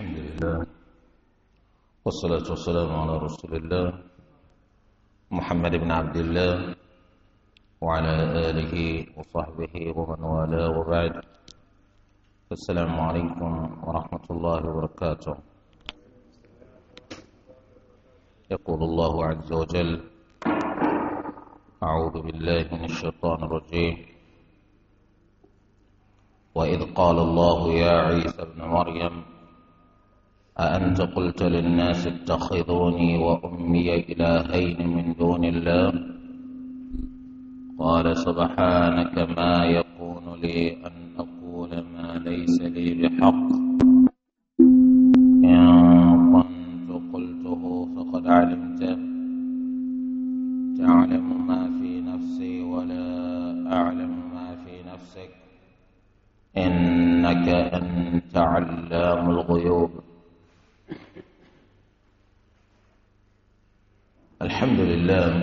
الحمد لله والصلاة والسلام على رسول الله محمد بن عبد الله وعلى آله وصحبه ومن والاه وبعد السلام عليكم ورحمة الله وبركاته يقول الله عز وجل أعوذ بالله من الشيطان الرجيم وإذ قال الله يا عيسى ابن مريم أأنت قلت للناس اتخذوني وأمي إلهين من دون الله قال سبحانك ما يكون لي أن أقول ما ليس لي بحق إن كنت قلته فقد علمته تعلم ما في نفسي ولا أعلم ما في نفسك إنك أنت علام الغيوب alhamdulilayi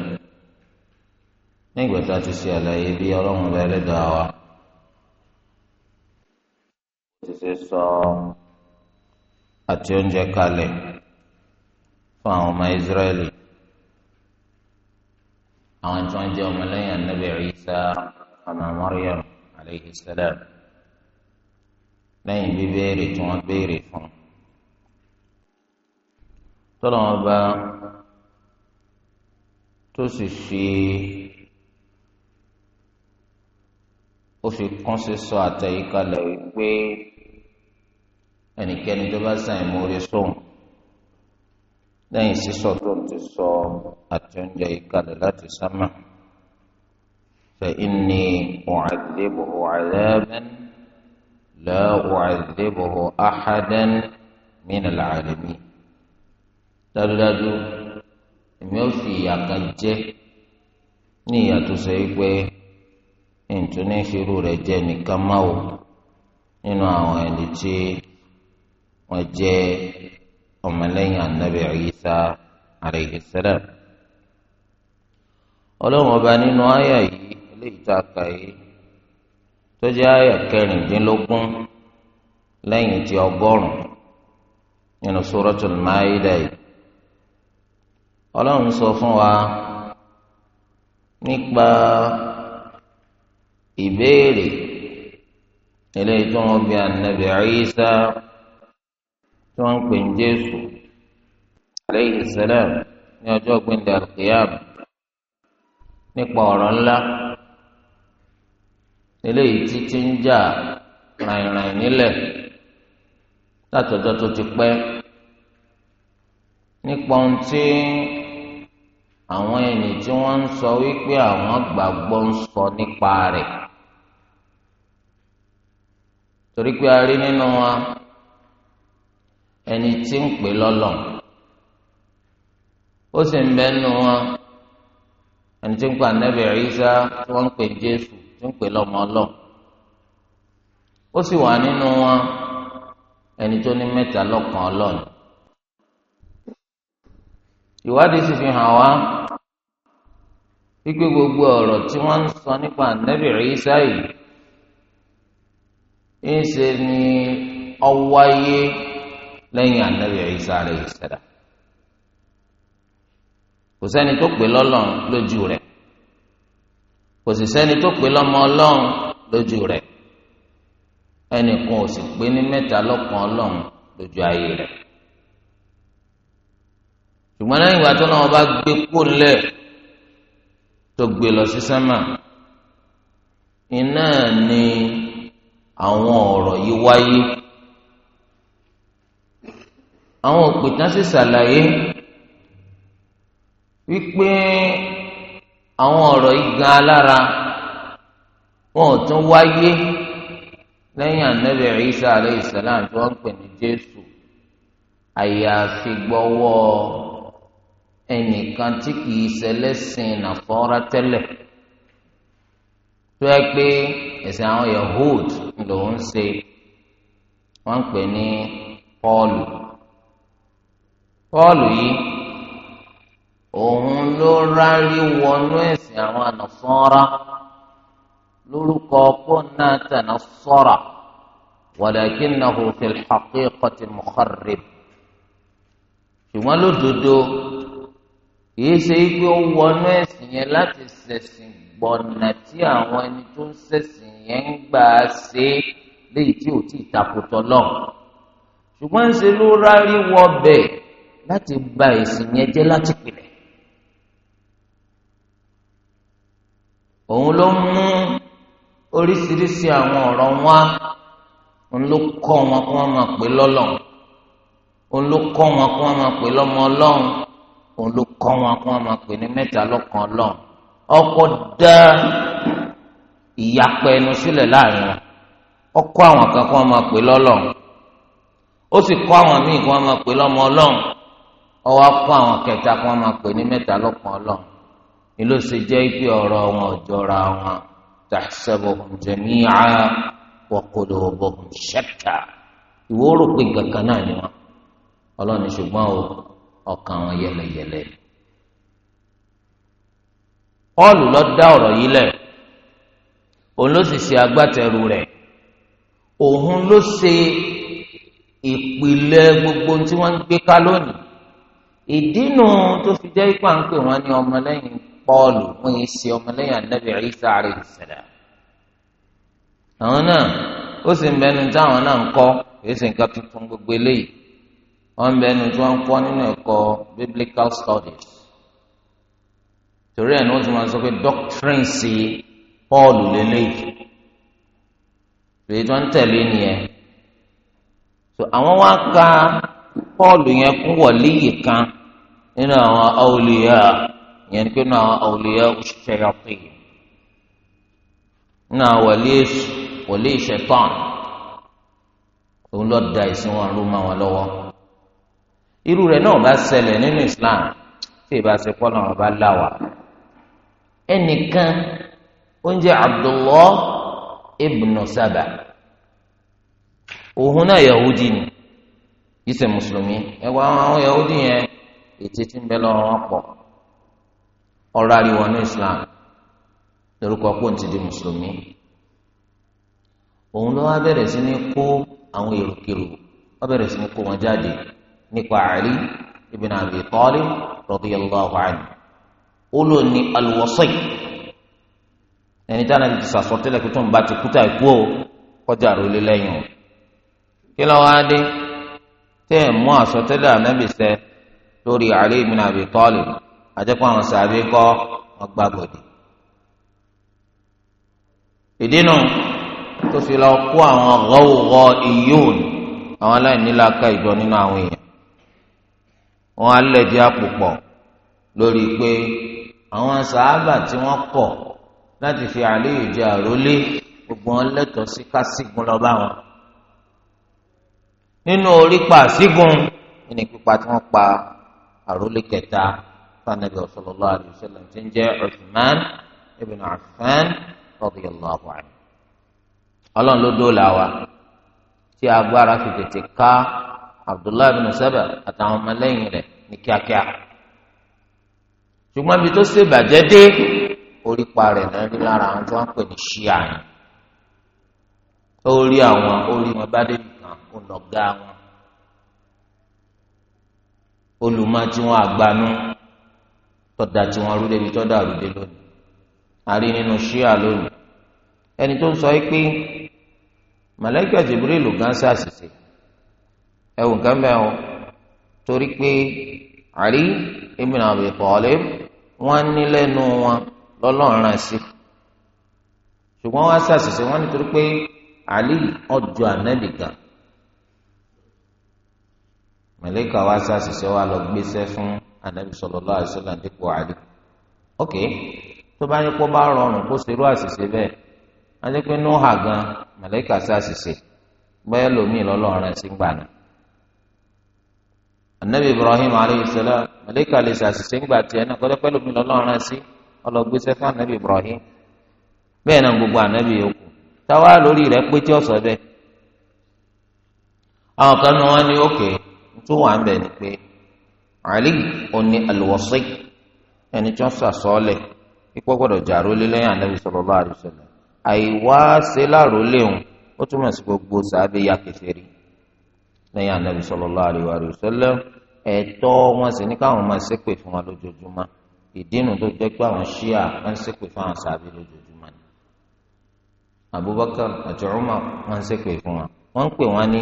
nígbà tá a ti ṣe àlàyé bí ọlọ́run bá ẹlẹ́dàá wa ti ṣe sọ àti oúnjẹ kalẹ̀ fún àwọn ọmọ Israẹli àwọn tí wọ́n jẹ́ ọmọlẹ́yìn anabi Isa ọmọ Maryam aleyhi salam lẹ́yìn bíbéèrè tí wọ́n béèrè fún tọ́lọ́mọba tó sì fi ó fi kán sí sọ àtẹ̀yíkalẹ̀ wípé ẹnikẹ́ni tó bá sàn ìmúre sóhun lẹ́yìn sísọ tó ti sọ àti oúnjẹ ìkalẹ̀ láti sámà fẹ́ inni u'adhibuhu 'adhaban la u'adhibuhu ahadan min al-'alamin dájúdájú. èmi ò fi ìyà jẹ ní ìyà sọ je ntò rẹ jẹ nìkan má o nínú àwọn ẹni tí wọn jẹ ọmọlẹ́yìn anabi Isa alayhi salam ọba nínú àyà yìí eléyìí tá a yìí tó jẹ àyà kẹrìndínlógún ọlọ́run sọ fún wa nípa ìbéèrè eléyìí tí wọ́n bi ànábì Ìsá tí wọ́n ń pè ní Jésù aleyhi salam ní ọjọ́ gbẹ̀ndẹ̀ alqiyam nípa ọ̀rọ̀ ńlá eléyìí títí ń jà ràìnràìn nílẹ̀ látọjọ́ tó ti pẹ́ nípa ohun tí àwọn ẹni tí wọ́n ń sọ wípé àwọn gbàgbọ́ ń sọ nípa rẹ̀ torí pé a rí nínú wa ẹni tí ń pè lọ́lọ́ ó sì ń bẹ nínú wa ẹni tí ń pè Ànábì Ìsá tí wọ́n ń pè Jésù tí ń pè lọ́mọ Ọlọ́run ó sì wà nínú wa ẹni tó ní mẹ́ta lọ́kan Ọlọ́run ìwádìí sì fi hàn wá wípé gbogbo ọ̀rọ̀ tí wọ́n ń sọ nípa ànábì Ìsá yìí ńṣe ni ọwáyé lẹ́yìn ànábì Ìsá rẹ̀ ìṣẹ̀dá kò sẹ́ni tó pè lọ́lọ́run lójú rẹ̀ kò sì sẹ́ni tó pè lọ́mọ ọlọ́run lójú rẹ̀ ẹnìkan ò sì pé ní mẹ́ta lọ́kan ọlọ́run lójú ayé rẹ̀ ṣùgbọ́n lẹ́yìn ìgbà tó náà wọ́n bá gbé kó lẹ́ẹ̀ tó gbé lọ sí sánmà iná ni àwọn ọ̀rọ̀ yìí wáyé àwọn òpìtàn sì ṣàlàyé wípé àwọn ọ̀rọ̀ yìí gan alára wọn ò tún wáyé lẹ́yìn ànábì Ìsá alayhi salam tí wọ́n pè ní Jésù àyàfi gbọ́wọ́ ọ ẹnìkan tí kìí ṣẹlẹ́sìn nàfọ́ra tẹ́lẹ̀ tó yẹ pé ẹ̀sìn àwọn yahood lòún ṣe wọ́n ń pè ní pọ́ọ̀lù pọ́ọ̀lù yìí òun ló rárí wọnú ẹ̀sìn àwọn ànàfọ́ra lórúkọ pọ́nà tànà sọ́ra wàlàkínnahu fil haqiqati mukharrib ṣùgbọ́n lódodo kìí ṣe pé ó wọnú ẹ̀sìn yẹn láti ṣẹ̀sìn gbọ̀nà tí àwọn ẹni tó ń ṣẹ̀sìn yẹn ń gbà ṣe léyìí tí ò tí ì takùtọ̀ lọ́n ṣùgbọ́n ń ṣe ló rárí wọ bẹ̀ láti bà ẹ̀sìn yẹn jẹ́ láti pìlẹ̀ òun ló mú oríṣiríṣi àwọn ọ̀rọ̀ wá òun ló kọ́ wọn kó wọn máa pè lọ́lọ́run òun ló kọ́ wọn kó wọn máa pè lọ́mọ ọlọ́run òun ló kọ́ wọn kó wọn máa pè ní mẹ́ta lọ́kan ọlọ́run ọkọ̀ dá ìyapẹ́ ẹnu sílẹ̀ láàrin wọn ó kọ́ àwọn kan kó wọn máa pè lọ́lọ́run ó sì kọ́ àwọn míì kó wọn máa pè lọ́mọ ọlọ́run ó wá kọ́ àwọn kẹta kó wọn máa pè ní mẹ́ta lọ́kan ọlọ́run ni ló ṣe jẹ́ pé ọ̀rọ̀ wọn ò wọn tahsabuhum jami'an wa qulubuhum shatta ìwọ rò pé nǹkan náà ni wọn ọlọ́run ṣùgbọ́n ọkàn wọn yẹlẹyẹlẹ. pọ́ọ̀lù lọ dá ọrọ yìí lẹ̀ òun ló sì ṣe agbátẹrù rẹ òun ló ṣe ìpìlẹ̀ gbogbo tí wọn ń gbé ká lónìí ìdínú tó fi jẹ́ ipá ń pè wọ́n ní ọmọlẹ́yìn pọ́ọ̀lù wọ́n yìí ṣe ọmọlẹ́yìn anábì Ìsá aláyhi sàlám àwọn náà ó sì ń bẹnu táwọn gbogbo eléyìí ń bẹnu tí ń nínú torí ẹ̀ ní wọ́n ti máa sọ pé doctrine sí Paul lélẹ́yìí èyí tó ń tẹ̀lé nìyẹn so àwọn wá ka Paul yẹn kún wọ̀líyì kan nínú àwọn awliya yẹn ni pé nínú àwọn awliya òṣìṣẹ́ yà pé nínú àwọn wọ̀lí èṣù wọ̀lí ìṣẹ̀tàn òun lọ́ọ́ da ìsìn wọn ló máa wọn lọ́wọ́ irú rẹ̀ náà bá ṣẹlẹ̀ nínú Islam tí ìbá ṣe náà bá là ẹnìkan onye ń jẹ́ ibn Saba òun náà Yahudi ni ìṣe mùsùlùmí ẹgbẹ́ àwọn Yahudi yẹn ètí tí ń bẹ wọn ní Islam lórúkọ pọ̀ ti di mùsùlùmí òun ló wá bẹ̀rẹ̀ sí ní kó àwọn èròkèrò wá bẹ̀rẹ̀ sí ní kó wọn jáde nípa Ali ibn Abi Talib olo ni alwasai ẹni tí a náà ti sàsọtẹ́lẹ̀ pé tó ń bá ti kúta ìkú o kọjá rò lé lẹ́yìn o kí ló wá dé tẹ́ ẹ mú àsọtẹ́lẹ̀ ànábìsẹ lórí Ali ibn Abi Talib àjẹpọ àwọn sàbí kọ ọgbà gbòdì ìdínú tó fi lọ kó àwọn gọwọgọ ìyóòn àwọn aláìníláàka ìjọ nínú àwọn èèyàn wọn alẹ jẹ àpò pọ̀ lórí pé àwọn sàábà tí wọ́n kọ̀ láti fi Àlíyù jẹ àrólé gbogbo wọn lẹ́tọ̀ọ́ sí kásígun lọ́ba wọn nínú orí pa àṣígun ní pípa tí wọ́n pa àrólé kẹta fanabi sallallahu alaihi wasallam tí ń jẹ́ Uthman ibn Affan radiyallahu anhu Ọlọ́run ló dóòlà wa tí agbára fi tètè ká Abdullahi ibn Saba àtàwọn ọmọlẹ́yìn rẹ̀ ní kíákíá ṣùgbọ́n ibi tó ṣe bàjẹ́ dé orípa rẹ̀ náà ní lára àwọn tó ń pè ní ṣíà yẹn ó rí àwọn ó rí wọn bá dé nìkan ó nà ga wọn olùmọ̀ tí wọn àgbanú tọ̀dà tí wọn rúdé ibi tọ́dà rúdé lónìí àrí nínú ṣíà lónìí ẹni tó ń sọ yìí pé màláíkà Jibril gan ṣàṣìṣe ẹwùn kan bẹ́ẹ̀ o torí pé àrí ibn Abi Talib. wọ́n ní lẹ́nu wọn lọ́lọ́run rán sí ṣùgbọ́n wọ́n á ṣàṣìṣe wọ́n nítorí pé àlì ọjọ́ ànábì gan mẹlẹ́kà wá ṣàṣìṣe wa lọ fún ànábì sallallahu alaihi wasallam dípò ok tó bá bá rọrùn kó ṣerú àṣìṣe bẹ́ẹ̀ pé gan ṣàṣìṣe gbàna màlẹ́kà lè ṣàṣìṣe ńgbà tiẹ̀ náà kọ́jọ́ pẹ́ lómi lọ́lọ́run rán sí ọlọ́gbẹ́sẹ̀ fún anabi Ibrahim bẹ́ẹ̀ náà gbogbo anabi yòókù táwa lórí rẹ̀ pé tí ọ̀sọ̀ bẹ́ẹ̀ àwọn kan ní wọn ní òkè tó wà ń bẹ̀ ni pé Ali oní alùwọ̀sí ẹni tí wọ́n ikú gbọ́dọ̀ jà lẹ́yìn anabi àìwá ṣe òun ó túmọ̀ sí gbogbo yá kẹfẹ́ rí lẹ́yìn anabi ẹ̀tọ́ wọn sì ní káwọn máa ṣépè fún wọn lójoojúmọ́ ìdínú tó jẹ́ pé àwọn ṣíà wọn ṣépè fún àwọn sàbí lójoojúmọ́ ni Abubakar àti Umar wọn ṣépè fún wọn wọn ń pè wọn ní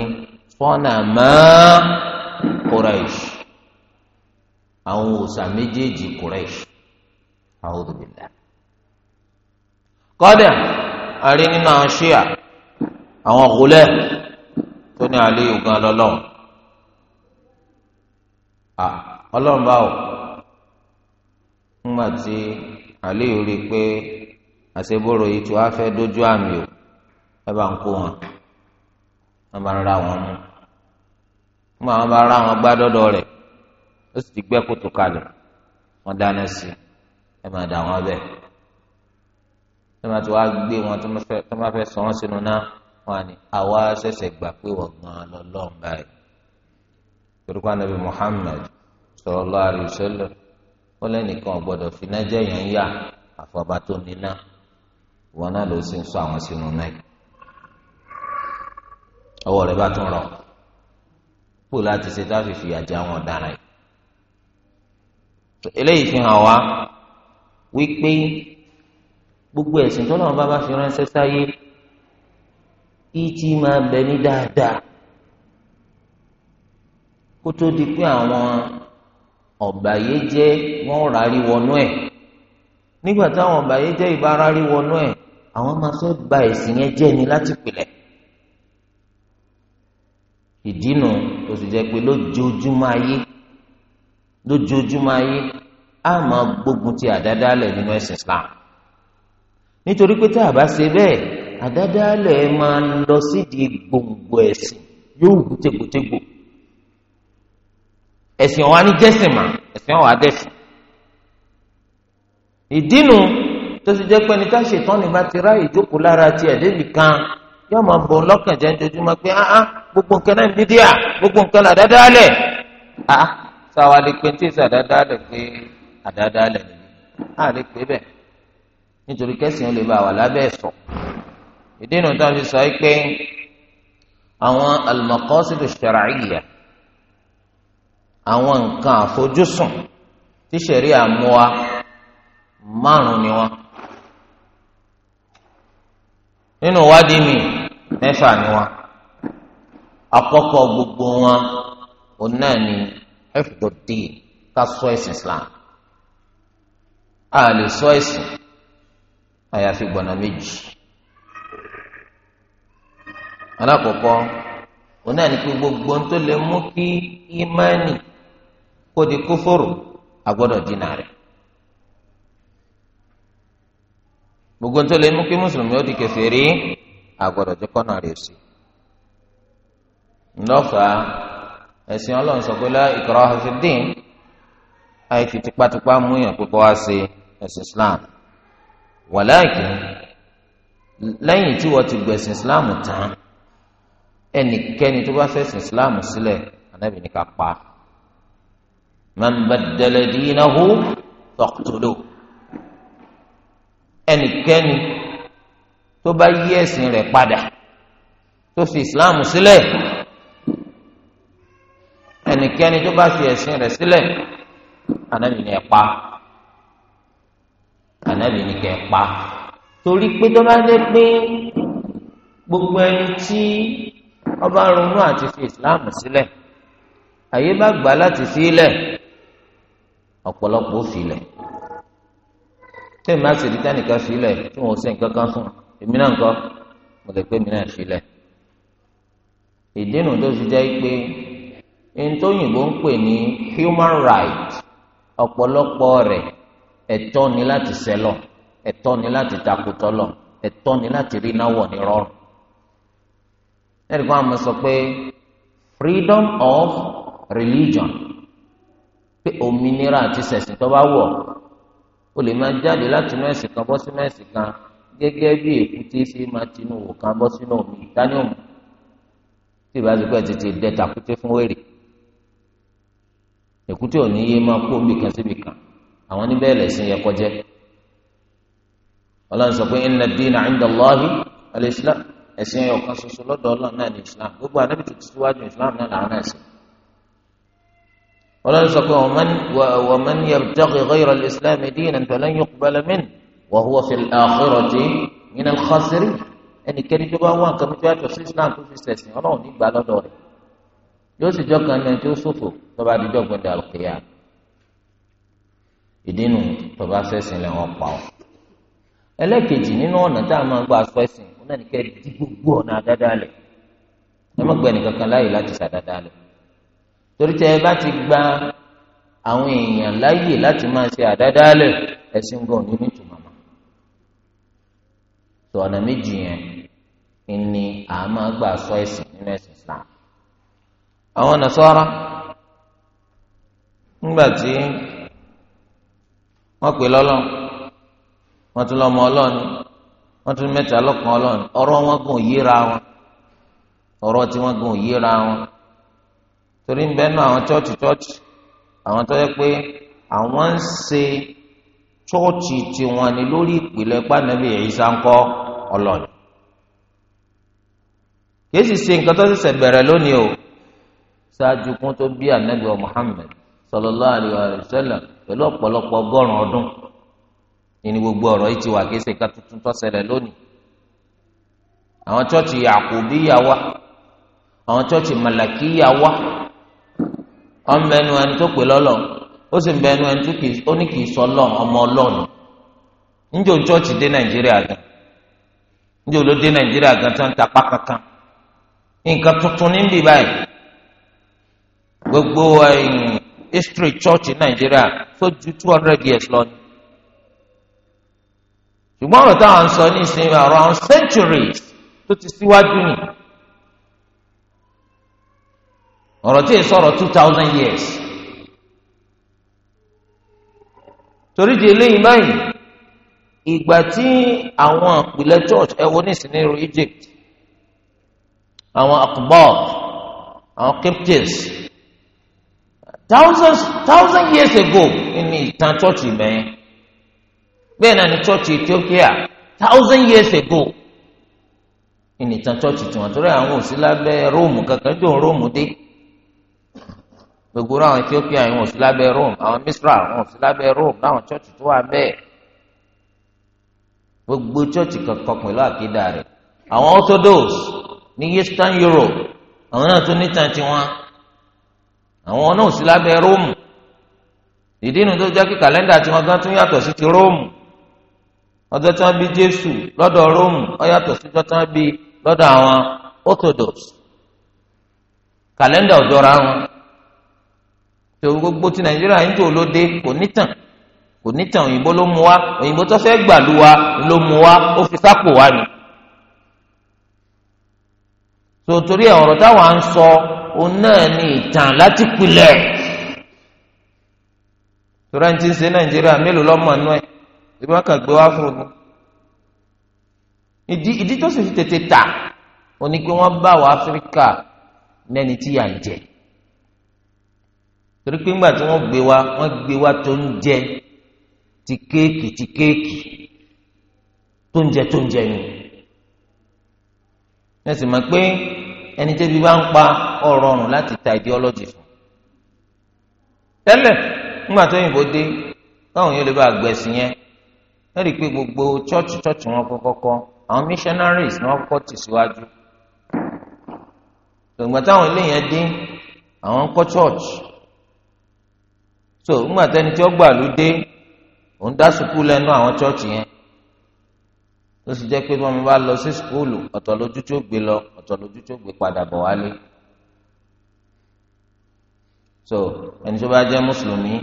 fọ́nà máa Quraish àwọn òòṣà méjèèjì Quraish a'udhu billah kọ́dà nínú àwọn ṣíà àwọn gulẹ̀ tó ní àlẹ́ yòókàn lọ́lọ́run. A ọlọ́run bá ò ńgbà tí àlẹ́ rí i pé àṣeboro yìí tí wàá o ẹ bá ń kó wọn wọn bá ń ra wọn mú ńgbà wọn bá ra wọn gbá dọ́dọ̀ ó sì ti gbẹ́ kòtò kalẹ̀ wọn dáná sí ẹ wọn bẹ. ẹ máa ti wá gbé wọn tó máa fẹ́ sọ wọn sínú náà wọn ni àwa gbà pé gan torúkọ anabi Muhammad sallallahu alaihi wasallam ó lẹ́nìkan ọ̀gbọ́dọ̀ fìná jẹ́ yẹn yá àfọ̀bá tó níná wọn náà ló sì ń sọ àwọn sínú náà ọwọ́ rẹ̀ bá tún rọ̀ kó láti ṣe tá fi fìyà jẹ àwọn yìí eléyìí fi hàn wá wípé gbogbo ẹ̀sìn tó náà bá bá fi ránṣẹ́ sáyé kí tí máa bẹ ní dáadáa kó tó di pé àwọn ọ̀bàyéjẹ́ wọ́n rárí wọnú ẹ̀ nígbà táwọn ọ̀bàyéjẹ́ ìbá rárí wọnú ẹ̀ àwọn máa fẹ́ ba ẹ̀sìn yẹn jẹ́ ni láti pìlẹ̀ ìdínà tó sì jẹ́ pé lójoojúmọ́ ayé lójoojúmọ́ ayé á máa gbógun ti àdádálẹ̀ nínú ẹ̀sìn Islam nítorí pé tá a bá ṣe bẹ́ẹ̀ àdádálẹ̀ máa lọ sídìí gbòǹgbò ẹ̀sìn yóò wù ẹ̀sìn wa ní jẹ́sìn mà ẹ̀sìn wa dẹ́sìn. ìdínú tó ti jẹ́ pé ní ká ṣètọ́ ni bá ti ráàyè jókòó lára tiẹ̀ débi kan yóò máa bọ̀ lọ́kàn jẹ́ ojoojúmọ́ pé áá ah, ah, gbogbo nǹkan náà ń bídíà gbogbo nǹkan là dáadáa lẹ̀ áá ah, sáwa lè pe tí ìsà dáadáa lẹ̀ pé àdáadáa lẹ̀ nìyí á lè pé bẹ́ẹ̀ nítorí kẹ́sìn ó lè bá wà lábẹ́ ẹ̀sọ́ ìdínú táwọn fi sọ pé àwọn al-maqasid ash-shar'iyyah àwọn nǹkan àfojúsùn tí sẹ̀rí àmúwa márùn ni wọn nínú ìwádìí mi mẹ́fà ni wọn gbogbo wọn òun náà ni fdọdí ká sọ ẹ̀sìn Islam a lè sọ ẹ̀sìn àyàfi gbọ̀nà méjì alákọ̀ọ́kọ́ òun náà ni pé gbogbo ohun tó kó di kófòrò agbọ́dọ̀ dínà rẹ̀ gbogbo tó lè mú kí mùsùlùmí ó di kèfèrí agbọ́dọ̀ tó kọ́nà rẹ̀ sí ńlọ́fà ẹ̀sìn ọlọ́run sọ pé la ikraha fid din àìfi tipátipá mú yàn pípọ́ wá sí ẹ̀sìn Islam wàláàkì lẹ́yìn tí wọ́n ti gbẹ̀sìn Islam tán ẹnikẹ́ni tó bá fẹ́ sìn Islam sílẹ̀ ànábì ní ká pa á man baddala dinahu faqtulu ẹnikẹ́ni tó bá yí ẹ̀sìn rẹ̀ padà tó fi islam sílẹ̀ ẹnikẹ́ni tó bá fi ẹ̀sìn rẹ̀ sílẹ̀ anabi ni ẹ pa anabi ni kẹ pa torí pé tó bá dé pé gbogbo ẹni tí ọba ronú àti fi islam sílẹ̀ àyè bá gbà láti fi sílẹ̀. ọ̀pọ̀lọpọ̀ òfìlẹ̀ tẹ́lẹ̀ máa ṣe dídá nìkan sílẹ̀ tí wọ́n ṣe nǹkan kan fún èmi náà nǹkan mo lè pé èmi náà sílẹ̀ ìdínú tó ti jẹ́ pé ntóyìnbó ń pè ní human right ọ̀pọ̀lọpọ̀ rẹ̀ ẹ̀tọ́ ni láti sẹ́lọ̀ ẹ̀tọ́ ni láti takùtọ́lọ̀ ẹ̀tọ́ ni láti rí ní rọrùn ẹ̀rí kan àmọ́ sọ pé freedom of religion. pé òmìnira àti ṣẹ̀sìn tó bá wọ̀ o lè máa jáde láti inú ẹ̀sìn kan bọ́ sínú ẹ̀sìn kan gẹ́gẹ́ bí èkúté ṣe máa tinú wò kan bọ́ sínú omi ìdánimọ̀ tí ìbá ti pẹ́ tètè dẹ tàkúté fún wèrè èkúté ò ní yé máa kó bìkan síbi kan àwọn níbẹ̀ lẹ̀sìn yẹ kọjẹ́ ọlọ́run sọ pé inna ad-dina 'inda Allahi al-Islam ẹ̀sìn ọ̀kan ṣoṣo lọ́dọ̀ ọlọ́run náà ní Islam gbogbo àdébìtì tí wájú Islam náà làwọn náà ṣe ọlọ́run sọ pé wa man yabtaghi ghayra al-islam dinan falan yuqbala minhu wa huwa fil akhirati min al-khasirin ẹnikẹ́ni tó bá wá nǹkan tó yàtọ̀ sí islam tó fi ṣẹ̀sìn ọlọ́run ní gbà lọ́dọ̀ rẹ̀ yóò sì jọ́ kan náà tí ṣòfò tó bá di dọ́gbọ̀n ìdínú tó bá ṣẹ̀sìn pa ọ́ ẹlẹ́kejì nínú ọ̀nà tá a máa gbà sọ ẹ̀sìn ó náà di gbogbo ọ̀nà àdádálẹ̀ ẹ má gbẹ́ni kankan láàyè láti ṣàdádálẹ̀ torí tẹ ẹ bá ti gba àwọn èèyàn láàyè láti máa ṣe àdádálẹ̀ ẹ̀sìn gan ní nítumọ̀ mọ́ tó ọ̀nà méjì yẹn ni a máa gbà sọ ẹ̀sìn nínú ẹ̀sìn Islam àwọn Nasara ńgbà tí wọ́n pè lọ́lọ́ wọ́n tún lọ́mọ ọlọ́ọ̀ni wọ́n tún mẹ́ta lọ́kàn ọlọ́ọ̀ni ọ̀rọ̀ wọn gùn yíra wọn ọ̀rọ̀ tí wọ́n gùn yíra wọn torí ń bẹ́ẹ̀ náà àwọn chọ́ọ̀chì chọ́ọ̀chì àwọn tó yẹ pé àwọn ń ṣe chọ́ọ̀chì tiwọn ni lórí ìpìlẹ̀ pànàbí Ìsá ńkọ́ ọlọ́ọ̀ni kìí sì nǹkan tó ṣẹ̀ṣẹ̀ bẹ̀rẹ̀ lónìí o ṣáájú kún tó bí ànábì wa Muhammad sallallahu alaihi wa sallam pẹ̀lú ọ̀pọ̀lọpọ̀ ọgọ́rùn-ún ọdún ní gbogbo ọ̀rọ̀ yìí ti wà kìí ṣe nǹkan tuntun tó ṣẹlẹ̀ lónìí àwọn chọ́ọ̀chì Yàkùbíyà àwọn chọ́ọ̀chì Màlàkíyà ọ̀n bẹnu ẹni tó pè lọ́lọ́ ó sì ń bẹnu ẹni tó kì í ó ní kì í sọ lọ́n ọmọ ọlọ́ọ̀nù níjẹ́ o chọ́ọ̀chì dé nàìjíríà gan níjẹ́ o ló dé nàìjíríà gan tó ń tapá kankan nǹkan tuntun ní báyìí gbogbo history church nàìjíríà tó ju two hundred years lọ ni ṣùgbọ́n ọ̀rọ̀ táwọn sọ ní ìsinmi ọ̀rọ̀ centuries tó ti síwájú nìyí ọ̀rọ̀ tí èso ọ̀rọ̀ two thousand years torí di eléyìí báyìí ìgbà tí àwọn àpilẹ̀ church ẹ wo nísìnyí ro Egypt àwọn akubab àwọn captives thousands thousand years ago ní ìtàn church ìbẹ̀yẹn bẹ́ẹ̀ náà ní church Ethiopia thousand years ago ní ìtàn church tiwọn torí àwọn ò sí lábẹ́ Róòmù kankan jọ Róòmù dé gbogbo àwọn ethiopia yìí wọn ò sí lábẹ́ rome àwọn misra wọn ò sí lábẹ́ rome láwọn chọọchì tó wà bẹ́ẹ̀ gbogbo chọọchì kankan pẹ̀lú àkídà rẹ̀ àwọn orthodox ní eastern europe àwọn náà tún níta tiwọn àwọn náà ò sí lábẹ́ rome ìdí inú tó jẹ́ kí kàlẹ́ndà tiwọn gan tún yàtọ̀ sí ti rome ọjọ́ tí wọ́n bí jésù lọ́dọ̀ rome ó yàtọ̀ sí ọjọ́ tí wọ́n bí lọ́dọ̀ àwọn orthodox kàlẹ́ndà ò wọn tòun gbogbo ti nàìjíríà ń tò lóde kò nítàn kò nítàn òyìnbó ló mú wa òyìnbó tó fẹ́ gbàlú wa ló mú wa ó fi sápò wa ni. tòtòrí ẹ̀ ọ̀rọ̀ táwa ń sọ òun náà ni ìtàn láti pilẹ̀. tòrá ń ṣe nàìjíríà mélòó lọ́mọ inú ẹ̀ ìbá kan gbé wá fún un. ìdí ìdí tó sì fi tètè tà ó ní pé wọ́n bá wa áfíríkà lẹ́ni tí yà ń jẹ. torí pé ńgbà tí wọ́n gbé wa wọ́n gbé wa tó ń jẹ ti kéèkì ti kéèkì tó ń jẹ tó ń jẹ ni ẹ sì mọ̀ pé ẹni tẹ́bi bá ń pa ọ̀rọ̀ ọ̀rùn láti ta ideology fún tẹ́lẹ̀ ńgbà tó yìnbó dé káwọn yóò lè bá gbẹ̀sìn yẹn ẹ rí i pé gbogbo chọ́ọ̀chì chọ́ọ̀chì wọn kọ́kọ́ àwọn missionaries ni wọ́n kọ́kọ́ tì síwájú ìgbà táwọn ilé yẹn dé àwọn ń kọ́ chọ́ọ̀chì. so ńgbà tẹni tí ó gbà ló dé òun dá sùkúlù lẹ́nu àwọn chọ́ọ̀chì yẹn tó sì jẹ́ pé wọ́n bá lọ sí sùkúlù ọ̀tọ̀ lójú tó gbé lọ ọ̀tọ̀ lójú tó gbé padà bọ̀ wálé so ẹni tó bá jẹ́ mùsùlùmí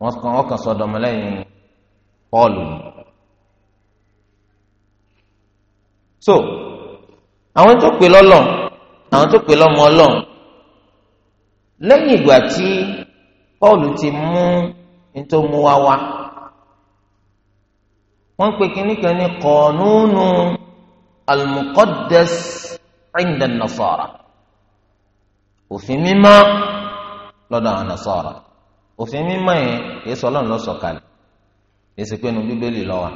wọ́n kàn wọ́n kàn sọ̀dọ̀ ọmọlẹ́yìn pọ́ọ̀lù so àwọn tó pè lọ́lọ́ àwọn tó pè lọ́mọ ọlọ́run lẹ́yìn ìgbà tí. Pọ́ọ̀lù ti mú nítorí mú wá wá wọ́n pe kínní kan ní kọ̀ọ̀nùnù al-muqaddas inda nasara òfin mímọ́ lọ́dọ̀ àwọn nasara òfin mímọ́ yẹn èso ọlọ́run ló sọ̀kalẹ̀ èsì pé nu bíbélì ló wà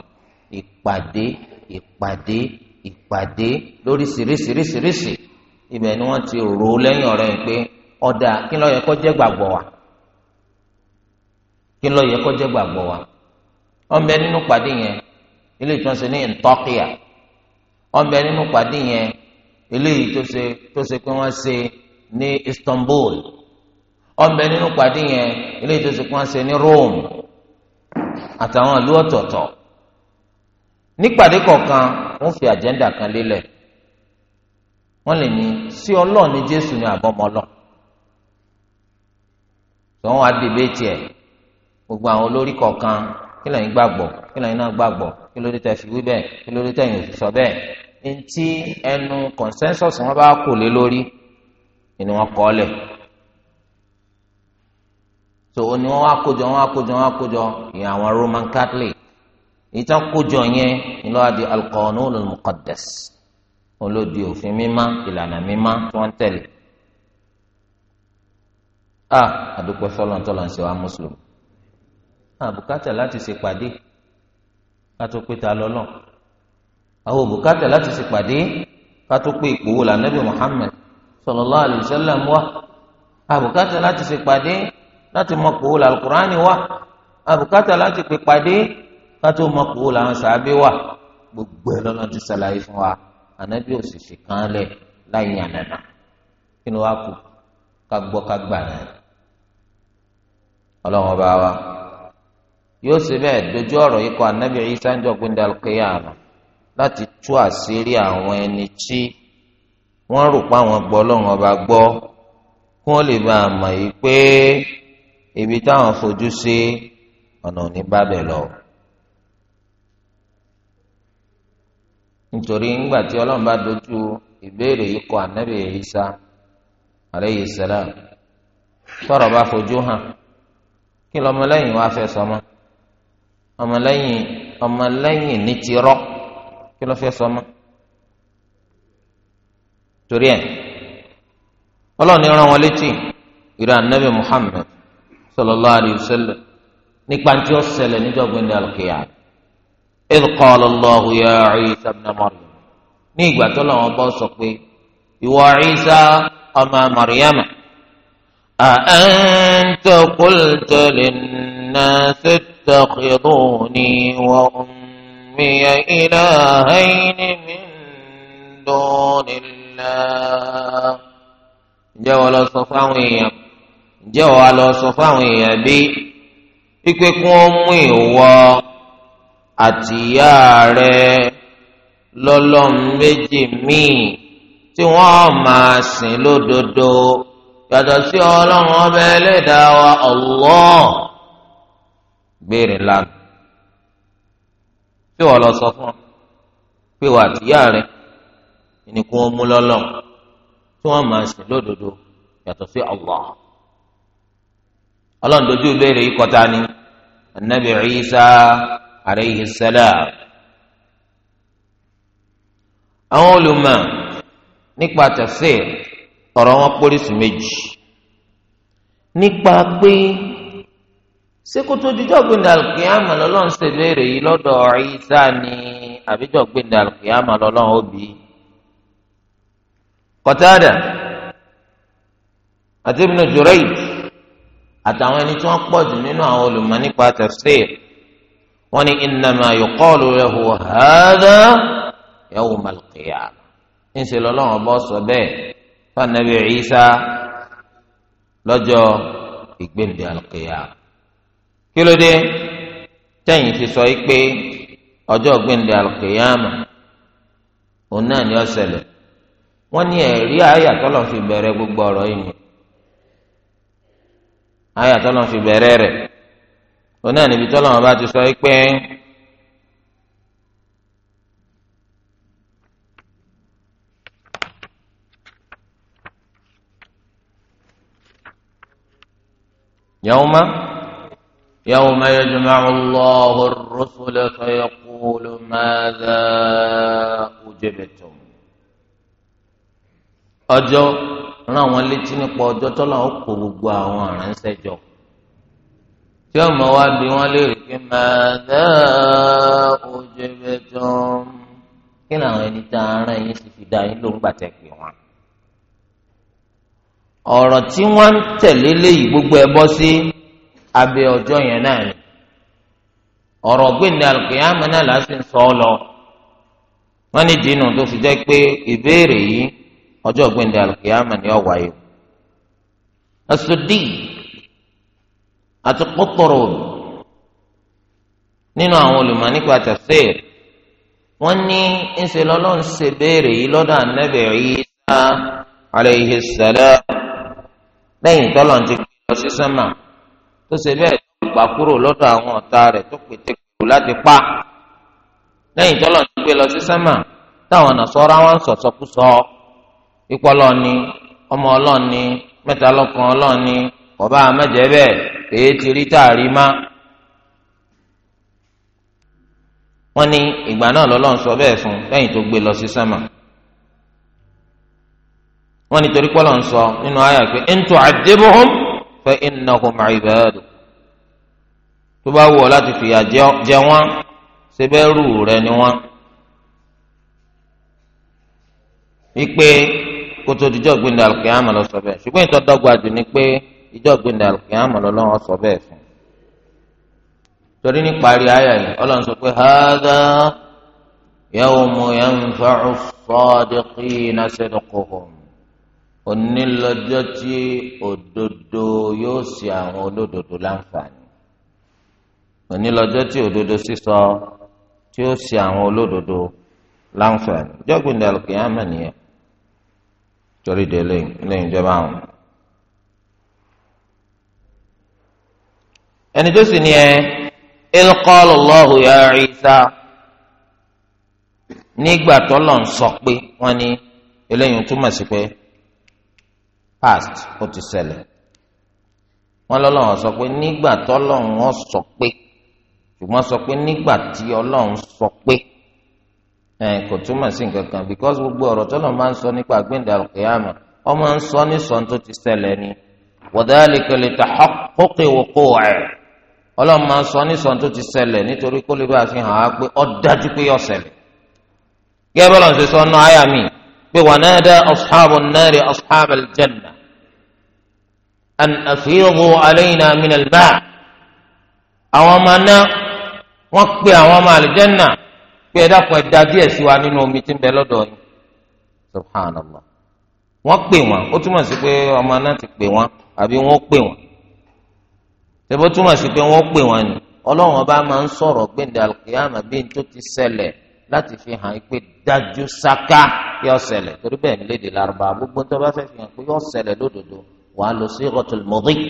ìpàdé ìpàdé ìpàdé lórí ṣìríṣìríṣìríṣì ibẹ̀ ni wọ́n ti rò lẹ́yìn ọ̀rẹ́ yìí pé ọ̀dà kí ló yẹ kó jẹ́ gbàgbọ́ wa. kí ló yẹ kó jẹ́ gbàgbọ́ wa wọ́n nínú pàdé yẹn eléyìí tó ń ní ntọ́kìá wọ́n nínú pàdé yẹn eléyìí tó ṣe tó ṣe pé wọ́n ṣe ní Istanbul wọ́n nínú pàdé yẹn eléyìí tó ṣe wọ́n ṣe ní Rome àtàwọn ìlú kan lélẹ̀ lè ní sí Jésù ní àbọ̀mọ́lọ́ gbogbo àwọn olórí kọ̀ọ̀kan kí lẹ́yìn gbàgbọ́ kí lẹ́yìn náà gbàgbọ́ kí lórí tẹ̀ fi wí bẹ́ẹ̀ kí lórí tẹ̀yìn òsì sọ bẹ́ẹ̀ ní ẹnu consensus wọn bá kò lé lórí ni wọn kọ́ lẹ̀ so ni wọn wá kójọ wọn wá kójọ wọn wá kójọ ìyẹn àwọn Roman Catholic ìtàn kójọ yẹn ni lọ́wọ́ di al-Qanun muqaddas olódi òfin mímá ìlànà mímá tí wọ́n tẹ̀lé ah, a àdúpẹ́ sọ́lọ́ntọ́lọ́ ń ṣe wa mùsùlùmí àbùkátà láti ṣèpàdé kátó pé ta lọ́lọ́ àwọn òbùkátà láti ṣèpàdé kátó pé ipò lànàbì Muhammad sallallahu alayhi wa sallam wa àbùkátà láti ṣèpàdé láti mọ ipò wo làlùkùránì wa àbùkátà láti pè pàdé kátó mọ ipò làwọn sàábé wa gbogbo ẹ lọ́nà ti ṣàlàyé fún wa ànábì òṣìṣẹ́ kan lẹ̀ láì yàn nànà kí ni wàá kú ká gbọ́ ká gbà náà ọlọ́run ọba wa. yóò ṣe bẹ́ẹ̀ dojú ọ̀rọ̀ yìí kọ anabi isa ń jọ gbẹndẹ alukiyama láti tú àṣírí àwọn ẹni tí wọ́n rò pé àwọn gbọ́ lọ́wọ́n ọba gbọ́ kí wọ́n lè bá a mọ̀ yìí pé ibi táwọn fojú sí ọ̀nà òní bá bẹ̀ lọ. nítorí ńgbà tí ọlọ́run bá dojú ìbéèrè yìí kọ anabi isa aleyhi tọrọ bá fojú hàn kí ọmọlẹ́yìn ọmọlẹ́yìn ní ti rọ́ kí ló fẹ́ sọ mọ́ torí ẹ̀ ọlọ́ọ̀ni rán wọn létí ìrẹ́ anabi Muhammad sallallahu alayhi wa sallam nípa tí ó ṣẹlẹ̀ níjọ́gbìn ní alkiya idh qala Allahu ya Isa ibn Maryam ní ìgbà tó lọ́wọ́ bọ́ sọ pé ìwọ Isa ọmọ Maryama. أأنت قلت للناس اتخذوني وأمي إلهين من دون الله ǹjẹ́ wọ́n lọ sọ fáwọn èèyàn ǹjẹ́ wọ́n lọ sọ fáwọn èèyàn bí pípé kí wọ́n mú ìwọ àtìyá rẹ lọ́lọ́run méjì míì tí wọ́n máa sìn lódodo. yàtọ̀ sí ọlọ́run ọba ẹlẹ́dàá wa Allah gbére lánàá tí wọ́n lọ sọ fún ọ pé wà tìyá rẹ ẹni kó mú lọ́lọ́run tí wọ́n máa sìn lódodo yàtọ̀ sí Allah ọlọ́run dojú béèrè yìí kọta ni anabi ọ̀rọ̀ wọn pólísì méjì nípa pé sekutu jíjọ gbẹndà alùkìyàmà ṣe léèrè yìí lọ́dọ̀ Ìsá ni àbíjọ gbẹndà alùkìyàmà lọ́lọ́run òbí Qatada àti Ibn Jurayj àtàwọn ẹni tí wọ́n pọ̀ jù nínú àwọn olùmọ̀ nípa tafsir wọ́n ní innama yuqalu ń ṣe ọba ọsọ fanabi Isa lọ́jọ́ ìgbéǹde àlùkìyà kí ló dé tẹ̀yìn ti sọ pé ọjọ ìgbéǹde àlùkìyà mà òun náà ni ó ṣẹlẹ̀ ní ẹ̀rí ayatollah fi gbogbo ọrọ yìí ni àyà fi bẹ̀rẹ̀ rẹ̀ òun náà ti sọ pé. يوم يوم يجمع الله الرسل فيقول ماذا أجبتم ọjọ́ rán wọn létí nípa ọjọ́ tọ́lá ó kó gbogbo àwọn àránṣẹ́ jọ tí ọmọ wa bí wọn léèrè pé a ọ̀rọ̀ tí wọ́n ń tẹ̀lé léyìí gbogbo ẹ bọ́ sí abẹ́ ọjọ́ yẹn náà ni ọ̀rọ̀ gbẹ̀ndẹ̀ alùpùpù náà láti sọ ọ lọ wọ́n ní dínú tó fi jẹ́ pé ìbéèrè yìí ọjọ́ gbẹ̀ndẹ̀ alùpùpù ni ọ̀wá yìí àti nínú àwọn olùmọ̀ nípa wọ́n ní lọ́lọ́run ṣe béèrè lẹ́yìn tọ́lọ̀ ti gbe lọ sí sánmà tó ṣe bẹ́ẹ̀ tó gbà kúrò lọ́dọ̀ àwọn ọ̀tá rẹ̀ tó pété láti pa lẹ́yìn tọ́lọ̀ ti gbé lọ sí sánmà táwọn nàṣọ́ra wọn sọ̀sọ́kúsọ ni ọmọ ọlọ́ọ̀ni mẹ́ta lọ́kan ọlọ́ọ̀ni ọba àmẹ́jẹ bẹ́ẹ̀ èyí ti rí má. wọ́n ní ìgbà náà lọ́lọ́run sọ bẹ́ẹ̀ fún lẹ́yìn tó gbé lọ sí wọn nítorí pọ́lọ̀ ń sọ nínú àyà pé in tu'adhibhum fa innahum 'ibaduk tó bá wù ọ́ láti fìyà jẹ wọ́n ṣe bẹ́ẹ̀ rẹ ni wọ́n. kótó ìjọ lọ sọ jù ni pé ìjọ gbẹndé alùkìyàmà lọ lọ́wọ́ sọ bẹ́ẹ̀ fún torí ní parí àyà yìí sọ pé òní lọ́jọ́ tí òdodo yóò ṣe àwọn olódodo láǹfààní òní lọ́jọ́ tí òdodo sísọ tí ó ṣe àwọn olódodo láǹfààní jọ́gbìndà kìámà nìyẹn torí de lẹ́yìn ìjọba àwọn. ẹni tó sì ní ẹ ilqọ́lù lọ́hù ya Ìsá nígbà tó lọ́n sọ pé wọ́n ní eléyìí túmọ̀ sí pé. past ó ti ṣẹlẹ̀ wọn lọ́lọ́run sọ pé nígbà tọ́lọ́run ọ sọ pé ṣùgbọ́n sọ pé nígbà tí Ọlọ́run sọ pé ẹ kò túmọ̀ sí kan because gbogbo ọ̀rọ̀ tọ́lọ́run máa ń sọ nípa àgbéǹda ọ máa ń sọ ní sọ́n tó ti ni wa dhalika litahaqquqi wuqu'ihi Ọlọ́run máa ń sọ ní sọ́n tó ti ṣẹlẹ̀ nítorí kó lè bá ọ dájú pé yọ gẹ́gẹ́ bọ́lá an afiidu alayna min alba àwọn ọmọ náà wọ́n pe àwọn ọmọ àlìjẹ́nà pé ẹ dákun ẹ da díẹ̀ sí wa nínú omi tí ń bẹ lọ́dọ̀ yìí subhanallah wọ́n pè wọ́n ó túmọ̀ sí pé ọmọ náà ti pè wọ́n àbí wọ́n pè wọ́n tẹ́bó túmọ̀ sí pé wọ́n pè wọ́n ni ọlọ́run ọba máa ń sọ̀rọ̀ gbẹ̀ndẹ̀ alkiyama bíi tó ti ṣẹlẹ̀ láti fi hàn pé dájú sáká yọ ṣẹlẹ̀ torí bẹ́ẹ̀ ń léde lárúbá gbogbo tó bá fẹ́ fi hàn pé yọ ṣẹlẹ̀ lódodo وقالوا صيغة المضي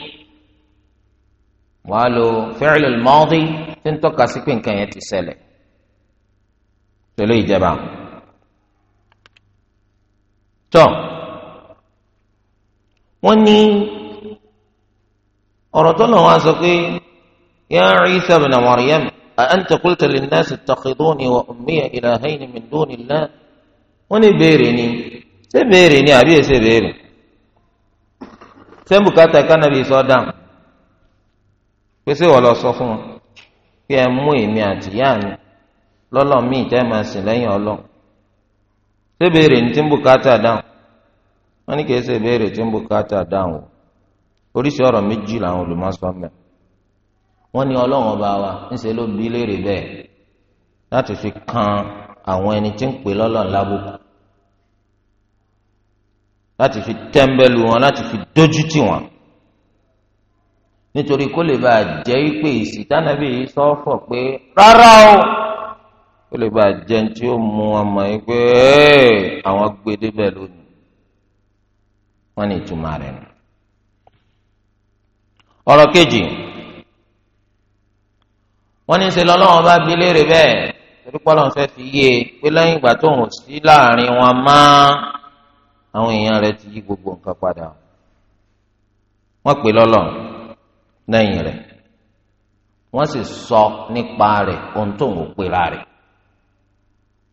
وقالوا فعل الماضي تنتو كاسكين كان يتسالي تلي جبا تو وني أردنا واسقي يا عيسى بن مريم أأنت قلت للناس اتخذوني وأمي إلهين من دون الله وني بيرني سبيرني أبي سبيرني sẹ́ńbùkátà kánábì sọ́dàn pèsè wọ́n lọ sọ fún wọn kí ẹ mú èmi àtìyá mi lọ́lọ́ míì tẹ́ máa sìn lẹ́yìn ọlọ́ sébèrè ní tí ń bùkátà dáhùn wọ́n ní kìí sèbèrè tí ń bùkátà dáhùn oríṣi ọ̀rọ̀ méjì làwọn wọ́n ní ọlọ́run ọba wa ńṣe ló bí láti fi tẹ́ḿbẹ́lú wọn láti fi dójú tì wọn nítorí kó lè bá a jẹ́ pé ìsìtánàbí yìí sọ fọ̀ pé rárá o kó lè bá a jẹ́ tí ó mú wọn mọ̀ yìí pé àwọn gbé débẹ̀ lónìí wọ́n ní ìtumọ̀ rẹ̀ nù. ọ̀rọ̀ kejì wọ́n ní ṣe lọ́lọ́wọ́n bá bi léèrè bẹ́ẹ̀ torí pọ́lọ́n fẹ́ fi yé e pé lẹ́yìn ìgbà tóun sí láàrin wọn máa. àwọn èèyàn rẹ ti yí gbogbo nǹkan padà wọn pè lọ́lọ́ lẹ́yìn rẹ wọ́n sì sọ nípa rẹ ohun tó ń wò pera rẹ̀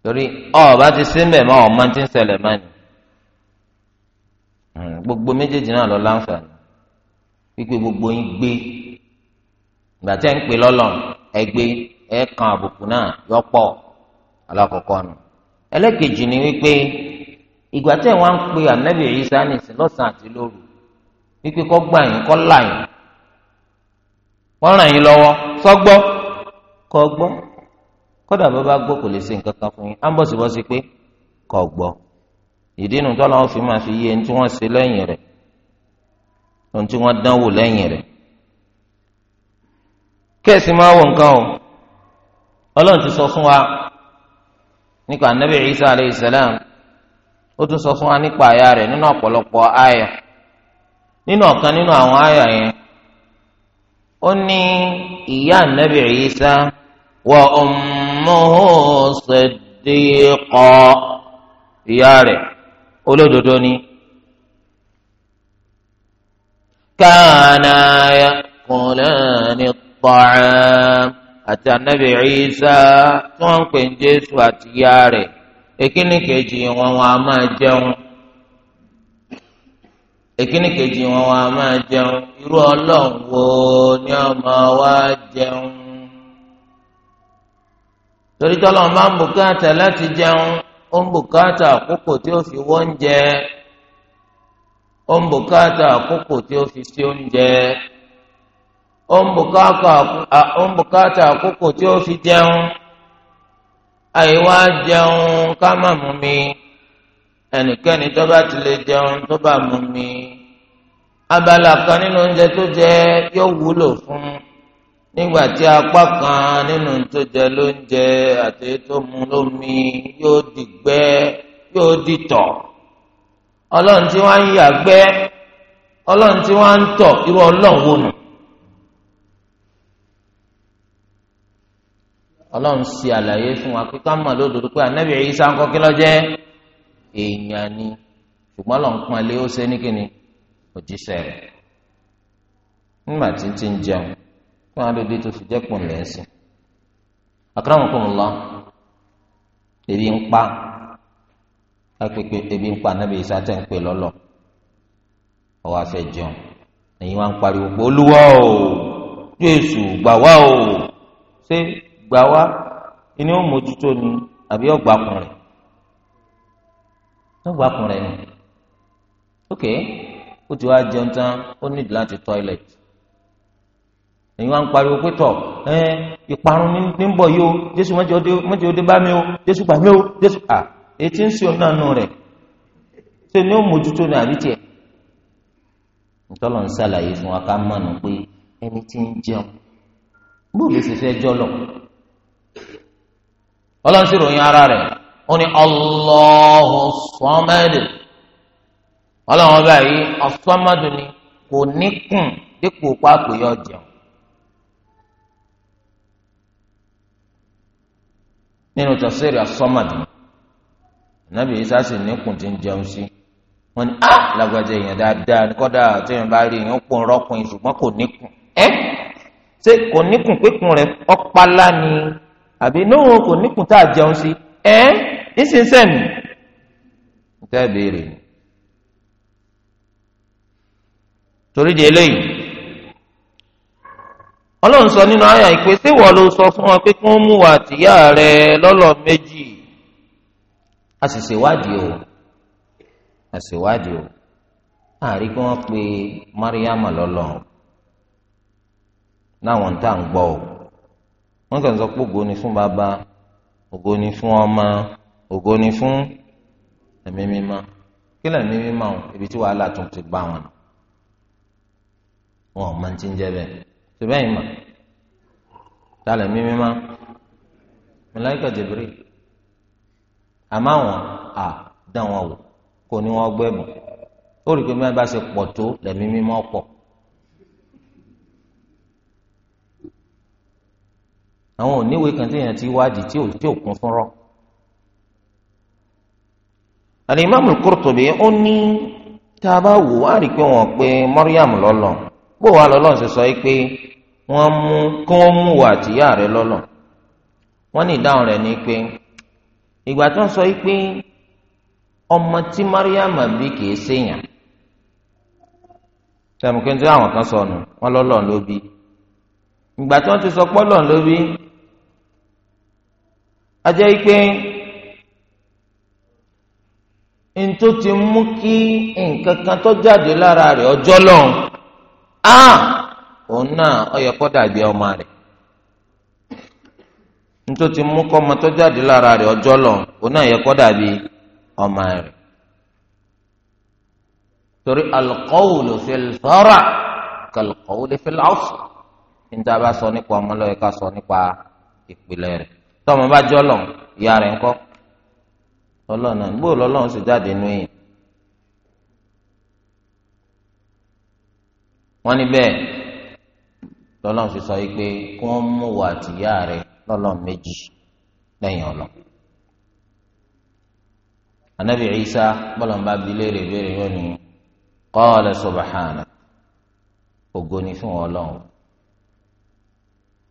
torí ọba ti sínbẹ̀ mọ́ ọmọ tí ń mọ́ hmm, gbogbo méjèèjì náà lọ láǹfààní gbogbo yín gbé ìgbà tí ẹ ń pè ẹ gbé ẹ kan àbùkù náà ìgbà tẹ̀ wọ́n ń pe ànábì Ìsá nìsín lọ́sàn-án àti lóru wípé kọ́ gbà yín kọ́ là yín wọ́n ràn yín lọ́wọ́ sọ́gbọ́ kọ́ gbọ́ kódà bàbá gbọ́ kò lè ṣe nǹkan kan fún yín á ń bọ̀ síbọ̀ sí pé kọ́ gbọ́ ìdí nu tọ́lá wọn fi máa fi yé ẹni tí wọ́n ṣe lẹ́yìn rẹ̀ ohun tí wọ́n dánwò lẹ́yìn rẹ̀ kẹ́sì máa wọ nǹkan o ọlọ́run ti sọ fún wa nípa ànábì Ìsá alayhi salam ó tún sọ fún wa nípa àyà rẹ nínú ọ̀pọ̀lọpọ̀ àyà nínú ọ̀kan nínú àwọn àyà yẹn ó ní ìyá Ànábì Ìsá wa ummuhu siddiqa ìyá rẹ̀ olódodo ni kana ya'kulani at-ta'am àti Ànábì Ìsá tí wọ́n ń pè ní Jésù àti ìyá rẹ̀. ekinike ji wọn wọn máa jẹun èkíní kejì wọn máa jẹun irú ọlọ́run wo ni wọn máa wá jẹun torí tọ́lọ́run máa ń bùkátà láti jẹun ó ń bùkátà àkókò tí ó fi wọ́n jẹ ó ń bùkátà àkókò tí ó fi sí oúnjẹ ó ń bùkátà àkókò tí ó fi jẹun. àìwá jẹun ká má mú mi ẹnikẹ́ni tó bá ti lè jẹun tó bá mú mi abala kan nínú oúnjẹ tó jẹ yóò wúlò fún nígbà tí apá kan nínú tó jẹ lóúnjẹ àti tó mu lómi yóò dìgbẹ́ yóò dìtọ̀ ọlọ́run tí wọ́n ń yàgbẹ́ ọlọ́run tí wọ́n ń tọ̀ irú ọlọ́run wò nù ọlọ́run ṣe àlàyé fún wa pé ká mọ̀ lódodo pé ànábì Ìsá ń kọ́ kí ló jẹ́ èèyàn ni ṣùgbọ́n lọ́n pọn lé ó ṣe ní kíni òjíṣẹ́ rẹ̀ nígbà tí ti ń jẹun fún adóde tó fi jẹ́ pọ̀ lẹ́sìn akramakumullah ebi ń pa akpékpé ebi ń pa ànábì Ìsá tẹ̀ ń pè lọ́lọ́ ọwọ́ afẹ́ jẹun ẹ̀yin wa ń pariwo pé olúwa o Jésù gbà wá o ṣé gbà wá ni ó mójútó ni àbí ọgbà kùnrin ọgbà kùnrin ni ok ó ti wá jẹun tán ó nídìí láti toilet èyí wá ń pariwo pé tọ ẹ ìparun ní ń bọ̀ yìí o jésù mọ́jọ́ dé bá mi o jésù gbà mí o jésù à etí ń sìn náà nù rẹ̀ ṣe ni ó mójútó ni àbí tiẹ̀ ntọ́lọ̀ ń ṣàlàyé fún wa ká mọ̀nà pé ẹni tí ń jẹun bóòlù sì fẹ́ jọ́ lọ. ọlọ́run sì ròyìn ara rẹ̀ ó ní sọ́mẹ́dì ni kò ní dípò pápò yọ jẹun. nínú tafsiri asọ́mẹ́dì nàbì isa sì ní tí ń jẹun sí wọn ni ah, làgbàjẹ èèyàn dáadáa kọ́dà tí wọn bá rí èèyàn kò ẹ́ ṣé kò àbí nóhùn kò níkùn tá a jẹun sí ẹ ìsinsẹ́ni níta ìbéèrè ni torí di eléyìí ọlọ́run sọ nínú àyà ìpè sí ìwọ ló sọ fún wọn pé kí wọ́n mú wa àtìyá rẹ lọ́lọ́ méjì a sì ṣèwádìí o a ṣèwádìí o àárí kí wọ́n pe Mariama lọ́lọ́ náwọn tá à ń gbọ́ o wọ́n kàn sọ pé ògo ni fún bàbá ògo ni fún ọmọ ògo ni fún ẹ̀mí mímọ́ kí lẹ̀mí mímọ́ ibi tí wàhálà tún ti bá wọn wọn ò mọ ti ń jẹ bẹ́ẹ̀ tó bẹ́ẹ̀ mọ̀ tá lẹ̀mí mímọ́ mọláìkà jẹbìrì àmọ́ àwọn à dán wọn wò kò ní wọn gbẹ́bùn ó rí i pé bí wọ́n bá ṣe pọ̀ tó lẹ̀mí mímọ́ pọ̀. àwọn oníwèé kan tí èèyàn ti wádìí tí ò tí ò kún fún rọ. Al-Imam Al-Qurtubi ó ní tá a bá wò á rí i pé wọ́n pe Maryam lọ́lọ́ bó wàá lọ́lọ́ ṣe sọ pé wọ́n mú kí wọ́n mú wà tìyá rẹ̀ lọ́lọ́ wọ́n ní ìdáhùn rẹ̀ ni pé ìgbà tó ń sọ pé ọmọ tí Maryam bí kìí ṣèyàn tẹmukẹ́ńtì àwọn kan sọnù wọn lọ́lọ́ ló bí ìgbà tí wọ́n ti sọ pé Ọlọ́run ló bí ajẹ́ je ntó ti mú kí nǹkan kan tó jáde lára rẹ̀ ọjọ́ lọ́hùn á òun náà ọyọ kọ́ dàbí ọmọ rẹ̀ ntó ti mú kọ́ ọmọ tó jáde lára rẹ̀ ọjọ́ lọ́hùn òun náà yẹ kọ́ dàbí ọmọ rẹ̀ torí alqawlu fil fara kalqawli fil bá sọ nípa tọmọ bá jọlọ ìyá rẹ̀ ńkọ́ ọlọ́run náà bó lọ́lọ́run sì jáde nù yìí. wọ́n ní bẹ́ẹ̀ lọ́lọ́run sì sọ yìí pé kí wọ́n mú wà tìyá rẹ̀ lọ́lọ́run méjì lẹ́yìn ọ̀lọ́. anabi isa bọ́lọ̀mbà bi léèrè béèrè yóò ní qala subhana ògo ni fún ọlọ́run.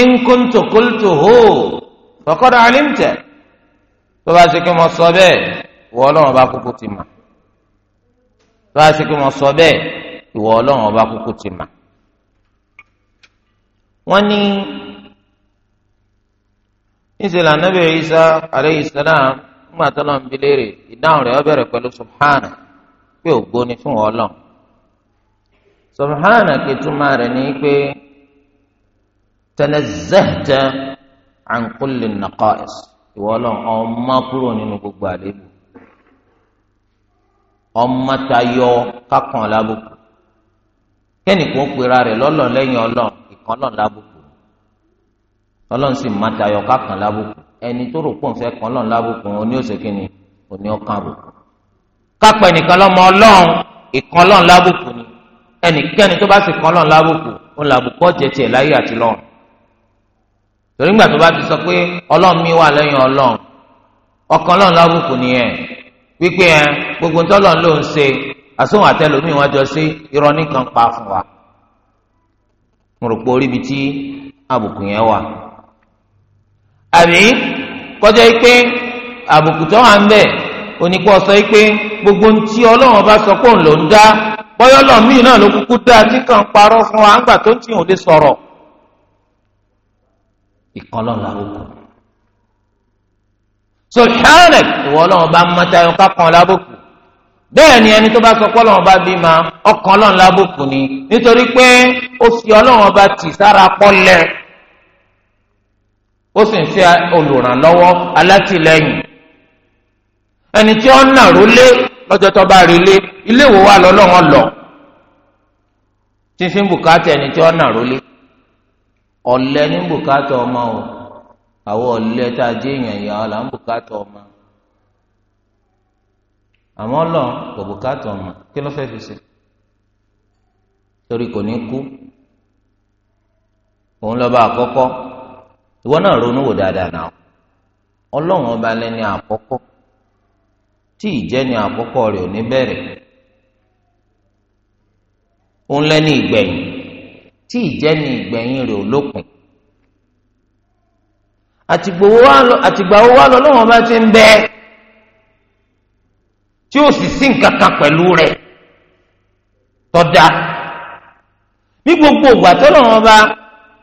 in kuntu qultuhu faqad alimta tó bá ṣe kí mo sọ bẹ́ẹ̀ ìwọ ọlọ́run ọba kúkú ti mà tó bá ṣe kí mo sọ bẹ́ẹ̀ ìwọ ọlọ́run ọba kúkú ti mà. wọ́n ní níṣẹ́ lànàbẹ̀ Isa alayhi salam nígbà tó lọ́n bi léèrè ìdáhùn rẹ̀ ó bẹ̀rẹ̀ pẹ̀lú subhana pé ògbóni fún ọlọ́run subhana kìtùmá rẹ̀ ní pé tanazzahta an kulli naqais ìwọ Ọlọ́run ọmọ kúrò nínú gbogbo àlébù ọmọ tayọ kákan lábùkù kẹ́nìkan ó pera rẹ̀ lọ́lọ́ lẹ́yìn Ọlọ́run ìkan lọ́n lábùkù Ọlọ́run sì má tayọ kákan lábùkù ẹni tó rò pọ̀ nfẹ́ kan lọ́n lábùkù òní òsèkìnì òní ọkàn àbùkù kápẹ́ nìkan lọ́mọ Ọlọ́run ìkan lábùkù ni ẹnikẹ́ni tó bá sì kan lábùkù òun làbùkù ọ̀jẹ̀ tiẹ̀ láyé àti torí ńgbà tó bá ti sọ pé ọlọ́run mi wà lẹ́yìn ọlọ́run ọkàn ọlọ́run lábùkù nìyẹn wípé ẹ gbogbo ń tọ́lọ́run ló ń ṣe àsóhun àtẹlómi wọn jọ sí irọ́ nìkan pa fún wa mo rò pé orí ibi tí àbùkù yẹn wà àbí kọjá yìí pé àbùkù tó wà ń bẹ onípò sọ yìí pé gbogbo ń tí ọlọ́run bá sọ pé òun ló ń dá bọ́yọ́ lọ́mìn náà ló kúkú dá tí parọ́ fún wa ńgbà tó ń tì ìkọlọ́ làbùkù. sọ̀hánẹ̀ ìwọ ọlọ́run bá mọ́tà ọ̀ká kan lábùkù bẹ́ẹ̀ ni ẹni tó bá sọ ma ọkàn ọlọ́run ni nítorí pé ó fi ọlọ́run bá tì sára pọ́lẹ̀ ó sì ń olùrànlọ́wọ́ ẹni tí ó ń nàró lé lọ́jọ́ tó bá rí lé ilé ìwòwà lọ́lọ́run Ọlẹ ní bùkátà ọmọ o àwọn ọlẹ tá a jẹ́ èèyàn ìyá ọ̀la ń bùkátà ọmọ àmọ́ lọ kò bùkátà ọmọ kí ló fẹ́ẹ́ fi ṣe torí kò ní kú òun lọ́ba àkọ́kọ́ ìwọ náà ronú wò dáadáa náà ọlọ́run ọba lẹ́ni tí tí ni ìgbẹ̀yìn rẹ̀ ò àtìgbà owó wà lọ lọ́wọ́ bá ti ń bẹ́ tí ó sì sí nǹkan pẹ̀lú rẹ̀ tọ́da gbogbo ìgbà tó lọ́wọ́ bá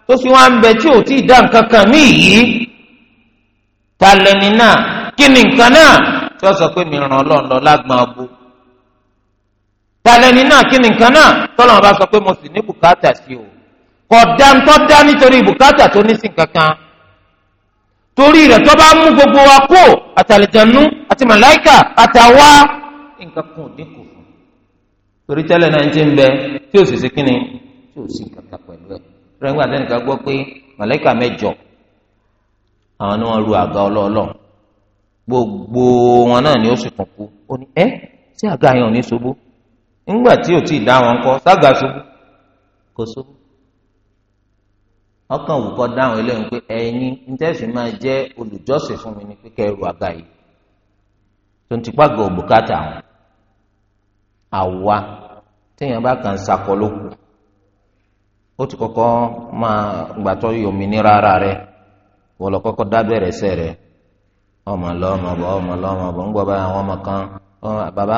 tó sì wá ń bẹ tí ò tí ì dá nǹkan kan yìí ta mi ràn tàlẹ́ni náà kí ni nǹkan náà tọ́lọ́mọ bá sọ pé mo sì ní bùkátà sí o kò dá ń tọ́ dá nítorí bùkátà tó ní sí kankan torí rẹ̀ tó bá mú gbogbo wa kó àti màláìkà àtàwa nǹkan kan ò dínkù torí náà ń ń bẹ tí sì tí gbogbo wọn náà ni ó sì kàn kú ó ní àga yẹn ńgbà tí ò tí ì dá wọn kọ sága ṣubú kò ṣubú ọkàn wù kọ dáhùn eléyìí pé ẹ̀yin ntẹ́sí máa jẹ́ olùjọ́sìn fún mi ní pípẹ́ ẹrù àga yìí tó ń ti pàgọ́ òbúkátà wọn àwa téèyàn bá kàn ń sakọ lóko ó ti kọ́kọ́ máa gbàtọ́ yòmìnira ara rẹ̀ wọ́n lọ kọ́kọ́ dábẹ̀rẹ̀ sẹ́ rẹ̀ ọmọ lọ́mọ bọ̀ ọmọ lọ́mọ bọ̀ ń gbọ́ báyà àwọn ọmọ kan bàbá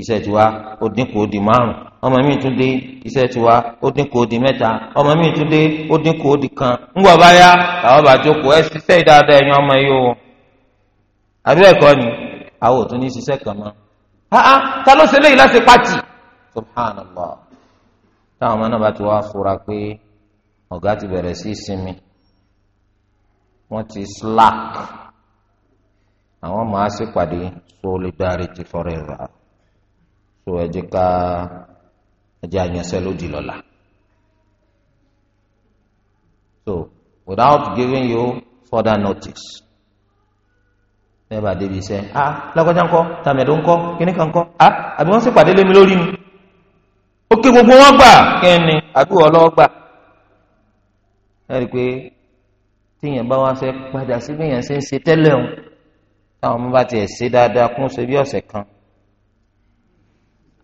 iṣẹ́ tiwa ó dínkù ó di márùn ọmọ mi tún dé iṣẹ́ tiwa ó di mẹ́ta ọmọ mi tún dé ó di kan ńgbọ báyà làwọn bá jókòó ẹ ṣiṣẹ́ dáadáa ẹ̀yin ọmọ yìí o àbí ẹ̀kọ́ ni àwọn ò tún ní ṣiṣẹ́ kan mọ́ ta ló ṣe léyìí láti pàtì subhanallah táwọn ọmọ náà bá ti wá fura pé ọ̀gá ti bẹ̀rẹ̀ sí ìsinmi wọ́n ti slack àwọn máa ṣèpàdé solidarity forever. so ẹ jẹ́ ká ẹ jẹ́ àyànṣẹ́ lódì lọ́la so without giving you further notice mẹ́bàá débi iṣẹ́ "Ah, lágbájá ńkọ́ tàmẹ̀dọ́ ńkọ́ kíní kan ńkọ́ a ah, àbí wọ́n sì pàdé lémi lórí ni ó ké gbogbo wọn gbà kẹ́ni àbí wọ́n lọ́ọ́ gbà ẹ rí i pé tíyẹn bá wọn fẹ́ padà sí bí yẹn ṣe ń ṣe tẹ́lẹ̀ o táwọn ọmọ bá tiẹ̀ ṣe dáadáa kún ṣe bí ọ̀sẹ̀ kan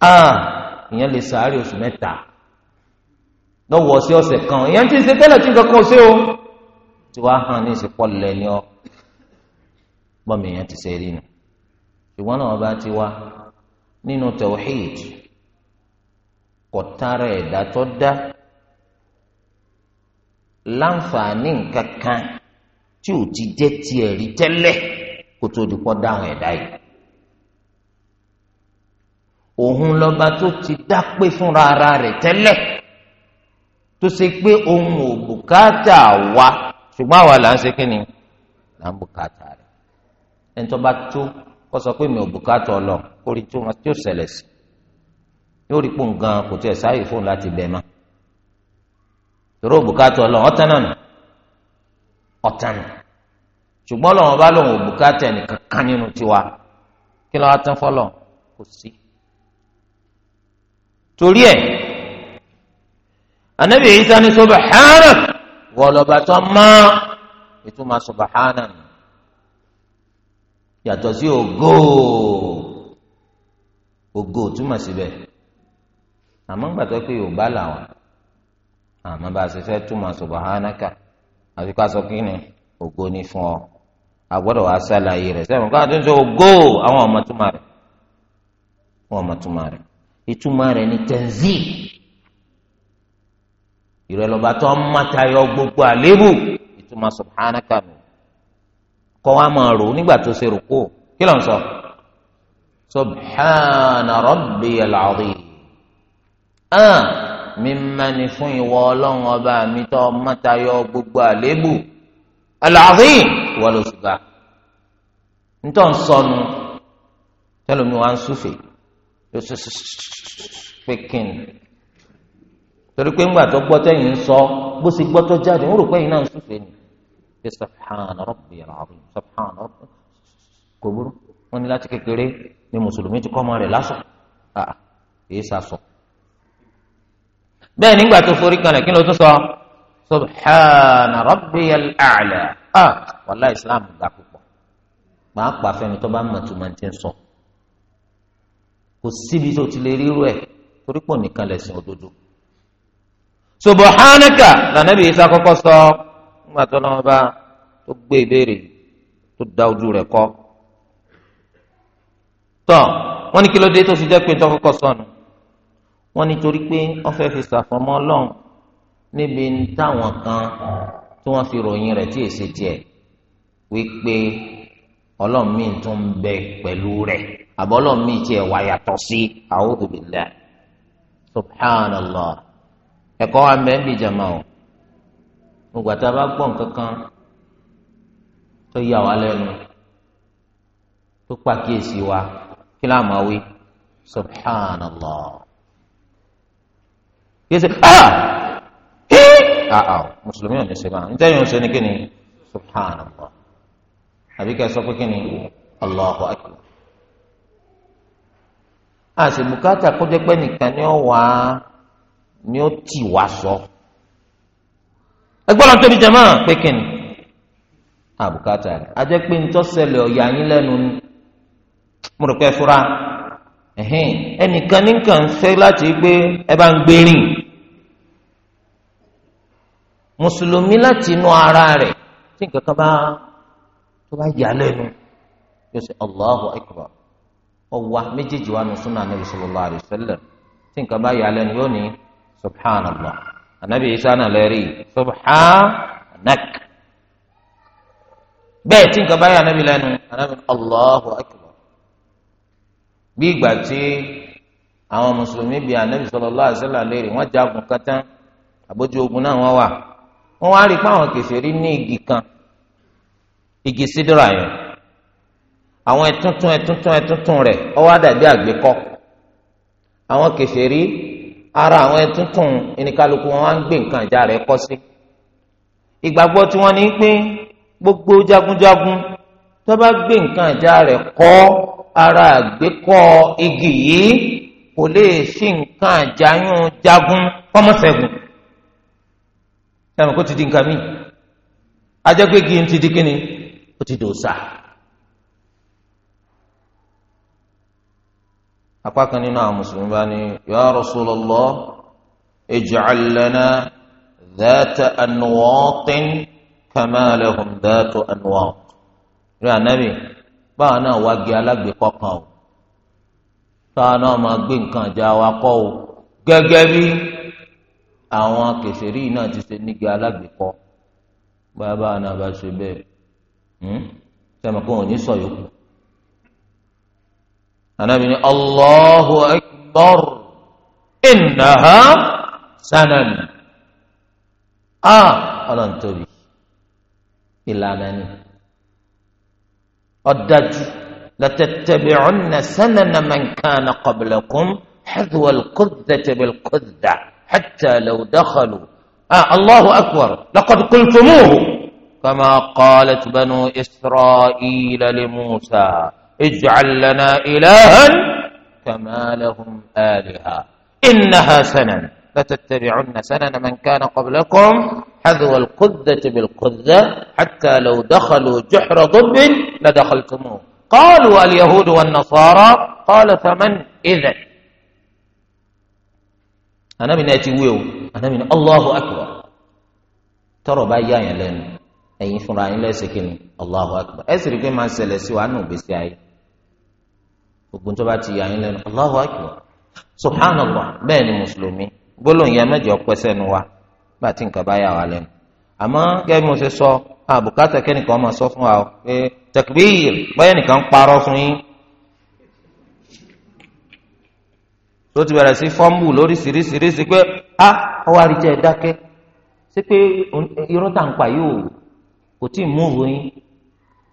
ah ìyẹn lè sàárè oṣù mẹ́ta lọ́wọ́ kan ìyẹn ti ṣe tí o tí wàá hàn ní ọ bọ́mọ ìyẹn ti ṣe rí nu náà ọba ti wá nínú tara tó dá láǹfààní nǹkan kan tí ò ti jẹ́ tiẹ̀ rí kó tó di dáhùn òun lọba tó ti dápé fúnra ara rẹ̀ tẹ́lẹ̀ tó ṣe pé òun ò bùkátà wa ṣùgbọ́n àwa là ń ṣe kínni là ń bùkátà rẹ̀ ẹni tó bá tó kó sọ pé mi ò bùkátà ọ lọ kó rí tó tí ó ṣẹlẹ̀ sí yóò rí pòun gan kò tiẹ̀ sáàyè fóun láti bẹ̀ mọ́ torí ò bùkátà ọ lọ ọ̀tán náà nù ọ̀tán nù ṣùgbọ́n lọ́wọ́n bá lòun ò bùkátà ẹnìkan kan nínú tiwa kí lọ́wọ́ tán fọ́lọ́ kò sí. torí ẹ̀ anabi isa ni subahana wọlọba tó mọ ìtumọ̀ subahana yàtọ̀ sí ògo ògo túmọ̀ síbẹ̀ àmọ́ gbàtọ́ pé yorùbá làwọn àmọ́ bá a ṣe fẹ́ túmọ̀ subahánaka àfi ká sọ kí ni ògo ni fún ọ agbọ́dọ̀ wàá ṣàlàyé rẹ̀ sẹ́wọ̀n ká tó ń sọ àwọn ọmọ túmọ̀ ìtumọ̀ rẹ̀ ní tẹ̀nzí ìrẹ̀lọ́ba tó ń mátayọ gbogbo àlébù ìtumọ̀ subhanaka nù kọ́ wa máa rò nígbà tó ṣe rò kó kí ló ń sọ subhana rabbiyal azim ah mímá ni fún ìwọ ọlọ́run ọba mi tó ń mátayọ gbogbo àlébù al azim ló sì gbà ń tọ́ ń sọnù tẹ́lómi wa ń súfèé yóò sọ pé kíni torí pé ńgbà tó gbọ́ tẹ́yìn ń sọ bó ṣe gbọ́ tó jáde ń rò pé yìí náà ń súfèé ni pé subhana rabbiyal azim subhana rabbi kò burú wọn ní láti kékeré ni mùsùlùmí ti kọ́ ọmọ rẹ̀ lásọ èyí sàsọ. bẹ́ẹ̀ nígbà tó forí kanlẹ̀ kí ló tún sọ subhana rabbiyal a'la ah wàlá islam gbà púpọ̀ máa pàfẹ́ni tó bá mọ̀ tó máa kò síbi tó ti lè ríru ẹ̀ torí pò nìkan lẹ̀sìn òdodo. subhanaka lànàbí isa kọ́kọ́ sọ nígbà tó náà bá tó gbé ìbéèrè tó da ojú rẹ̀ kọ́. tọ́ wọ́n ní kí ló dé tó fi jẹ́ pé tọ́kọ́kọ́ sọnù wọ́n ní torí pé wọ́n fẹ́ fi ṣàfọ̀mọ́ ọlọ́run níbi táwọn kan tí wọ́n fi ròyìn rẹ̀ tí èsì tiẹ̀ wípé ọlọ́run míì tún ń bẹ pẹ̀lú rẹ̀ àbọ̀lọ̀ mi tiẹ̀ wà yàtọ̀ sí a'udhu billah subhanallah ẹ̀kọ́ wa mẹ́ bí jama o mo gbà tá a bá gbọ́ nǹkan kan tó yà wá lẹ́nu tó pàkíyèsí wa kí láà máa wí subhanallah yìí ah hí ah ah mùsùlùmí ò ní ṣe máa ń tẹ́yìn ọ̀ṣẹ́ ni kí subhanallah àbíkẹ́ sọ pé kí allahu akbar. àṣìbùkátà bukata jẹ́ pé nìkan ni ó wà á ni ó tì wá sọ. ẹgbẹ́ ọ̀rọ̀ tóbi jama máa àbùkátà rẹ̀ a jẹ́ pé ntọ́sẹ̀lẹ̀ ọ̀yà yín lẹ́nu ni mo rò pé fúra ẹnìkan nìkan fẹ́ láti gbé ẹ bá ń gbé rìn mùsùlùmí láti inú ara rẹ̀ tí nǹkan kan bá tó bá yà yóò ṣe Allahu Akbar. ọwa méjèèjì wa nù súnà Ànábì sallallahu alaihi wasallam tí nǹkan bá yà lẹ́nu yóò ní subhanallah anabi isa náà lẹ́rìí subhanak bẹ́ẹ̀ tí nǹkan bá yà anabi lẹ́nu anabi allahu akbar bí ìgbà tí àwọn mùsùlùmí bíi anabi sallallahu alaihi lẹ́rìí wọ́n jagun kátá àbójú ogun náà wọ́n wà wọ́n wá rí i pé àwọn kèfèrí ní igi kan igi sídìrà yẹn àwọn ẹ̀túntún ẹ̀túntún ẹ̀túntún rẹ̀ ó wá dàbí àgbékọ́ àwọn kèfèrí ara àwọn ẹ̀túntún ẹnìkálukú wọn wá ń gbé nǹkan ìjà rẹ̀ kọ́ sí. ìgbàgbọ́ tí wọ́n ní pé gbogbo jagunjagun tó bá gbé nǹkan ìjà rẹ̀ kọ́ ara àgbékọ́ igi yìí kò lè ṣí nǹkan àjáyún jagun kọ́mọ́sẹ̀gùn ẹ̀mí kó ti di nǹkan míì ajẹ́gbégi ti di kíni ó ti dòòsà. apá kan nínú àwọn mùsùlùmí bá ní ya Rasulullah ij'al lana dhata anwaatin kama lahum dhatu anwaat rí ànábì báwa náà wá gé alágbèékọ́ kan o táwa náà máa gbé nǹkan ìjà wa kọ́ o gẹ́gẹ́ bí àwọn kèsìrí náà ti ṣe nígi alágbèékọ́ báwa náà bá ṣe bẹ́ẹ̀ sẹ́mi hmm? kò ní sọ yòókù. أنا ní الله أكبر إنها سنن آه ọlọ́run tóbi إلا ni قدت لتتبعن سنن من كان قبلكم حذو القذة بالقذة حتى لو دخلوا آه الله أكبر لقد قلتموه كما قالت بنو إسرائيل لموسى اجعل لنا إلها كما لهم آلهة إنها سنن لتتبعن سنن من كان قبلكم حذو القذة بالقذة حتى لو دخلوا جحر ضب لدخلتموه قالوا اليهود والنصارى قال فمن إذا أنا من أتيويو أنا من الله أكبر ترى بايا yá أي lẹ́nu ẹ̀yin fúnra yín الله أكبر ni Allahu Akbar ẹ gbogbo tó bá ti yà yín lẹ́nu Allahu akbar subhanallah bẹ́ẹ̀ ni mùsùlùmí gbólóhùn yẹn mẹ́jọ pẹ́sẹ́ nu wa bá ti nǹkan bá yà wá lẹ́nu àmọ́ gẹ́gẹ́ mo ṣe sọ àbùkátà kẹ́nìkan máa sọ fún wa pé takbir báyẹn nìkan parọ́ fún yín tó ti bẹ̀rẹ̀ sí fọ́ọ̀mù lóríṣiríṣiríṣi pé a ọwọ́ àríjẹ́ dákẹ́ sí pé irọ́ tà ń pa yóò kò tí ì mú òun yín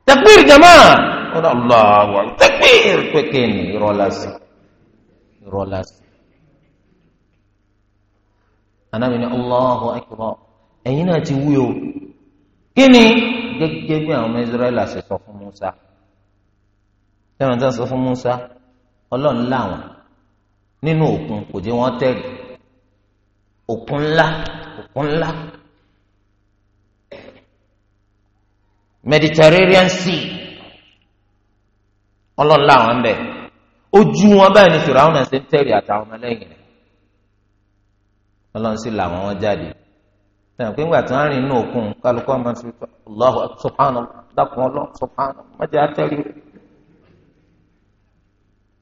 takbir jama ọ̀dọ̀ allah wa takbir kéèr pékè ní irọ́ lásán irọ́ lásán. anábì Allahu akbar ẹ̀yin náà ti wí o kí ni gẹ́gẹ́ bí àwọn ọmọ Israẹli ṣe sọ fún Musa tẹ́wọ̀n tẹ́wọ̀n sọ fún Musa ọlọ́run láwọn nínú òkun kò jẹ́ wọ́n tẹ́lẹ̀ òkun ńlá òkun ńlá Mediterranean Sea. ọlọ́run làwọn ń bẹ̀ ojú wọn báyìí ni ṣe ń tẹ̀rì àtàwọn ọmọlẹ́yìn rẹ̀ ọlọ́run sì wọn jáde sọ pé ńgbà tí wọ́n rìn inú òkun kálukọ́ ọmọ sí dákun mọ́jà tẹ̀rì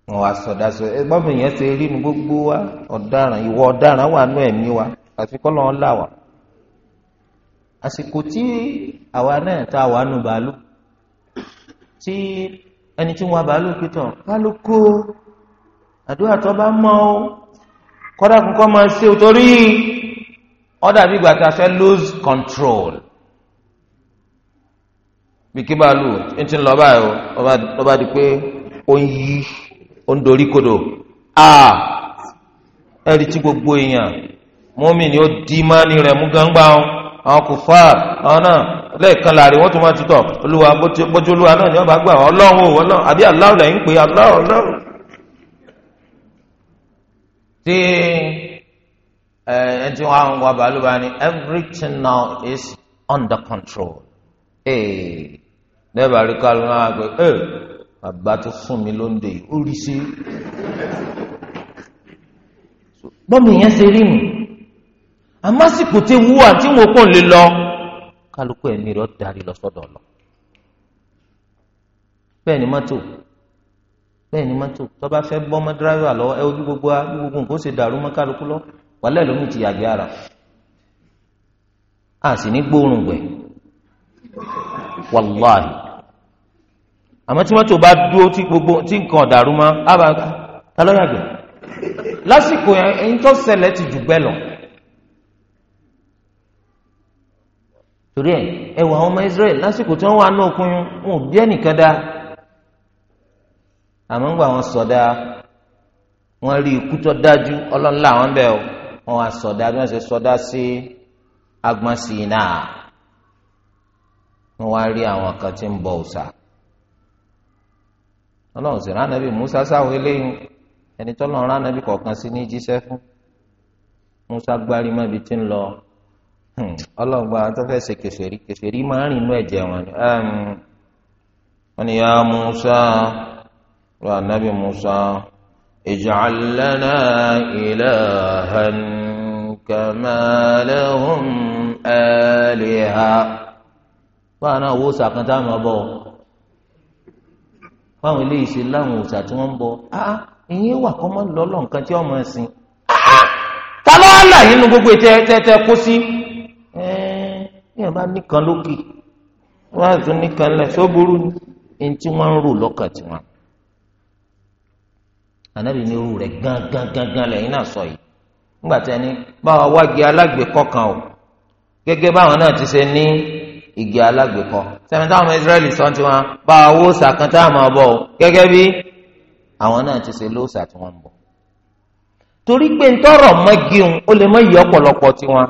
wọn wá sọ ẹ gbọ́dọ̀ yẹn rí gbogbo wa ọ̀daràn ìwọ ọ̀daràn wà nú ẹ̀mí wa kọ́ lọ́n là wà àsìkò tí àwa náà ta wà nù ẹni tí wọn bá ló pétọ ká ló kó àdúrà tó bá mọ ọ kódà kún máa ṣe torí bí gbàtà fẹ́ lose control bí bá lù ẹ ti ń lọ báyìí di pé ó ń yí ó ń dorí gbogbo èèyàn mọ́mí ni ó di máa ní rẹ̀ mú gángbá àwọn kùfàr àwọn náà lẹ́ẹ̀kan láàrin wọ́n tún máa tutọ̀ olúwa bójú olúwa náà ni wọ́n bá gbà wọ́n ọlọ́run òwò náà àbí aláwọ̀ lẹ́yìn pé aláwọ̀ ọlọ́run. tí ẹ ti wá àwọn wàbà ló bá everything now is under control. lẹ́ẹ̀bà rí kálù náà pé ẹ bàbá tó fún mi lóńdè ó rí sí. bọ́mù yẹn ṣe rí mi àmásìkò tẹ wú wa tí wọn kò lè lọ kálukú ẹ̀mí rẹ̀ darí lọ sọ́dọ̀ lọ bẹ́ẹ̀ ni mọ́tò bẹ́ẹ̀ ni mọ́tò tó bá fẹ́ bọ́ mọ́ díráyà lọ ẹ ojú gbogbo wa bí gbogbo nǹkan ó ṣe dàrú mọ́ kálukú lọ wàlẹ́ lómi ti yàgbé ara a sì ní gbóòórùn gbẹ wàláhì àmọ́ tí mọ́tò bá dúró tí gbogbo tí nǹkan dàrú mọ́ á bá ta lọ́yàgbẹ́ lásìkò yẹn ẹni tó ṣẹlẹ̀ ti jù bẹ́ẹ̀ lọ. torí ẹ ẹ wọ àwọn ọmọ Israel lásìkò tí wọ́n wà ní òkun yún wọn ò bí ẹnìkan dá àmọ́ ń gbà wọ́n sọ̀dá wọ́n rí ikú tó dájú ọlọ́nlá àwọn bẹ́ẹ̀ o wọ́n wá sọdá bí wọ́n ṣe sọ̀dá sí agbọn wá rí àwọn kan tí ń bọ òòṣà ọlọ́run sì rán anabi Musa sáwọn eléyìí ẹni tọ́lọ́run rán anabi kọ̀ọ̀kan sí ní fún Musa gbárí tí Hmm. ọlọ́gbà tó fẹ́ ṣe kẹsẹ̀rí kẹsẹ̀rí máa ń inú ya Musa anabi Musa máa bọ̀ ṣe láwọn tí wọ́n ń bọ̀ ah, ìyẹn wà kọ́ mọ́ lọ́lọ́ nǹkan tí wọ́n máa sìn. Ah, ta ló gbogbo ẹ̀ tẹ́ tẹ́ yẹn bá nìkan lókè wọn á tún nìkan lẹ sóburú ni ntí wọn ń rò lọ́kàn tiwọn ànábì ní irú rẹ̀ gángan gángan lẹ́yìn náà sọ yìí ńgbà tí ẹni ní báwa wági alágbèkọ́ kan o gẹ́gẹ́ báwọn náà ti ṣe ní igi alágbèkọ́ sẹ́mi táwọn ọmọ Israẹli sọ ti wọn báwa wó sàkán tá a o gẹ́gẹ́ bí àwọn náà ti ṣe lóòsà tí wọ́n ń bọ̀ torí pé ntọ́rọ̀ mọ́gí òun ó lè mọ iye ọ̀pọ̀lọpọ̀ tiwọn.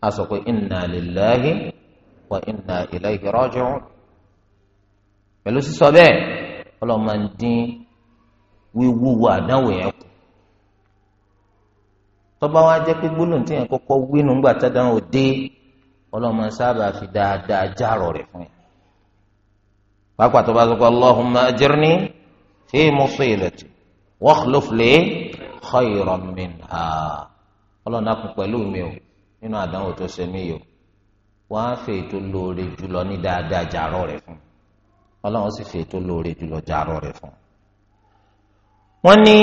a sọ pé inna lillahi wa inna ilayhi raji'un pẹ̀lú sísọ bẹ́ẹ̀ ọlọ́run máa ń dín wíwúwo àdánwò yẹn kù tọ́ba wa jẹ́ pé gbólóhùn tí yẹn kọ́kọ́ wínú ńgbà tádàá ò dé ọlọ́run máa ń sábà fi dáadáa járọ̀ rẹ̀ fún yẹn pàápàá tọ́ba sọ pé allahumma ajirni fi musibati wakhluf li khayran minha ọlọ́run náà kún pẹ̀lú mi o nínú àdánwò tó ṣe mí yìí o wọ́n á fẹ́ ètò lóore jùlọ ní dáadáa jàrọ́ rẹ̀ fún ọlọ́run sì fẹ́ ètò lóore jùlọ jàrọ́ rẹ̀ fún. wọ́n ní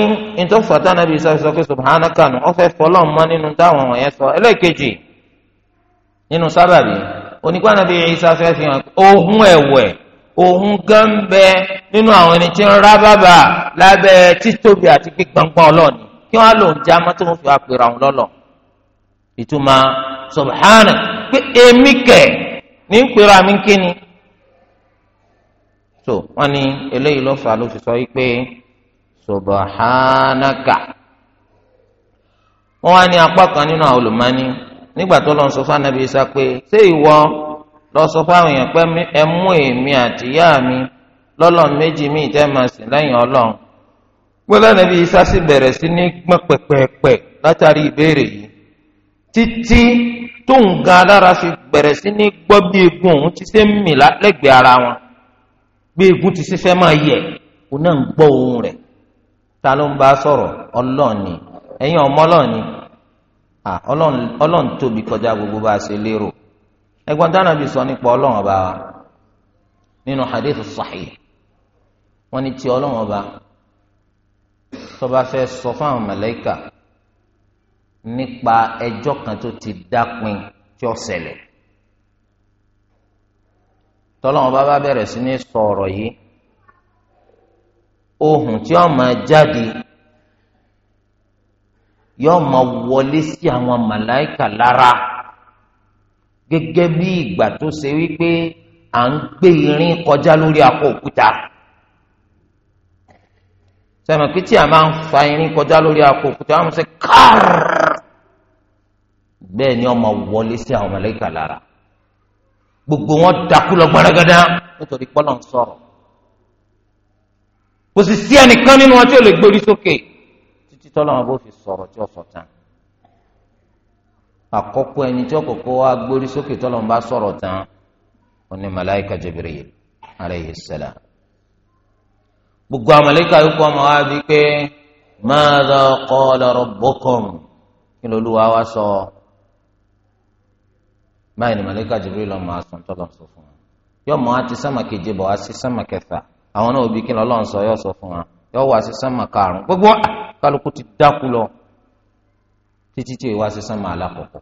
ìtọ́fàtà nàbí sọ́sọ́ pé subhanaka nù ọ́ fẹ́ fọlọ́ mọ́ nínú táwọn wọ̀nyẹn sọ ẹlẹ́ẹ̀kejì nínú sábàbí onípa nàbí Ìsá fẹ́ fi hàn ohun ẹ̀wẹ̀ ohun gánbẹ nínú àwọn ẹni tí ń rá bàbà lábẹ́ títóbi àti gbígbàngbọ́n ọlọ́ọ̀ni kí wọ́n á lòun já mọ́tò wọn fi wá pèrè àwọn lọ́lọ́ọ̀ ìtumọ̀ subhana pé èmi kẹ̀ ní pèrò àmì so wọ́n ni eléyìí ló fà sọ wọ́n wá ní apá kan nínú àwọn olùmọ́ni nígbà tó lọ sọ fún anabi isa pé ìwọ lọ sọ èèyàn pé ẹ mú èmi mi méjì máa sìn lẹ́yìn ọlọ́run isa sì bẹ̀rẹ̀ sí ní látàrí ìbéèrè yìí títí tóun gan alára ṣe bẹ̀rẹ̀ sí ní gbọ́ bí egun òun ti ṣe ń mì lẹ́gbẹ̀ẹ́ ara wọn bí egun ti ṣe fẹ́ máa yẹ òun náà ń gbọ́ ohun rẹ̀ ta ló ń bá sọ̀rọ̀ ọlọ́ọ̀ni ẹ̀yin ọmọ ọlọ́ọ̀ni ọlọ́ọ̀n tóbi kọjá gbogbo bá a ṣe lérò ẹgbọn dáná bí sọ nípa ọlọ́ọ̀n ọba wa nínú hadith sahih wọn ni ti ọlọ́ọ̀n ọba tó bá fẹ́ sọ fún àwọn nípa ẹjọ́ kan tó ti dápin tí ó ṣẹlẹ̀ tọ́lọ́wọ́n bá bá bẹ̀rẹ̀ sí ní sọ ọ̀rọ̀ yìí ohun tí ó máa jáde yóò máa wọlé sí àwọn màláìkà lára gẹ́gẹ́ bí ìgbà tó ṣe wípé à ń gbé irin kọjá lórí akọ òkúta sẹ́mi pé tí máa ń fa irin kọjá lórí akọ òkúta wọ́n mú sí káàrà bẹ́ẹ̀ ni ọmọ wọlé sí àwọn màláíkà lára gbogbo wọn dákú lọ gbaragada nítorí pọ́lọ̀ ń sọ̀rọ̀ kò sì sí ẹnìkan nínú wọn tí ò lè gbórí sókè títí tọ́lọ́run bó fi sọ̀rọ̀ tí ó sọ tán àkọ́kọ́ ẹni tí ọ̀kọ̀kọ́ wa gbórí sókè tọ́lọ́run bá sọ̀rọ̀ tán oní màláíkà Jibril alayhi salam gbogbo àwọn màláíkà yòókù ọmọ wa bíi pé madha qala rabbukum kí lóluwà wa sọ báyìí ni màlẹ́kà Jibril lọ́mọ asùn tó lọ́n sọ fún wa yóò mọ àti sámà kejì bọ̀ wá sí sámà kẹfà àwọn náà òbí kíni ọlọ́run sọ yóò sọ fún wa yóò wá sí sámà karùn gbogbo kálukú ti dákú lọ títí tí ìwá sí sámà alákọ̀ọ́kọ́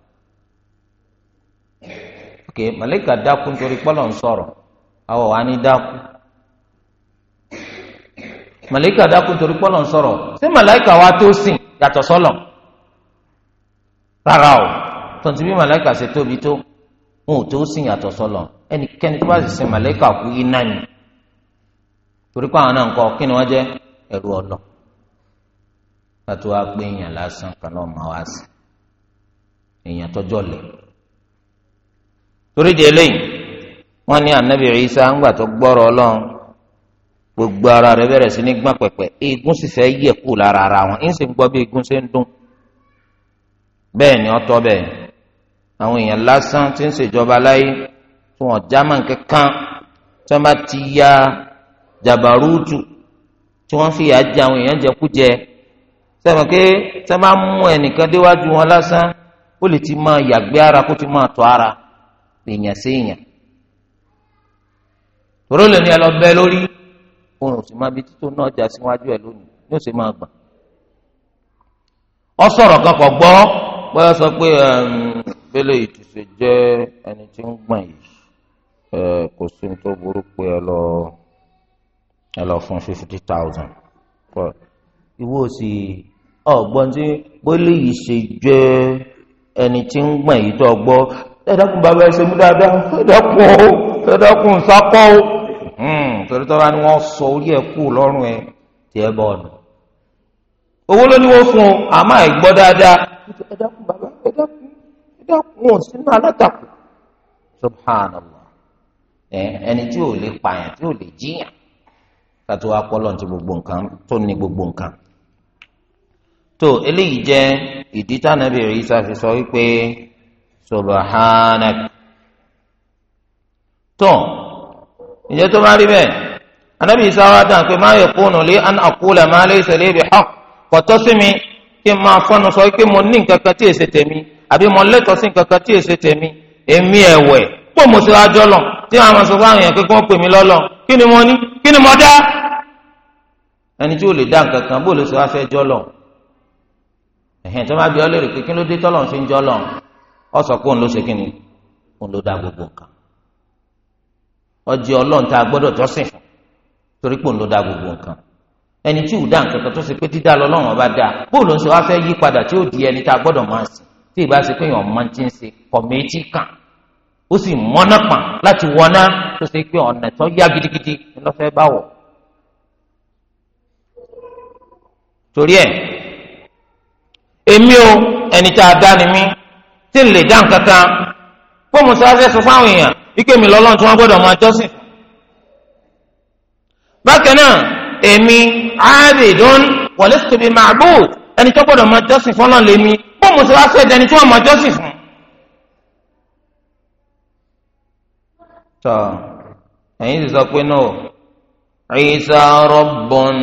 ok màlẹ́kà dákú nítorí pọ́lọ̀ ń sọ̀rọ̀ àwọ̀ wa ní dákú màlẹ́kà dákú nítorí pọ́lọ̀ ń sọ̀rọ̀ ṣé màlẹ́kà wa tó sìn yàtọ̀ sọ́lọ̀ rárá o tọ̀ntì bí ṣe tóbi tó. wọn ò tó sìn yàtọ̀ sọlọ ẹnikẹ́ni tó bá sì sin màlẹ́kà kú yín náà torí pé àwọn náà ń kí ni wọ́n jẹ́ ẹ̀rù ọlọ pàtó wa pé èèyàn lásán kan náà máa sí èèyàn torí di eléyìí wọ́n ní anabi Isa ńgbà tó gbọ́rọ̀ gbogbo ara rẹ̀ bẹ̀rẹ̀ sí ní gbọ̀n pẹ̀pẹ̀ eegun sì ara wọn ń sì bí ṣe ọtọ bẹẹ. àwọn èèyàn lásán tí ń ṣèjọba láyé tí wọn jámà kankan tí wọn bá ti ya jàbàrúùtù tí wọn fìyà jẹ àwọn èèyàn jẹkújẹ sẹ́mi pé tí wọn bá mú ẹnìkan déwájú wọn lásán ó lè ti máa yàgbé ara kó ti máa tọ́ ara èèyàn sí èèyàn tòró lè ní ẹ lọ bẹ lórí òun ò sì máa bi títún náà jà síwájú ẹ lónìí yóò sì máa gbà ọ sọ̀rọ̀ kan kọ̀ gbọ́ pé ọ sọ bẹ́lẹ̀ yìí ti ṣe jẹ́ ẹni tí ń gbọ̀n yìí kò sí ní tó burú pé ẹ lọ ẹ lọ fún fifty thousand ìwọ sì ọgbọ́n tí bẹ́lẹ̀ yìí ṣe jẹ́ ẹni tí ń gbọ̀n yìí tó gbọ́ ẹ̀dọ́kùn bàbá ẹ̀ ṣe mú dáadáa ẹ̀dọ́kùn ó ẹ̀dọ́kùn sákọ́ ó hmm, torí tọ́ra ni wọ́n sọ orí ẹ̀ kú lọ́rùn ẹ bọ̀ ọ̀nà owó ló ní wọ́n fún un àmọ́ àìgbọ́ dáadáa ẹgbẹ́ wọn sínú alátakò subhanallah ẹni tí ò lè pààyàn tí ò lè jiyàn kátó wá ti gbogbo nǹkan tó ní gbogbo nǹkan. tó eléyìí jẹ́ ìdí tánàbí Ìsá fi sọ wípé subhanak tó ìjẹ́ tó bá rí bẹ́ẹ̀ anábì Ìsá dàn pé má yakunu li an aqula ma laysa li bihaqq kò tọ́ sí mi kí n máa sọ wípé mo ní nǹkan kan tí àbí mo lẹ́tọ̀ọ́ sí nǹkan kan tí èsè tèmi èmi ẹ̀wẹ̀ pò mo ti wá jọlọ tí wọn àwọn sọ fún àwọn èèyàn pé kí wọn pè mí lọlọ kí ni mo ní kí ni mo dá ẹni tí ò lè dá nǹkan kan bó lè sọ wá fẹ́ jọlọ ẹ̀hìn tó má bí ọ lérò pé kí ló dé tọ́lọ̀ fi ń jọlọ ọ sọ pé òun ló ṣe kí ni òun ló dá gbogbo nǹkan ọjọ́ ọlọ́run tá a gbọ́dọ̀ jọ́sìn fún torí pé òun ló dá gbogbo nǹkan ẹni tí ò dá nǹkan kan tó ṣe pé dídá lọ́lọ́run ọba dá bó ló ń wá fẹ́ yí di ẹni tá a gbọ́dọ̀ tí ìbá ṣe pé èèyàn máa ti ń ṣe kọ̀mẹ́tì kan ó sì mọ́nà pàn láti wọná tó ṣe pé ọ̀nà tó yá gidigidi ni lọ́ fẹ́ bá wọ̀. torí ẹ̀ èmi o ẹni tá a dá ni mí tí n lè dá nǹkan kan fóònù tí wọ́n fẹ́ sọ fáwọn èèyàn ike mi lọ́lọ́run tí wọ́n gbọ́dọ̀ máa jọ́sìn. bákan náà èmi ábìdún walastu bi ma'bud ẹni tó gbọ́dọ̀ máa jọ́sìn fọ́nà lèmi bó mo ti wá sọ ìdẹni tí wọ́n mọ jọ́sìn fún. tọ́ ẹ̀yin ti sọ pé náà Isa rabbun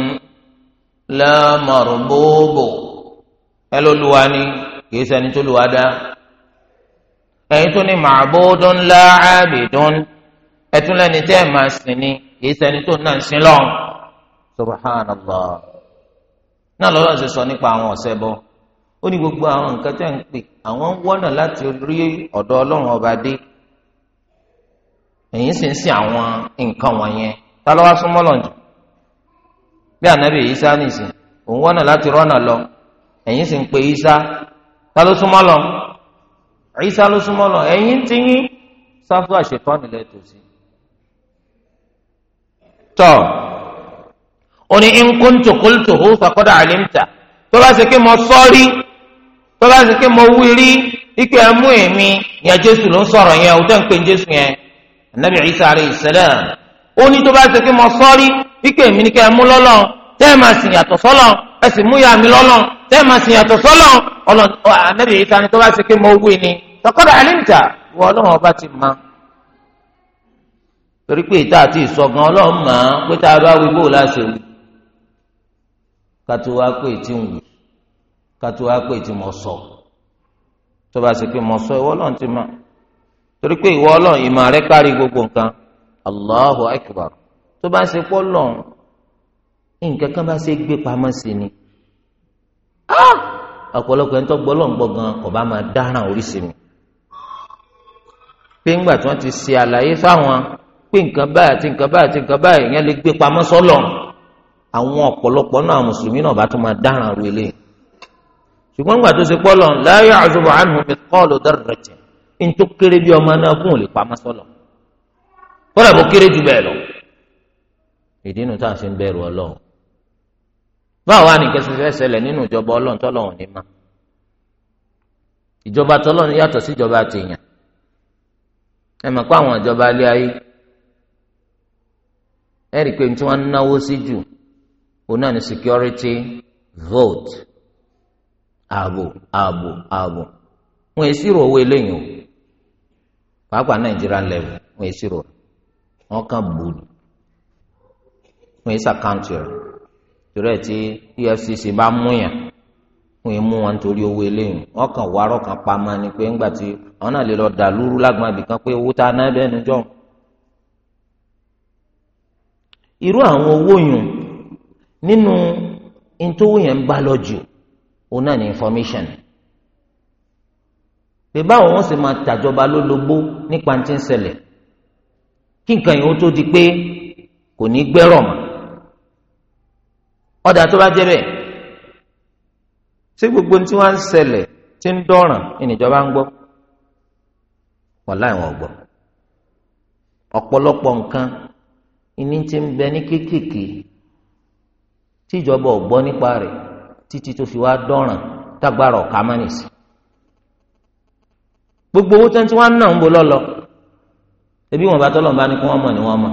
la marbubu ẹ lóluwa ni kì í ṣẹni tó lùwà dá ẹ̀yin tó ní màbúdún la abidun ẹtún lẹ́ni tẹ́ ẹ̀ máa sìn ni kìí ṣẹni tó náà ń sin lọ́n náà lọ́lọ́ ṣe sọ nípa àwọn ọ̀sẹ̀ bọ́ ó ní gbogbo àwọn nǹkan tẹ́ ń pè àwọn ń wọ́nà láti rí ọ̀dọ̀ ọlọ́run ọba dé èyí sì ń sin àwọn nǹkan wọ̀nyẹn ta ló wá súnmọ́ lọ́njù bí ànábì Ìsá nìsín òun wọ́nà láti rọ́nà lọ ẹ̀yin sì ń pe Ìsá ta ló súnmọ́ lọ Ìsá ló súnmọ́ lọ ẹ̀yin ti yín sáfù àṣetọ́ nílẹ̀ tòsí. tọ́ ó ní in kuntu qultuhu faqad tó bá ṣe pé mo sọ́ọ́rí bàbá sì ké mo wí rí ike ẹmú èmi yẹn jésù ló ń sọ̀rọ̀ yẹn òótọ́ ń pè jésù yẹn anabi isa alayhi salam ó ní tó bá sì ké mo sọ́rí ike èmi ni ké ẹmú lọ́lọ́ tẹ́ ẹ máa sìn yàtọ̀ sọ́lọ́ ẹ sì mú ya mi lọ́lọ́ tẹ́ ẹ máa sìn yàtọ̀ sọ́lọ́ ọlọ́ anabi isa ni tó bá sì ké mo wí ni tọkọ́dà alimta wọ ọlọ́run ọba ti máa torí pé ìta àti ìsọ̀gan ọlọ́run mọ̀ pé tá a bá wí bó láṣẹ wí ká wá pé tí kátó wá pé tí mo sọ tó bá ṣe pé mo sọ ìwọ Ọlọ́run ti mọ̀ torí pé ìwọ Ọlọ́run ìmọ̀ rẹ kárí gbogbo nǹkan Allahu akbar tó bá ṣe pọ lọrun nǹkan kan bá ṣe gbé pamọ́ sí ni ah! ọ̀pọ̀lọpọ̀ ẹni tó gbọ́ lọ́n gbọ́ gan kò bá máa dáràn oríṣi mi pé ńgbà tí wọ́n ti ṣe àlàyé fáwọn pé nǹkan báyìí àti nǹkan báyìí àti nǹkan báyìí ìyẹn lè gbé pamọ́ sọ́lọ̀ àwọn ọ̀pọ̀lọpọ̀ náà mùsùlùmí náà bá tún máa dáràn ru eléyìí ṣùgbọ́n gbà tó ṣe pọ́ lọ láyé àzùbọ̀ àánú mi kọ́ọ̀lù dọ́rọ̀dọ̀tì ń tó kéré bí ọmọ náà gún òlè pamọ́ sọ́lọ̀ kọ́lá bó kéré jù bẹ́ẹ̀ lọ. ìdí nu táà fi ń bẹ̀rù ọlọ́run báwo wá nìkan ṣe fẹ́ ṣẹlẹ̀ nínú ìjọba ọlọ́run tọ́lọ́run ní ma ìjọba tọ́lọ́run yàtọ̀ sí ìjọba tèèyàn ẹ mọ̀ pé àwọn ìjọba alẹ́ ayé ẹ rí i pé tí wọ́n náwó sí jù òun náà ní security vote ààbò ààbò ààbò wọn èsì rò owó eléyìí o pàápàá nàìjíríà lẹ́wọ̀ wọn èsì rò wọn kàn bù wọn EFCC bá mú yàn wọn èmú wọn torí owó eléyìí wọn kàn kan pamọ́ ni pé ńgbà tí àwọn náà lè lọ dà lúrú lágbọn àbìkan pé owó tá a ná bẹ́ẹ̀ níjọ́ irú àwọn owó yùn yẹn ń bá òun náà ní information pé báwo wọn sì máa tàjọba lólobó nípa ti ń ṣẹlẹ̀ kí nǹkan yìí ó tó di pé kò ní gbẹ́rọ̀ mọ́ ọ̀dà tó bá jẹ́ bẹ́ẹ̀ ṣé gbogbo tí wọ́n ń ṣẹlẹ̀ tí ń dọ̀ràn ìníjọba ń gbọ́ wọ́n láì wọ́n gbọ́ ọ̀pọ̀lọpọ̀ nǹkan ìní ti ń bẹ ní kéékèèké tíjọba ò gbọ́ nípa rẹ̀ títí tó fi wá dọ́ràn tágbára ọ̀ka mánìsì gbogbo owó tẹ́ntí wọn náà ń bo lọ́lọ́ ebi wọn bá tọ́lọ̀ ń bá ní kí wọ́n mọ̀ ní wọ́n mọ̀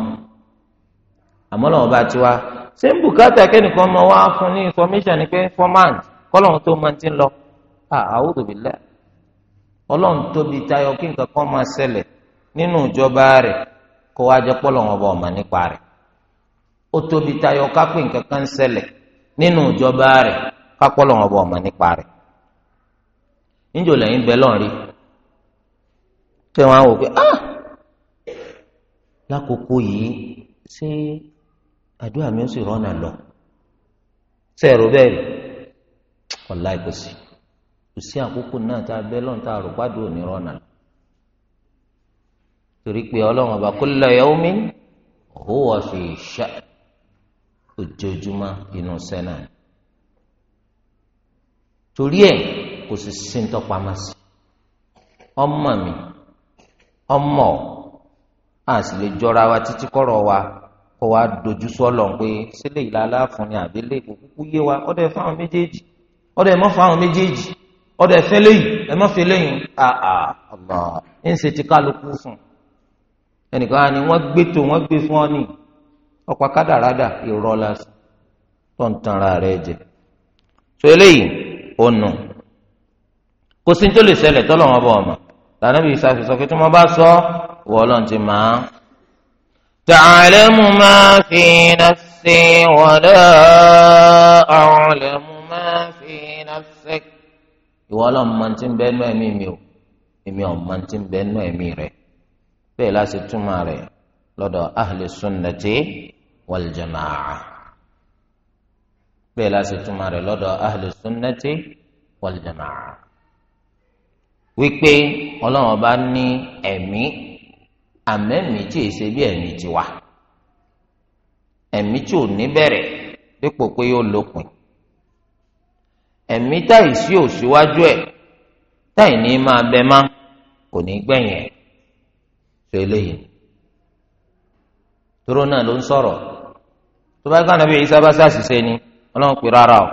àmọ́ lọ́wọ́ bá ti wá ṣé ń bùkátà kẹ́nìkan mọ wá fún ní information ni pé foreman kọ́lọ́run tó máa ti ń lọ àwòrán òbí lẹ́ ọlọ́run tóbi tayọ kí nǹkan kan máa ṣẹlẹ̀ nínú ìjọba rẹ̀ kó wá jẹ́ pọ́lọ́run ọba ọ̀mà nípa rẹ̀ ó tóbi tayọ ká nǹkan kan ṣẹlẹ̀ nínú ìjọba rẹ̀ kápọ́lọ̀ wọn bọ̀ ọ̀mọ̀ nípa rẹ̀ níjò lẹ́yìn bẹ́ẹ̀ lọ́n rí ṣé wọn á wò pé ah lákòókò yìí ṣé àdúrà mi ó sì rọ́nà lọ ṣe èrò bẹ́ẹ̀ rí ọ̀la kò sí kò sí àkókò náà tá a bẹ́ẹ̀ lọ́n tá a rò pàdé òní rọ́nà lọ sha' ojoojúmọ́ inú sẹ́nà torí ẹ̀ kò sì sí ntọ́pamọ́ sí ọmọ mi ọmọ a sì lè jọra wa títí kọ́rọ̀ wa kó wa dojú sọ́lọ̀ pé sílẹ̀ ìlà aláàfin ni àbílẹ̀ kò kúkú yé wa ọ̀dẹ̀ fáwọn méjèèjì ọ̀dẹ̀ mọ́ fáwọn méjèèjì ọ̀dẹ̀ fẹ́ lẹ́yìn ẹ̀ mọ́ fẹ́ lẹ́yìn àà ọ̀bà ń ṣe ti kálukú fún ẹnìkan ni wọ́n gbé tó wọ́n gbé fún ọ ní ọ̀pá kádàrádà ìrọ̀lá tó ń tanra rẹ̀ jẹ so eléyìí ó nù kò sí tó lè ṣẹlẹ̀ tọ́lọ̀ wọn bọ̀ ọ̀mọ̀ lànàbí ìsàfihàn sọ pé tí wọ́n bá sọ wọ́n lọ́n ti máa. تعلم ما في نفسي ولا أعلم ما في نفسك ìwọ ọlọ́run máa ti ń bẹ nú ẹ̀mí mi o èmi ọ̀ máa ti ń bẹ nú ẹ̀mí rẹ bẹ́ẹ̀ láti túmọ̀ rẹ̀ lọ́dọ̀ ahli sunnati wal bẹ́ẹ̀ la ṣe túmọ̀ rẹ̀ lọ́dọ̀ ahlu sunnati wal jamaa wípé ọlọ́run ọba ní ẹ̀mí àmẹ́mí tí èsè bí ẹ̀mí ti wà ẹ̀mí tí ò ní bẹ̀rẹ̀ dípò pé yóò lópin ẹ̀mí táyì sí òṣìwájú ẹ̀ táyì ní máa bẹ má kò ní gbẹ̀yìn ẹ̀ tó eléyìí tóró náà ló ń sọ̀rọ̀ tó bá gbọ́n àbí ìsábàṣà ṣiṣẹ́ ni. ọlọ́run pè rárá o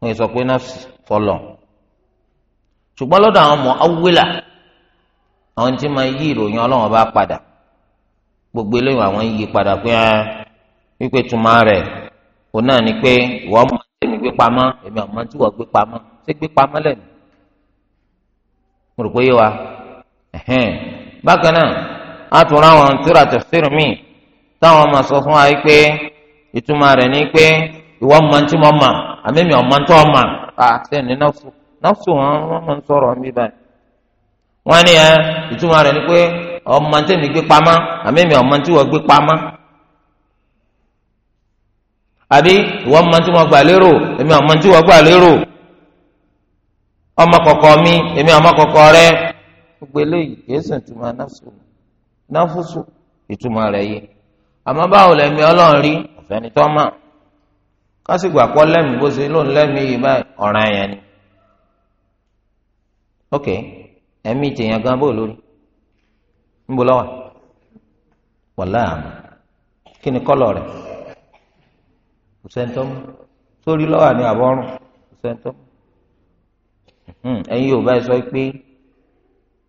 wọ́n sọ pé nọ́ọ̀sì fọlọ́ ṣùgbọ́n lọ́dọ̀ àwọn ọmọ awúwélà àwọn tí máa yí ìròyìn ọlọ́run bá gbogbo eléyìí àwọn yí padà pé ah, wípé tuma rẹ̀ náà ni pé ìwọ ọmọ mi gbé pamọ́ èmi ọmọ tí wọ́n gbé pamọ́ ṣé gbé wa bákan náà a tún ra àwọn tíra tẹ̀síìrì míì táwọn ọmọ sọ fún wa yìí pé. ìtumọ̀ rẹ̀ ni pé ìwọ mọ tí mo mọ àmì mi ò tó mọ àti ẹni nọ́ọ̀sù nọ́ọ̀sù wọn wọn máa sọ̀rọ̀ mi báyìí. ní ẹ ìtumọ̀ rẹ̀ ni pé ọmọ tí mi gbé pamọ́ àmì mi ò tí wọ́n gbé pamọ́. àbí ìwọ mọ tí mo gbà lérò èmi tí ọmọ kọ̀kọ̀ mi èmi ọmọ fẹ́ni tó mọ̀ kásìgbò àpọ̀ lẹ́mìí bó ṣe lóun lẹ́mìí yìí báyìí ọ̀ràn yẹn ni ok ẹ̀mí tèèyàn gan bó lórí níbo lọ́wọ́ wọ̀lá àmọ́ kí ni kọ́lọ̀ rẹ̀ kò sẹ́ńtọ́ mọ́ sórí lọ́wọ́ àní àbọ̀rùn kò sẹ́ńtọ́ mọ́ hmm, ẹ̀yin yóò báyìí sọ pé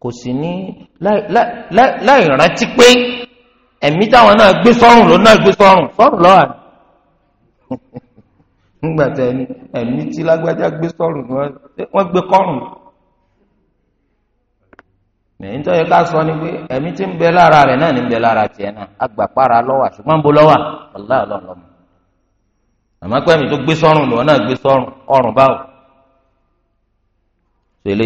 kò sí ní láì rántí pé. ẹ̀mí táwọn náà gbé sọ́rùn ló náà gbé sọ́rùn sọ́rùn lọ́wọ́ àná nígbà tí ẹni ẹ̀mí tí lágbájá gbé sọ́rùn wọ́n gbé kọ́rùn ẹ̀yìn tó yẹ ká sọ ni pé ẹ̀mí tí ń bẹ lára rẹ̀ náà ní ń bẹ lára tiẹ̀ náà agbàpára lọ́wọ́ ṣùgbọ́n bó lọ́wọ́ ọ̀là ọlọ́mọ àmọ́ pé ẹ̀mí tó gbé lọ́wọ́ náà gbé báwò ṣe ilé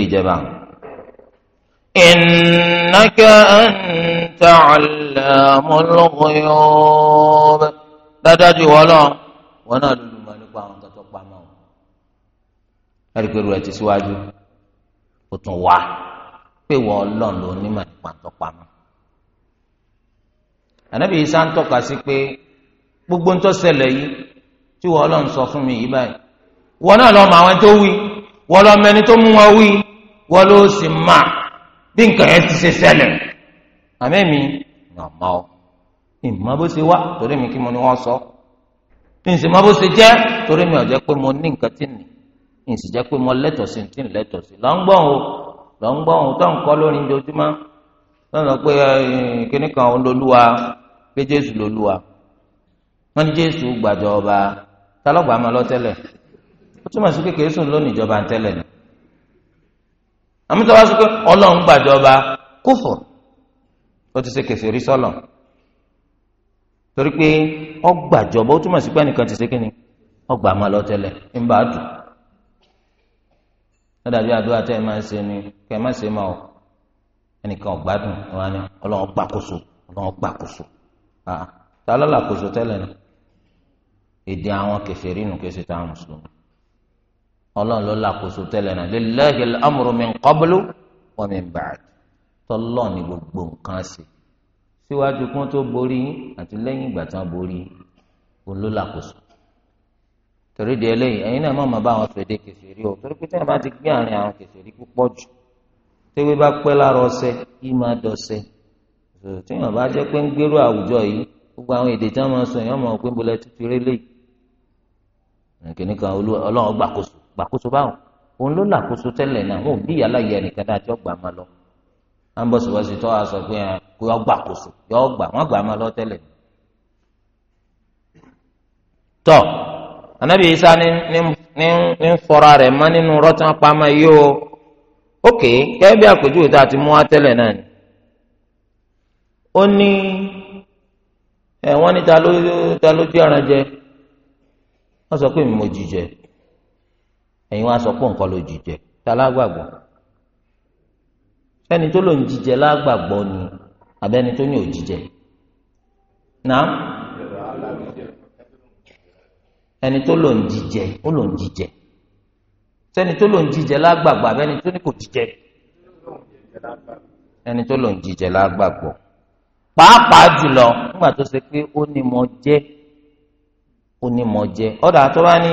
إنك أنت علام الغيوب dájú wọlọ wọn náà lulu mọ nípa àwọn nǹkan tó pamọ́ ẹrìgbèrú ẹ ti síwájú kò tún wá pé wọn Ọlọ́run ló nímọ̀ nípa tó pamọ́ ànábì yìí sá ń tọ́ka sí pé gbogbo ń tó ṣẹlẹ̀ yìí tí wọn Ọlọ́run sọ fún mi yìí báyìí wọn náà lọ mọ àwọn tó wí wọn lọ mẹni tó mú wọn wí wọn ló sì máa. bí nǹkan yẹn ti ṣe ṣẹlẹ̀ àmẹ́mi ìmọ̀ ọ́ ìmọ̀ bó ṣe wá torí mi kí mo ní wọ́n sọ ní ìsìn mọ́ bó ṣe jẹ́ torí mi ò jẹ́ pé mo ní nǹkan tí nì ní ìsìn jẹ́ pé mo lẹ́tọ̀ọ́ sí tí ń lẹ́tọ̀ọ́ sí lọ́ gbọ́n o lọ́ gbọ́n o Jésù wọ́n ní Jésù gbàjọba ó túmọ̀ sí àmì tó bá sọ pé ọlọ́run gbàjọba kófò ó ti ṣe kèfèrí sọ́lọ̀ torí pé ọgbàjọba ó túmọ̀ sí pé ẹnìkan ti ṣe kíni ọgbà máa lọ tẹ́lẹ̀ ń bá dùn ó dàbí àdúrà tẹ́ ẹ máa ń ṣe ni kẹ́ ẹ má ṣe máa ọ ẹnìkan ọ̀gbádùn wa ni ọlọ́run gbàkóso ọlọ́run gbàkóso ah, ta ló làkóso tẹ́lẹ̀ náà èdè àwọn kèfèrí nù kí ó ṣe táwọn mùsùlùmí ọlọ́run ló làkóso tẹ́lẹ̀ náà lillahi al-amru min qablu wa min ba'd tọ́lọ́ ni gbogbo nǹkan ṣe síwájú kí wọ́n tó borí yín àti lẹ́yìn ìgbà tí wọ́n borí yín òun ló làkóso torí di eléyìí ẹ̀yin náà má bá wọn fèdè kèfèrí o torí pé tí wọ́n bá ti gbé àárín àwọn kèfèrí púpọ̀ jù tẹ́wé bá pẹ́ lára ọ̀sẹ̀ yìí máa dọ̀sẹ̀ tí wọ́n bá jẹ́ pé ń gbèrú àwùjọ yìí gbogbo àwọn èdè tí wọ́n máa sọ yìí wọ́n máa pín bolẹ̀ tuntun rélé yìí nìkíní kan ọlọ́run gbàkóso gbàkóso báwọn òun ló làkóso tẹ́lẹ̀ náà òun bí aláyẹ ẹnìkan náà tí ó gbà máa lọ à ń bọ̀ síwájú tó a sọ pé kó yọ gbà kóso yọ gbà wọ́n gbà máa lọ tẹ́lẹ̀. tọ́ anábì isa ní ní ní fọra rẹ̀ mọ́ nínú rọ́tàn pamọ́ yìí o ókè gẹ́gẹ́ bí àpèjúwe tá a ti mú wá tẹ́lẹ̀ náà ni ó ní ẹ̀ wọ́n ní ta ló ta ló jẹ́ ọ̀ràn jẹ sọ pé mi mo jì ẹ̀yin wá sọ pé nǹkan ló jíjẹ tá lágbàgbọ́ ẹni tó ń lágbàgbọ́ ni abẹ́ni tó ní òjíjẹ náà ẹni tó ló ń jíjẹ ó ló ń jíjẹ sẹ́ni tó ló ń jíjẹ lágbàgbọ́ abẹ́ni tó ní kò jíjẹ ẹni tó ló ń lágbàgbọ́ pàápàá jùlọ nígbà tó jẹ ó jẹ ọ̀dà tó bá ní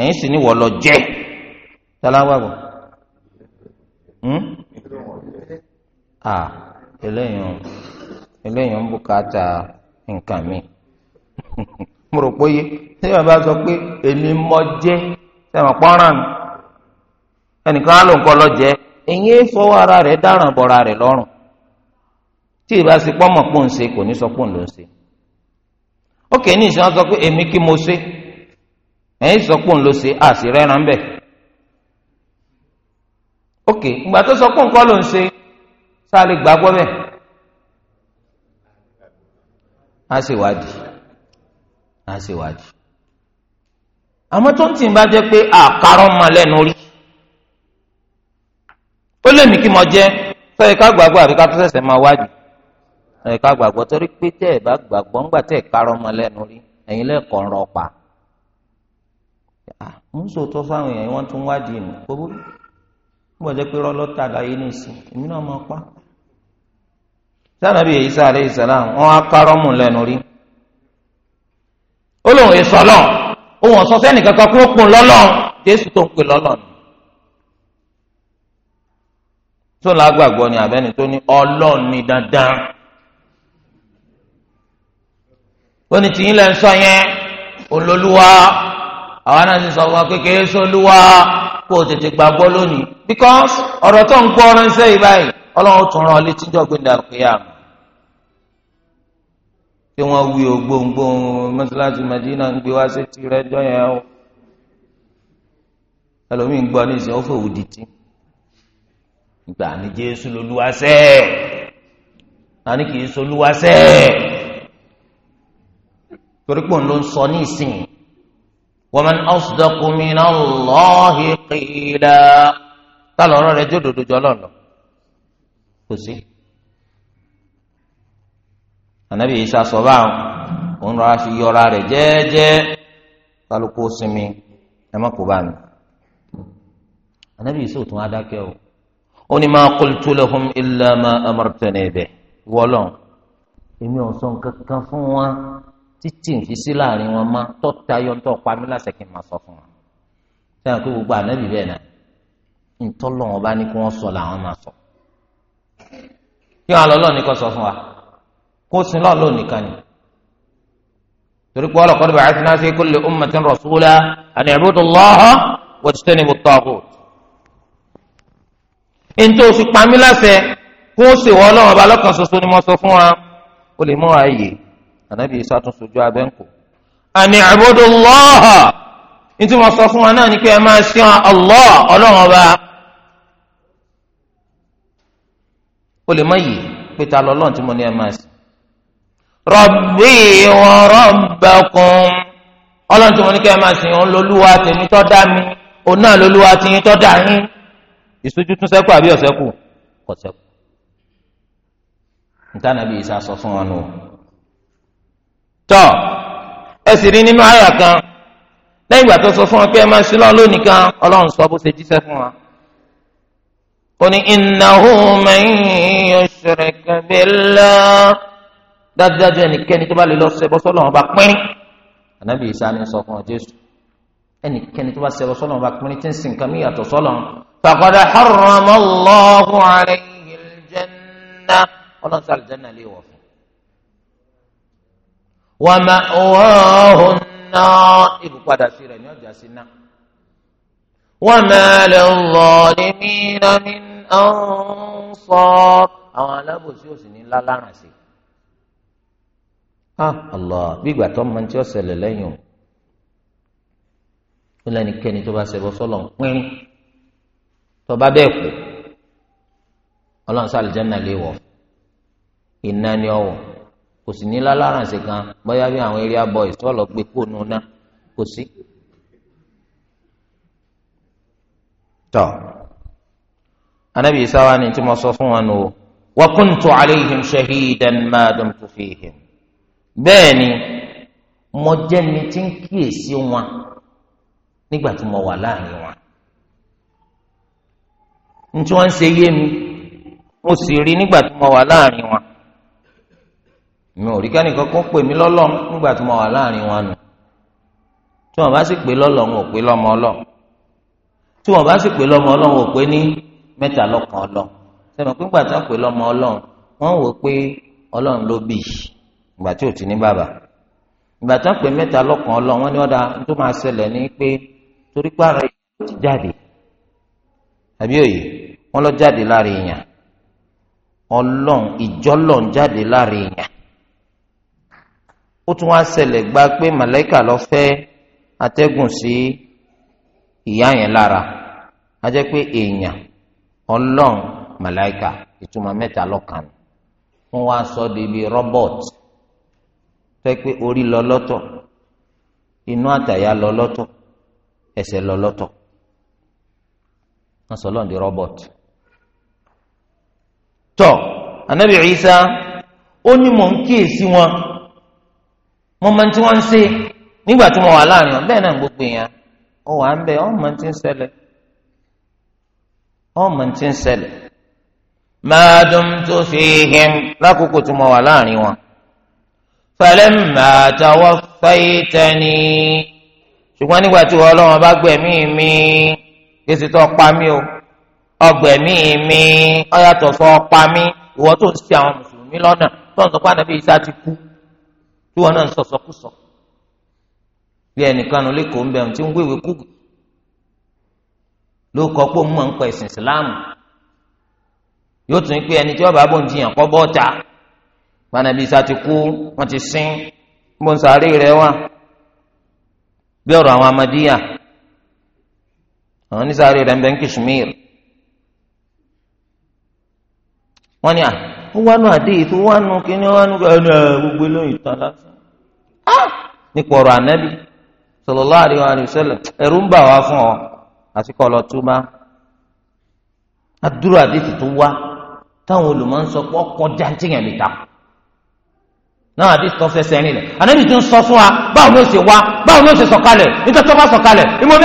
ẹ̀yin sì ní wọ́n lọ jẹ́ talágbàgbọ́ hmm? à eléyìí eléyìí ń bùkátà nǹkan mi mo rò pé ṣé bàbá sọ pé èmi mọ jẹ́ sẹ́wọ̀n pọ́nrán mi ẹnìkan á lò ń kọ́ lọ jẹ́ ẹ̀yin fọwọ́ ara rẹ̀ dáràn bọ́ra rẹ̀ lọ́rùn tí ìbá sí pọ́nmọ̀ pọ́n ṣe kò ní sọ pọ́n ló ń ṣe ókè ní ìṣẹ́ wọn sọ pé èmi kí mo ṣe ẹ̀yin sọ pé òun ló ṣe àṣírí ẹran bẹ́ẹ̀ ok ìgbà tó sọ pé òun kọ́ ló ń ṣe sáré gbàgbọ́ bẹ́ẹ̀ á sì wádìí á sì wádìí àmọ́ tó ń tì bá jẹ́ pé àkàrọ̀ máa lẹ́nu rí ó lè ní kí mo jẹ́ sọ́yẹ ká gbàgbọ́ àbí ká tó ṣẹ̀ṣẹ̀ máa wádìí sọ́yẹ ká gbàgbọ́ torí pé tẹ́ ẹ̀ bá gbàgbọ́ ńgbà tẹ́ ẹ̀ kárọ̀ máa lẹ́nu rí ẹ̀yin lẹ́ẹ̀kọ́ ń rọ pa. Ah, ń sòótọ́ fáwọn èèyàn wọ́n tún wádìí nù gbogbo nígbà jẹ́ pé rọ́lọ́tà láyé ní ìsìn èmi náà máa pa. sànàbí Ìsá alayhi salam wọn á kárọ́ mù lẹ́nu rí ó lóun èso lọ òun ọ̀sọ́ sẹ́nì kankan kó lọ́lọ́ jésù tó ni. tó lágbàgbọ́ ni àbẹ́ni tó ní àwa náà sì sọ fún wa pé kì í solúwa kó o tètè gbàgbọ́ lónìí because ọ̀rọ̀ tó ń gbọ́ ránṣẹ́ yìí báyìí ọlọ́run tún rán ọ létí jọ́gbìn dàrúkìyà mọ́ tí wọ́n wí ògbóǹgbò mọ́sálásí Madina ń gbé wá sí tirẹ̀ jọ́yẹ̀ o ẹlòmíì ń gbọ́ ní ìsìn ọ̀fọ̀ òdìtì gbà ní Jésù lolúwaṣẹ́ àní kì í solúwaṣẹ́ torí pò ń lọ sọ ní ìsìn ومن أصدق من الله قيلا قال الله رجل دو جلال كسي النبي عيسى صباح òun rọra fi yọra rẹ̀ jẹ́ẹ́jẹ́ kálukú sinmi ẹ má kó bá mi. ànábì yìí sòtún adákẹ́ o ó ní ma qultu lahum illa ma amartani bihi wọ́lọ́ èmi ò sọ nǹkan kan fún wa títí ń fi sí láàrin wọn mọ́ tó tayọ tó pamí láṣẹ kí n máa sọ fún wọn sẹ́yìn pé gbogbo ànábì bẹ́ẹ̀ náà ntọ́lọ́ wọn bá ní kí wọ́n sọ làwọn máa sọ kí wọn lọ lọ́ọ̀ni kọ́ sọ fún wa kó sin lọ́ọ̀ lọ́ọ̀ nìkan ni torí pé ọlọ́kọ́ níbi àti náà ṣe kó lè ọmọ tí ń rọ̀ sùúlá àni ẹ̀rọ̀dọ̀ lọ́ọ̀hán wọ́n ti tẹ́ni bùtọ́ àbò. ntọ́ oṣù pamí láṣẹ kó o ṣèwọ́ lọ́kàn ṣoṣo ni mo sọ fún wa ó lè mú ààyè ànábì Ìsá tún sojú abẹ́ ń kó. àní àbúdó lọ́ọ̀hà ní sọ fún wa náà ni pé ẹ máa sìn Allah ọlọ́run o lè má yìí pé ta lọ́lọ́run tí mo ní ẹ máa sìn. rọ̀bì wa rabbakum ọlọ́run tí mo ní kẹ́ ẹ máa sìn òun lolúwa tèmi tó dá mi òun náà tèmi dá yín. ìṣojú tún sẹ́kù àbí ọ̀sẹ́kù sọ fún wa tọ́ ẹ sì rí nínú àyà kan lẹ́yìn ìgbà tó sọ fún wọn pé ẹ máa ṣe lọ́ọ́ lónìí kan ọlọ́run sọ bó ṣe jíṣẹ́ fún wa. ó ní innahu man yushrik billah dájúdájú ẹnikẹ́ni tó bá lè lọ ṣẹbọ sọ́lọ́ wọn bá pínrín ànábì Ìsá ni sọ fún ọ Jésù ẹnikẹ́ni tó bá ṣẹbọ sọ́lọ́ wọn bá pínrín tí ń sin nǹkan míyàtọ̀ sọ́lọ́ wọn. faqad harrama Allahu wa ma'wahun nar ìbùpadà sí rẹ̀ ní ọjà sí náà. wa ma lil-zalimina min ansar àwọn alábòsí òsì ní láláràn sí. Ah. Allah bí ìgbà tó máa ń tí ó ṣẹlẹ̀ lẹ́yìn o lẹ́nikẹ́ni tó bá ṣẹbọ sọ́lọ̀ ń pín tó bá bẹ́ẹ̀ kú ọlọ́run sálẹ̀ jẹ́ nàlẹ́ wọ̀ iná ni ọ̀wọ̀. kò sì ní lálàránṣẹ́ kan bóyá bí àwọn area boys tó lọ gbé kóònù náà kò sí. tọ́ anábì sáwá ni tí mo sọ fún wọn o wa kuntu alayhim shahidan ma dumtu fihim bẹ́ẹ̀ ni mo jẹ́ ni tí ń kíyèsí wọn nígbà tí mo wà láàrin wọn ntí wọ́n ń ṣe yé mi mo sì rí nígbà tí mo wà láàrin wọn. mi ò rí kẹ́nìkan kó pè mí lọ́lọ́run nígbà tí mo wà láàrin wọn nù tí wọn bá sì pè lọ́lọ́run ò pè lọ́mọ ọlọ́run tí wọn bá sì pè lọ́mọ ọlọ́run ò pè ní mẹ́ta lọ́kàn ọlọ́run sẹ́mi pé nígbà tí wọn pè lọ́mọ ọlọ́run wọ́n wò pé ọlọ́run ló bì í ìgbà tí ò ti ní bàbá ìgbà tí wọn pè mẹ́ta lọ́kàn ọlọ́run wọn ni wọ́n da tó máa ṣẹlẹ̀ ní pé torí pààrọ̀ èèyàn ti jáde àbí òye wọn lọ jáde láàrin èèyàn ọlọ́run ìjọ́lọ́run jáde láàrin èèyàn ó tún wá ṣẹlẹ̀ gba pé màláìkà lọ fẹ́ atẹ́gùn sí ìyá yẹn lára a jẹ́ pé èèyàn ọlọ́run màláìkà ìtumọ̀ mẹ́ta lọ́kàn wọ́n sọ di bíi robot fẹ́ pé orí lọ lọ́tọ̀ inú àtàyà lọ lọ́tọ̀ ẹsẹ̀ lọ lọ́tọ̀ di robot tọ́ anabi ó ní mò ń mo mọ tí wọ́n ń ṣe nígbà tí mo wà láàrin wọn bẹ́ẹ̀ náà gbogbo èèyàn ó wà ń bẹ ọ́ mọ tí ń ṣẹlẹ̀ ọ́ mọ tí ń ṣẹlẹ̀ máa dùn tó fi hìm lákòókò tí mo wà láàrin wọn. falamma tawaffaytani ṣùgbọ́n nígbà tí wọ́n ọlọ́wọ́n bá gbẹ̀mí mi kí tó pa mí o ọgbẹ̀mí mi ọ̀yàtọ̀ fọ́ pa mí ìwọ tó ń ṣe àwọn mùsùlùmí lọ́nà tó ń sọ pé ànábì Ìsá ti kú tí wọn náà ń sọsọkúsọ bí ẹnìkan ló lẹkọọ ń bẹrùn tí ń wéwèé kú ló kọ pé òun máa ń pa ẹsìn ìsìláàmù yóò tún pé ẹni tí wọn bá bọ̀ ń jiyàn kọ́ bọ́ọ̀ta gbanabi isa ti kú wọn ti sin bó ń sáré rẹ wá bí ọ̀rọ̀ àwọn amadiya àwọn onísáré rẹ ń bẹ ń Kashmir wọn ni à. Ah, ó wá nù àdéhì tó wá nù kíní wá nù ẹnu ẹ gbogbo lóyún tán lásán. nípa ọ̀rọ̀ ànábì sallallahu alaihi wa sallam ẹ̀rù ń bà wá fún ọ àti kọ́ lọ túmá. adúrò àdéhì tó wá táwọn olùmọ̀ ń sọ pé ọkọ̀ jántìyàn lè ta náà àdéhì tó fẹsẹ̀ rìn lẹ̀ ànábì tó ń sọ fún wa báwo ló ṣe wá báwo ló ṣe sọ̀kalẹ̀ nítorí sọ̀kalẹ̀ ìmọ̀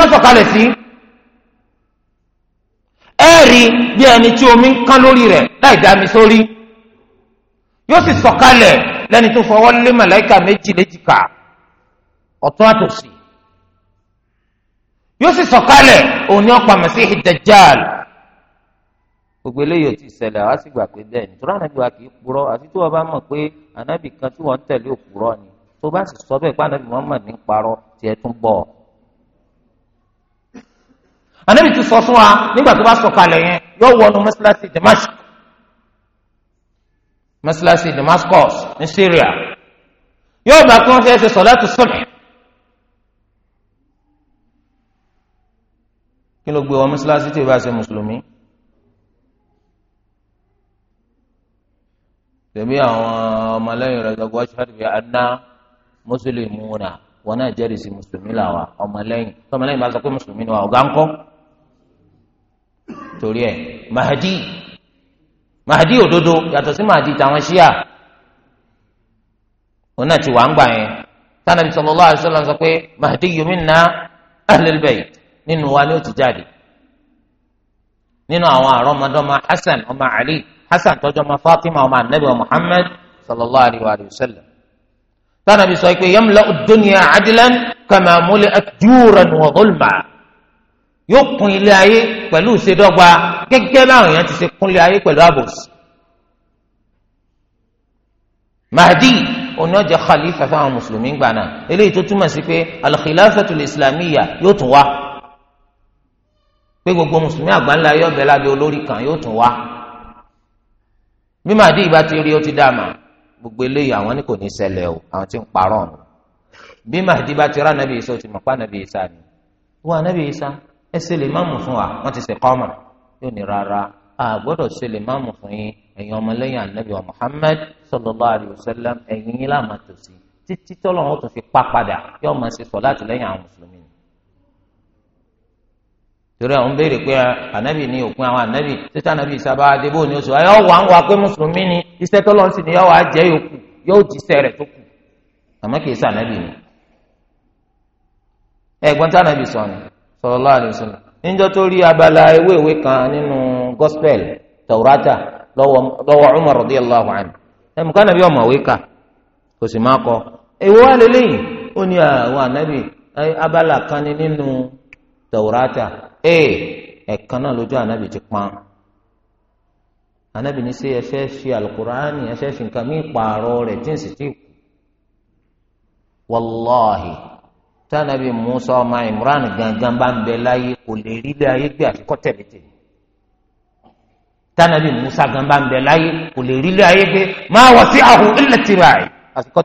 bí ẹni tí omi ń kán lórí rẹ̀ láì dá mi sórí yóò sì sọ̀kalẹ̀ lẹ́ni tó fọwọ́ lé màláìka méjì léjìká ọ̀tún àtòsí yóò sì sọ̀kalẹ̀ òun ni ọ̀pá Masihi Dajjal gbogbo eléyìí ò ti ṣẹlẹ̀ àwa sì gbà pé bẹ́ẹ̀ ni tóra ànábì wa kì í purọ́ àti tó o bá mọ̀ pé ànábì kan tí wọ́n ń tẹ̀lé òpùrọ́ ni tó bá sì sọ bẹ́ẹ̀ pé ànábì Muhammad ní parọ́ tiẹ̀ tún bọ̀ ọ́ ànábì ti sọ fún wa nígbà tó bá sọ̀kalẹ̀ yẹn yóò wọnú mọ́sálásí Damascus mọ́sálásí Damascus ní Syria yóò bá kí wọ́n fẹ́ ṣe sọ̀látù sọ̀lẹ̀. kí ló gbé wọn mọ́sálásí tí ì bá ṣe mùsùlùmí. tẹ̀mí àwọn ọmọlẹ́yìn rẹ̀ lọ́gbọ́n ṣáàbì aná mùsùlùmí wọn wọn náà jẹ́rìí sí mùsùlùmí làwà ọmọlẹ́yìn tọ́mọlẹ́yìn bá sọ pé mùsùlùmí ni wà ọ̀gá ńkọ́ torí ẹ̀ Mahdi màdí òdodo yàtọ̀ sí màdí tàwọn ṣíà òun náà ti wà ń gbà yẹn tánàbí sallallahu alaihi wasallam sọ pé màdí yomina ahlul bayt nínú wa ni ó ti jáde nínú àwọn àrọ́mọdọ́mọ hasan ọmọ ali hasan tọ́jú ọmọ fatima ọmọ anabi wa muhammad sallallahu alaihi wasallam tánàbí sọ pé yamla'u ad-dunya adlan kama muli'at juran wa zulma yóò kún ilé ayé pẹ̀lú ìṣedọ́gba gẹ́gẹ́ báwọn èèyàn ti ṣe kún ilé ayé pẹ̀lú àbòsí. Mahdi oní ọjà khalifa fáwọn mùsùlùmí gbà náà eléyìí tó túmọ̀ sí pé al-khilafatul islamiyya yóò tún wá pé gbogbo mùsùlùmí àgbáńlá yóò bẹ̀ lábẹ́ olórí kan yóò tún wá bí Mahdi ìbá ti rí ó ti dààmú gbogbo eléyìí àwọn ní kò ní ṣẹlẹ̀ o àwọn tí ń parọ́ bí Mahdi bá ti rá nàbì ó ti mọ̀ pa nàbì ni wọn nàbì ẹ ṣe lè má mú fún wa wọ́n ti ṣe kọ́mà yóò ní rárá a gbọ́dọ̀ ṣe lè má mú fún yín ẹ̀yin ọmọlẹ́yìn anabi wa Muhammad sallallahu alayhi wa sallam ẹ̀yin yín láàmà tó sí títí tọ́lọ́ wọn tó fi pa padà yóò máa ṣe sọ̀láàtì lẹ́yìn àwọn mùsùlùmí ni. torí àwọn béèrè pé anabi ní òpin àwọn anabi títí anabi sábà adébó ni oṣù ayọ́ wà ń wá pé mùsùlùmí ni iṣẹ́ tọ́lọ́ sì ni yóò wá jẹ́ yòókù yóò jíṣẹ́ rẹ̀ tó kù àmọ́ kì í sànàbì sallallahu alaihi níjọ́ tó rí abala ewé ìwé kan nínú gospel taurata lọ́wọ́ Umar radiyallahu anhu ẹnìkan nàbí ọmọ ìwé kà kò sì lélẹ́yìn ó ní àwọn abala kan nínú taurata ee náà lójú ti ní sẹ n'abi Musa ọmọ Imran gangan bá ń bẹ láyé kò lè rí ilé ayé gbé àfikọ́ tẹ̀mítẹ̀ tánàbí Musa gangan bá ń bẹ láyé kò lè rí ilé ayé gbé máa wọ̀ sí àhùn ilẹ̀ tìrà ẹ̀ àfikọ́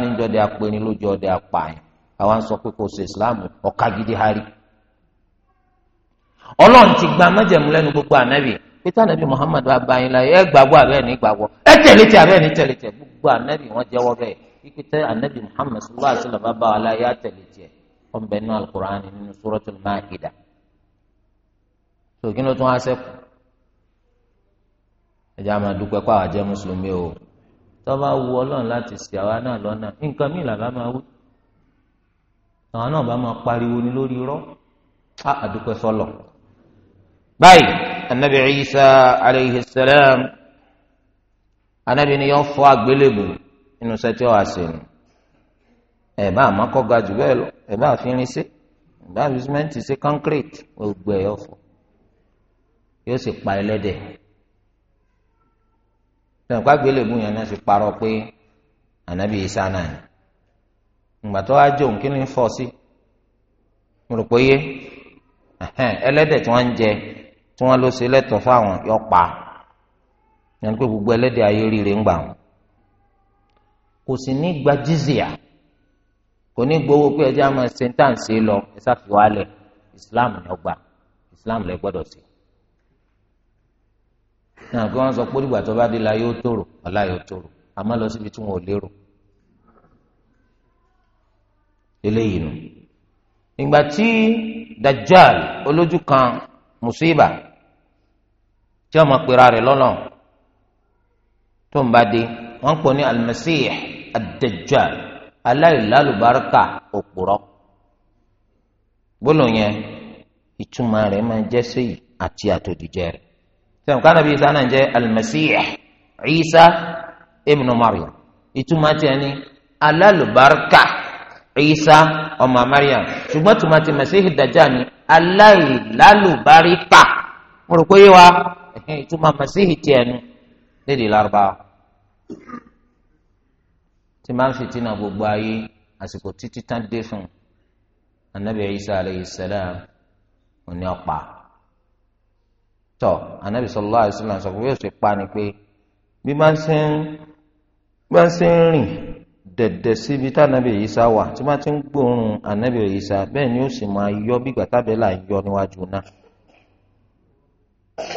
ní jọdẹ apẹni lójú ọdẹ apààyàn àwa ń sọ sí Islam ọ̀ka gidi hari gbogbo anabi. pé ẹ gbàgbọ́ gbogbo anabi jẹ́wọ́ bẹ́ẹ̀ kíkítẹ́ anabi muhammed sallallahu alayhi wa sallam bá wàhálà yá tẹ̀lé tiẹ̀ ọ̀nbẹ nínú alukur'an nínú suratul maida tòkí ló tún wá sẹ́kù ẹ̀jẹ̀ àmà dúpẹ́ kó àwọn jẹ́ mùsùlùmí o tọ́ba wu ọlọ́run láti ṣe àwa náà lọ́nà nǹkan míì làbá máa wí àwọn náà bá máa pariwo ni lórí irọ́ á àdúpẹ́ sọlọ. báyìí anabi isa aleyhi salam anabi ni yóò fọ́ àgbélébùú inú sẹ́tí ọ̀ àṣẹnu ẹ̀ bá àmọ́ kọ́ ga jù bẹ́ẹ̀ lọ ẹ̀ bá àfihàn ṣe ẹ̀ bá àfihàn ṣe concrete gbogbo ẹ̀ ọ̀fọ̀ yóò sì pa ẹlẹ́dẹ̀ sọ̀rọ̀ ká gbélébù yẹn náà sì parọ́ pé ànábì Ìsá náà ni ìgbà tó wá jẹ òun kí ni fọ́ sí mo rò pé yé ẹlẹ́dẹ̀ tí wọ́n ń jẹ tí wọ́n ló ṣe lẹ́tọ̀ọ́ fáwọn yọ pa yẹn ni pé gbogbo ẹlẹ́dẹ̀ ayé rí rè ń gbà wọn kò sì ní gba jizya kò ní gbowó pé ẹjẹ àmọ́ ṣèǹtàǹsì lọ ẹsà fi wálẹ̀ islam ni ọgbà islam lẹ gbọ́dọ̀ sí. náà kí wọ́n sọ pé ìgbà tó bá dé la yóò tòrò ọ̀la yóò tòrò àmọ́ lọ síbi tí wọn ò lérò. eléyìí nù ìgbà tí dajjal olójú kan musiba tí wọ́n pera rẹ̀ lọ́nà tó ń bá dé wọ́n ń pọ̀ ní almasih ad-Dajjal aláìlálùbáríkà òpùrọ́ gbólóhùn yẹn ìtumọ̀ rẹ̀ máa jẹ́ sí àti àtòdìjẹ rẹ̀ sẹ́wọ̀n ká nàbí sáà náà jẹ́ al-Masih Isa ibn Maryam ìtumọ̀ tiẹ̀ ni alálùbáríkà Isa ọmọ Maryam ṣùgbọ́n tuma ti Masih ad ni aláìlálùbáríkà mo rò pé yé wa ìtumọ̀ Masih tiẹ̀ nu lédè lárúbáwá tí máa ń fìtínà gbogbo ayé àsìkò títí tán dé fún anabi isa alayhi salam òní ọ̀pá tọ anabi sallallahu alayhi wasallam sọ pé yóò ṣe pa ni pé bí máa ń ṣe ń bá ń ṣe ń rìn dẹ̀dẹ̀ síbi tá anabi isa wà tí máa ti ń gbóòórùn anabi isa bẹ́ẹ̀ ni ó sì máa yọ bí gbàtàbẹ́ là ń yọ níwájú náà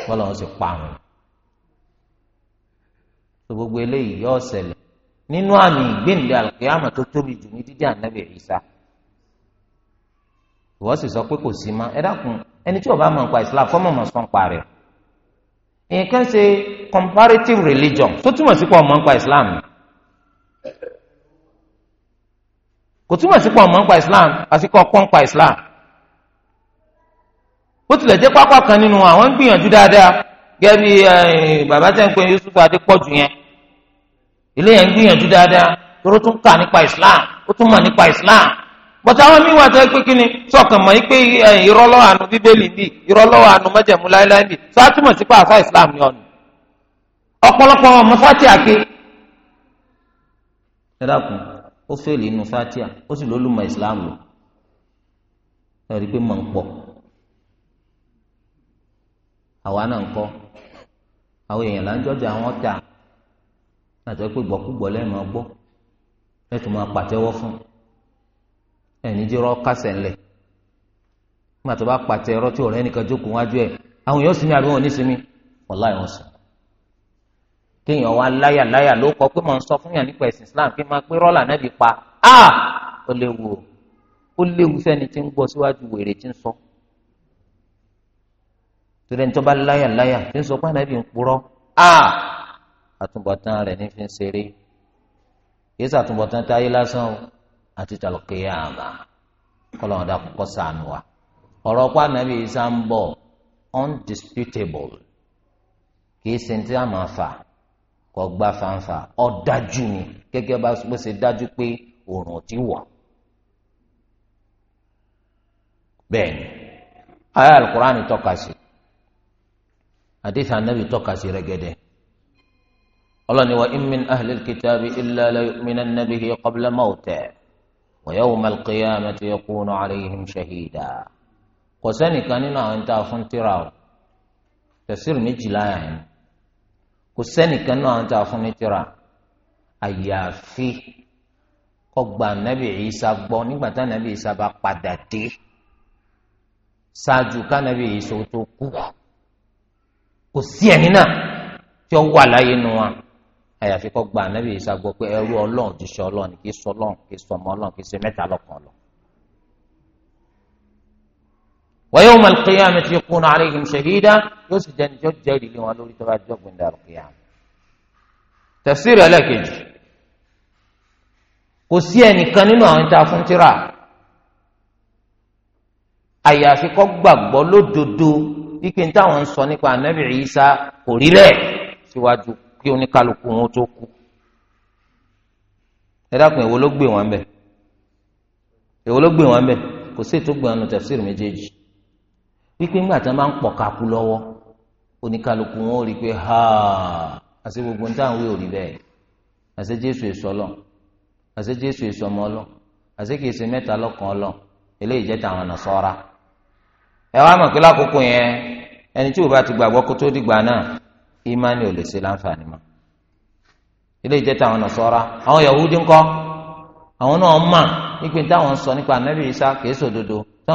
bọ́lá wọn sì pa àwọn gbogbo eléyìí yọ ọ̀sẹ̀ lẹ̀ nínú àmì ìgbéǹde àlùkìyàmà tó tóbi jù ní dídé ànábì Ìsá ìwọ sì sọ pé kò sí ma ẹ dákun ẹni tí ó bá mọ̀ nípa Islam kọ́ mọ̀ mọ̀ sọ nípa rẹ̀ nǹkan ṣe comparative religion tó túmọ̀ sí pé ọmọ nípa Islam kò túmọ̀ sí pé ọmọ nípa Islam àsìkò ọkọ nípa Islam bó tilẹ̀ jẹ́ pápá kan nínú àwọn ń gbìyànjú dáadáa gẹ́gẹ́ bí eh, bàbá tẹ̀ ń pè Yusuf Adépọ̀jù yẹn ilé yẹn ń gbìyànjú dáadáa tóró tún kà nípa islam ó tún mọ̀ nípa islam bọ́tà àwọn míì wà tó pé kí ni sọ̀kàn mọ̀ pé irọ́ lọ́wọ́ àánú bíbélì ń bì irọ́ lọ́wọ́ àánú mọ́jẹ̀mú láéláé ń bì sọ àtúmọ̀ sí pé àfa islam ni ọ̀nà ọ̀pọ̀lọpọ̀ wọn mọ fatia ké ẹ dákun ó fèlè inú fatia ó sì lólùmọ̀ islam lò ẹ rí i pé mọ̀ ń pọ̀ àwa náà ń kọ́ àwọn èèyàn là ń jọ́jà látọ̀ pé gbọ́kúgbọ́ ọgbọ ọgbọ́ ma máa pàtẹ́wọ́ fún ẹ̀ní jẹ́rọ́ kásẹ̀ ńlẹ̀ nígbà tó bá pàtẹ́ ẹ̀rọ tí ọ̀rẹ́ nìkan jókòó wájú ẹ̀ àwọn èèyàn sinmi àbí onisimi ò ní sinmi ọ̀la ẹ̀ sùn. kéèyàn wá láyà láyà ló kọ pé mò ń sọ fún yàn nípa ẹ̀sìn Islam máa pa á ó léwu o ó léwu sẹ́ni tí ń gbọ́ síwájú wèrè tí ń sọ. torí ẹni tó bá láyà láyà tí ń sọ pé àtúbọ̀tán rẹ̀ ní fi ń ṣeré yìí sàtúbọ̀tán táyé lásán o àti tàlùkẹ́ àmà kọ́lọ́n dà kọ́kọ́ sànù wa ọ̀rọ̀ pa nàbí isa ń bọ̀ undisputable kìí ṣe tí a máa fà kọ́ gbá fanfa ó dájú ni gẹ́gẹ́ bá bó ṣe dájú pé oòrùn ti wọ̀ bẹ́ẹ̀ ni ayé alukóra ni tọ́ka sí àdéhùn anábì tọ́ka sí rẹ́gẹ́dẹ́ ọlọ́ni wa in min ahlil kitabi illa la yu'minanna bihi qabla mawtihi wa yawma al-qiyamati yakunu alayhim shahida kò sẹ́nìkan nínú àwọn tá a fún tíra o tẹ̀síìrì méjìlá yẹn kò sẹ́nìkan nínú àwọn tá a fún ní tíra àyàfi kọgbà nàbì Ìsá gbọ́ nígbà tá nàbì Ìsá bá padà dé ṣáájú ká nàbì Ìsá tó kú kò sí ẹni náà tí ó wà láyé nu wa àyàfi kọ́ gba ànábì Ìsá gbọ́ pé ẹrú ọlọ́run ti ṣe ọlọ́run kì í sọ ọlọ́run kì í sọ ọmọ ọlọ́run kì í ṣe mẹ́ta lọ́kàn lọ. wa yawma al-qiyamati yakunu alayhim shahida yóò sì jẹ́ níjọ́ jẹ́rìí lé wọn lórí tọ́ba jọ́ gbìndà al-qiyam. ẹlẹ́kejì kò sí ẹnìkan nínú àwọn ìta fún tírà àyàfi kọ́ gbàgbọ́ lódodo wípé táwọn ń sọ nípa ànábì Ìsá kò rí lẹ́ẹ̀ síwájú kí oníkálukú wọn tó kú ẹ dákun èwo ló gbé wọn bẹ èwo ló gbé wọn bẹ kò sí ètò gbọ̀nù tafsir méjèèjì wípé ńgbà tí wọn bá ń pọ̀ kakú lọ́wọ́ oníkálukú wọn ò rí pé ha àti gbogbo ní táwọn wí ò rí bẹ́ẹ̀ àti jésù èso ọlọ́ àti jésù èso ọmọ ọlọ́ àti kìí ṣe mẹ́ta lọ́kàn ọlọ́ eléyìí jẹ́ tàwọn Nasara ẹ wá mọ̀ pé lákòókò yẹn ẹni tí ò bá ti gbàgbọ́ kó tó dìgbà náà ìmánì ò lè ma ile ije ilé ìjẹta àwọn nàṣọra àwọn yahudi ńkọ́ àwọn náà mà nípe táwọn sọ nípa anabi isa kìí sòdodo tó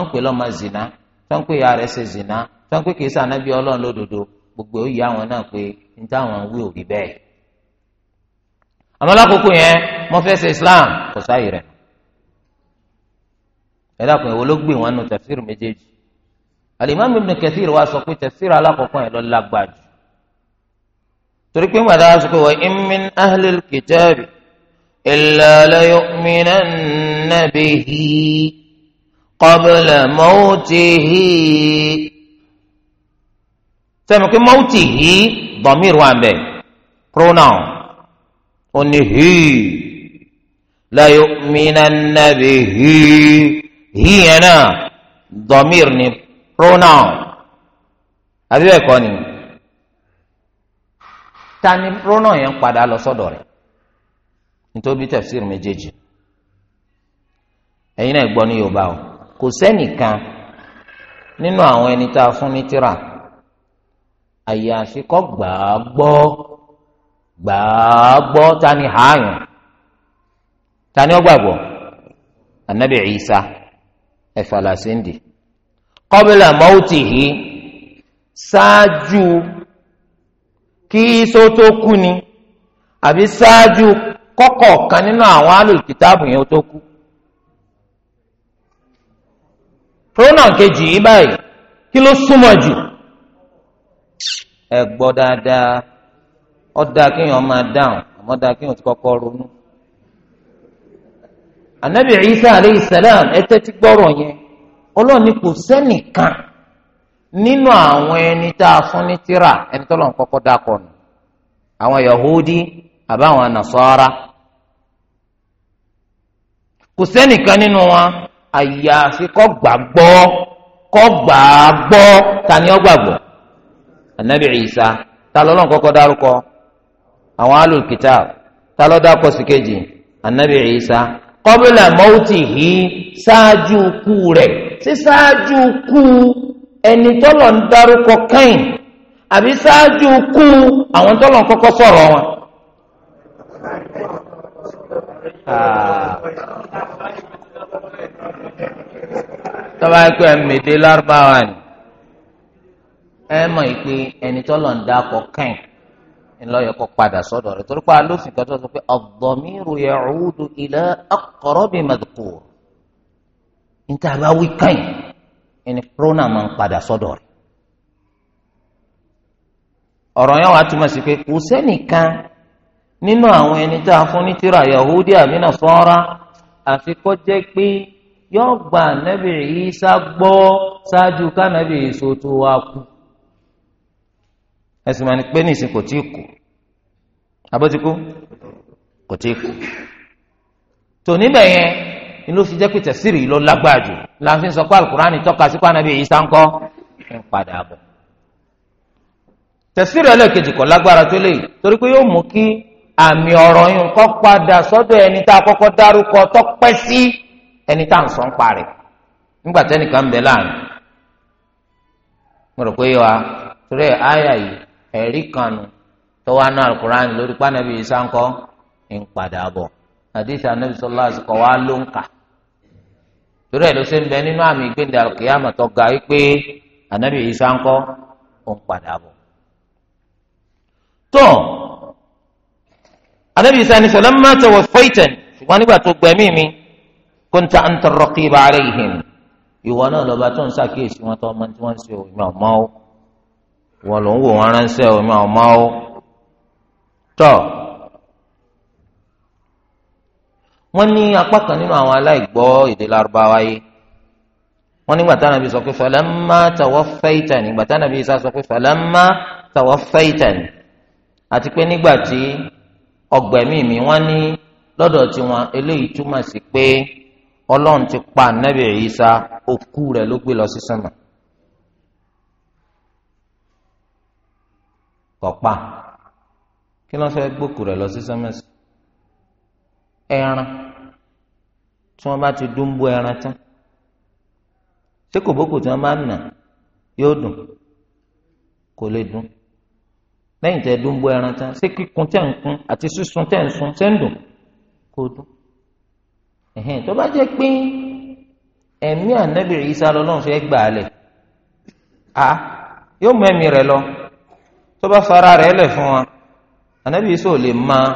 zina tó ń ya ṣe zina tó ń anabi ọlọ́run lódodo gbogbo òye àwọn náà pé ní táwọn wí òrí bẹ́ẹ̀ àmọ́ lákòókò yẹn mo islam kò sáyè rẹ̀ ẹ ìwọ ló gbé wọn nù méjèèjì wa sọ pé alákọ̀ọ́kọ́ yẹn lọ تركي ما داسك وإن من أهل الكتاب إلا ليؤمنن به قبل موته سمك موته ضمير وان به pronoun أنه لا يؤمنن به هي أنا ضميرني pronoun أبي أكوني tani rọ́nà yẹn padà lọ sọ́dọ̀ rẹ̀ nítorí tafsir méjèèjì ẹ̀yin náà gbọ́ ní yorùbá o kò sẹ́nìkan nínú àwọn ẹni tá a fún ní tírà àyàfi kọ́ gbàá gbọ́ tani hàáyàn tani ọgbàgbọ́ anabi Isa ẹ̀fà làṣẹ́ndì qabla mawtihi ṣáájú. kí iṣó tó kú ni àbí ṣáájú kan nínú àwọn alùkìtàbù yẹn tó kú. pronoun kejì yìí báyìí kí ló súnmọ́ jù ẹ gbọ́ dáadáa ó dáa kéèyàn máa dáhùn àmọ́ dáa kéèyàn ti kọ́kọ́ ronú. ànábì Isa aleyhi salam ẹ tẹ́tí gbọ́rọ̀ yẹn ọlọ́ọ̀ni kò sẹ́nìkan. nínú àwọn ẹni tá a fún ní tírà ẹni tó lọ́n kọ́kọ́ dákọ̀ nù àwọn Yahudi àbáwọn Nasara kò sẹ́nìkan nínú wọn àyàfi kọ́ gbàgbọ́ kọ́ gbàgbọ́ Tani ni ó gbàgbọ́ Ànábì Ìsá ta lọ́n kọ́kọ́ dárúkọ àwọn alùkìtà ta lọ́ dákọ̀ sí kejì Ànábì Ìsá kọ́bílà mọ́tì yìí ṣáájú kú rẹ̀ sí ṣáájú kú. ẹni tọ́lọ̀ ń darúkọ kẹ́yìn àbí ṣáájú kú àwọn tọ́lọ̀ ń kọ́kọ́ sọ̀rọ̀ wọn. Ah. tọ́ba ẹ pé ẹ̀mẹ̀dẹ́ lárúbáwá ni ẹ mọ̀ yìí pé ẹni tọ́lọ̀ ń dakọ̀ kẹ́yìn ńlọ́yọ̀ kọ́ padà sọ́dọ̀ rẹ̀ torí pé alófin kan tó sọ pé ad-damiru ya'udu ila aqrabi madhkur níta bá wí kẹ́yìn ẹni corona máa ń padà sọ́dọ̀ rẹ̀ ọ̀rọ̀ yẹn wàá túmọ̀ sí pé kò sẹ́nìkan nínú àwọn ẹni tá a fún ní tírà yahudi amina sọ́ra àfi kó jẹ́ pé yóò gba ànábì Ìsá gbọ́ ṣáájú kánábì Ìsá tó wá kú ẹ̀sìn máa ní pé nìsín kò tí kú abọ́tíkú kò tí kú tò yẹn. inú fi jẹ́ pé tẹ̀sírì ló lágbára jù la sọ pé alukurani tọ́ka sí pé anabi Ìsá ńkọ́ ń padà bọ̀ tẹ̀sírì ẹlẹ́ẹ̀kejì kọ́ lágbára tó lè torí pé yóò mú kí àmì ọ̀rọ̀ yìí kọ́ padà sọ́dọ̀ ẹni tá a kọ́kọ́ dárúkọ tọ́pẹ́ sí ẹni tá à ń sọ ń parẹ́ wa torí yìí ẹ̀rí kan tó wá ná lórí pé anabi ń padà bọ̀ àdìsí anabi sọlá àsìkò wa torí ẹ̀ ló ṣe ń bẹ nínú àmì ìgbéǹde àlùkìyàmọ̀ tó ga wípé ànábì Ìsá ńkọ́ ó ń padà bọ̀. tó ànábì Ìsá ni falamma tawaffaytani ṣùgbọ́n nígbà tó gbẹ̀mí mi kunta anta raqiba alayhim ìwọ náà lọ́ba tó ń ṣàkíyèsí wọn tó ń ṣe òmìnira ọmọ o ló ń wò wọn ránṣẹ́ òmìnira ọmọ o tó. wọ́n ní apá kan nínú àwọn aláìgbọ́ èdè Lárúbáwá yé wọ́n nígbà tá nàbí sọ pé falamma tawaffaitani ìgbà tá nàbí Ìsá sọ pé falamma tawaffaitani àti pé nígbà tí ọgbẹ̀mí mi wọ́n ní lọ́dọ̀ tiwọn eléyìí túmọ̀ sí pé Ọlọ́run ti pa nàbí Ìsá òkú rẹ̀ ló gbé lọ sí sánmà. kọ̀pá kí ló fẹ́ gbókù rẹ̀ lọ sí sánmà sí ẹran tí wọ́n bá ti dún bó ẹran tán ṣé kòbókò tí wọ́n bá nà yóò dùn kò lè dùn lẹ́yìn tẹ́ dún bó ẹran tán ṣé kíkun tẹ́ ń kun àti sísun tẹ́ ń sun tẹ́ ń dùn kò dùn ẹ̀hẹ́n tó bá jẹ́ pé ẹ̀mí ànábì Ìsá lọ́lọ́run fẹ́ gbà á lẹ̀ a yóò mú ẹ̀mí rẹ̀ lọ tó bá fara rẹ̀ lẹ̀ fún wa ànábì Ìsá ò lè máa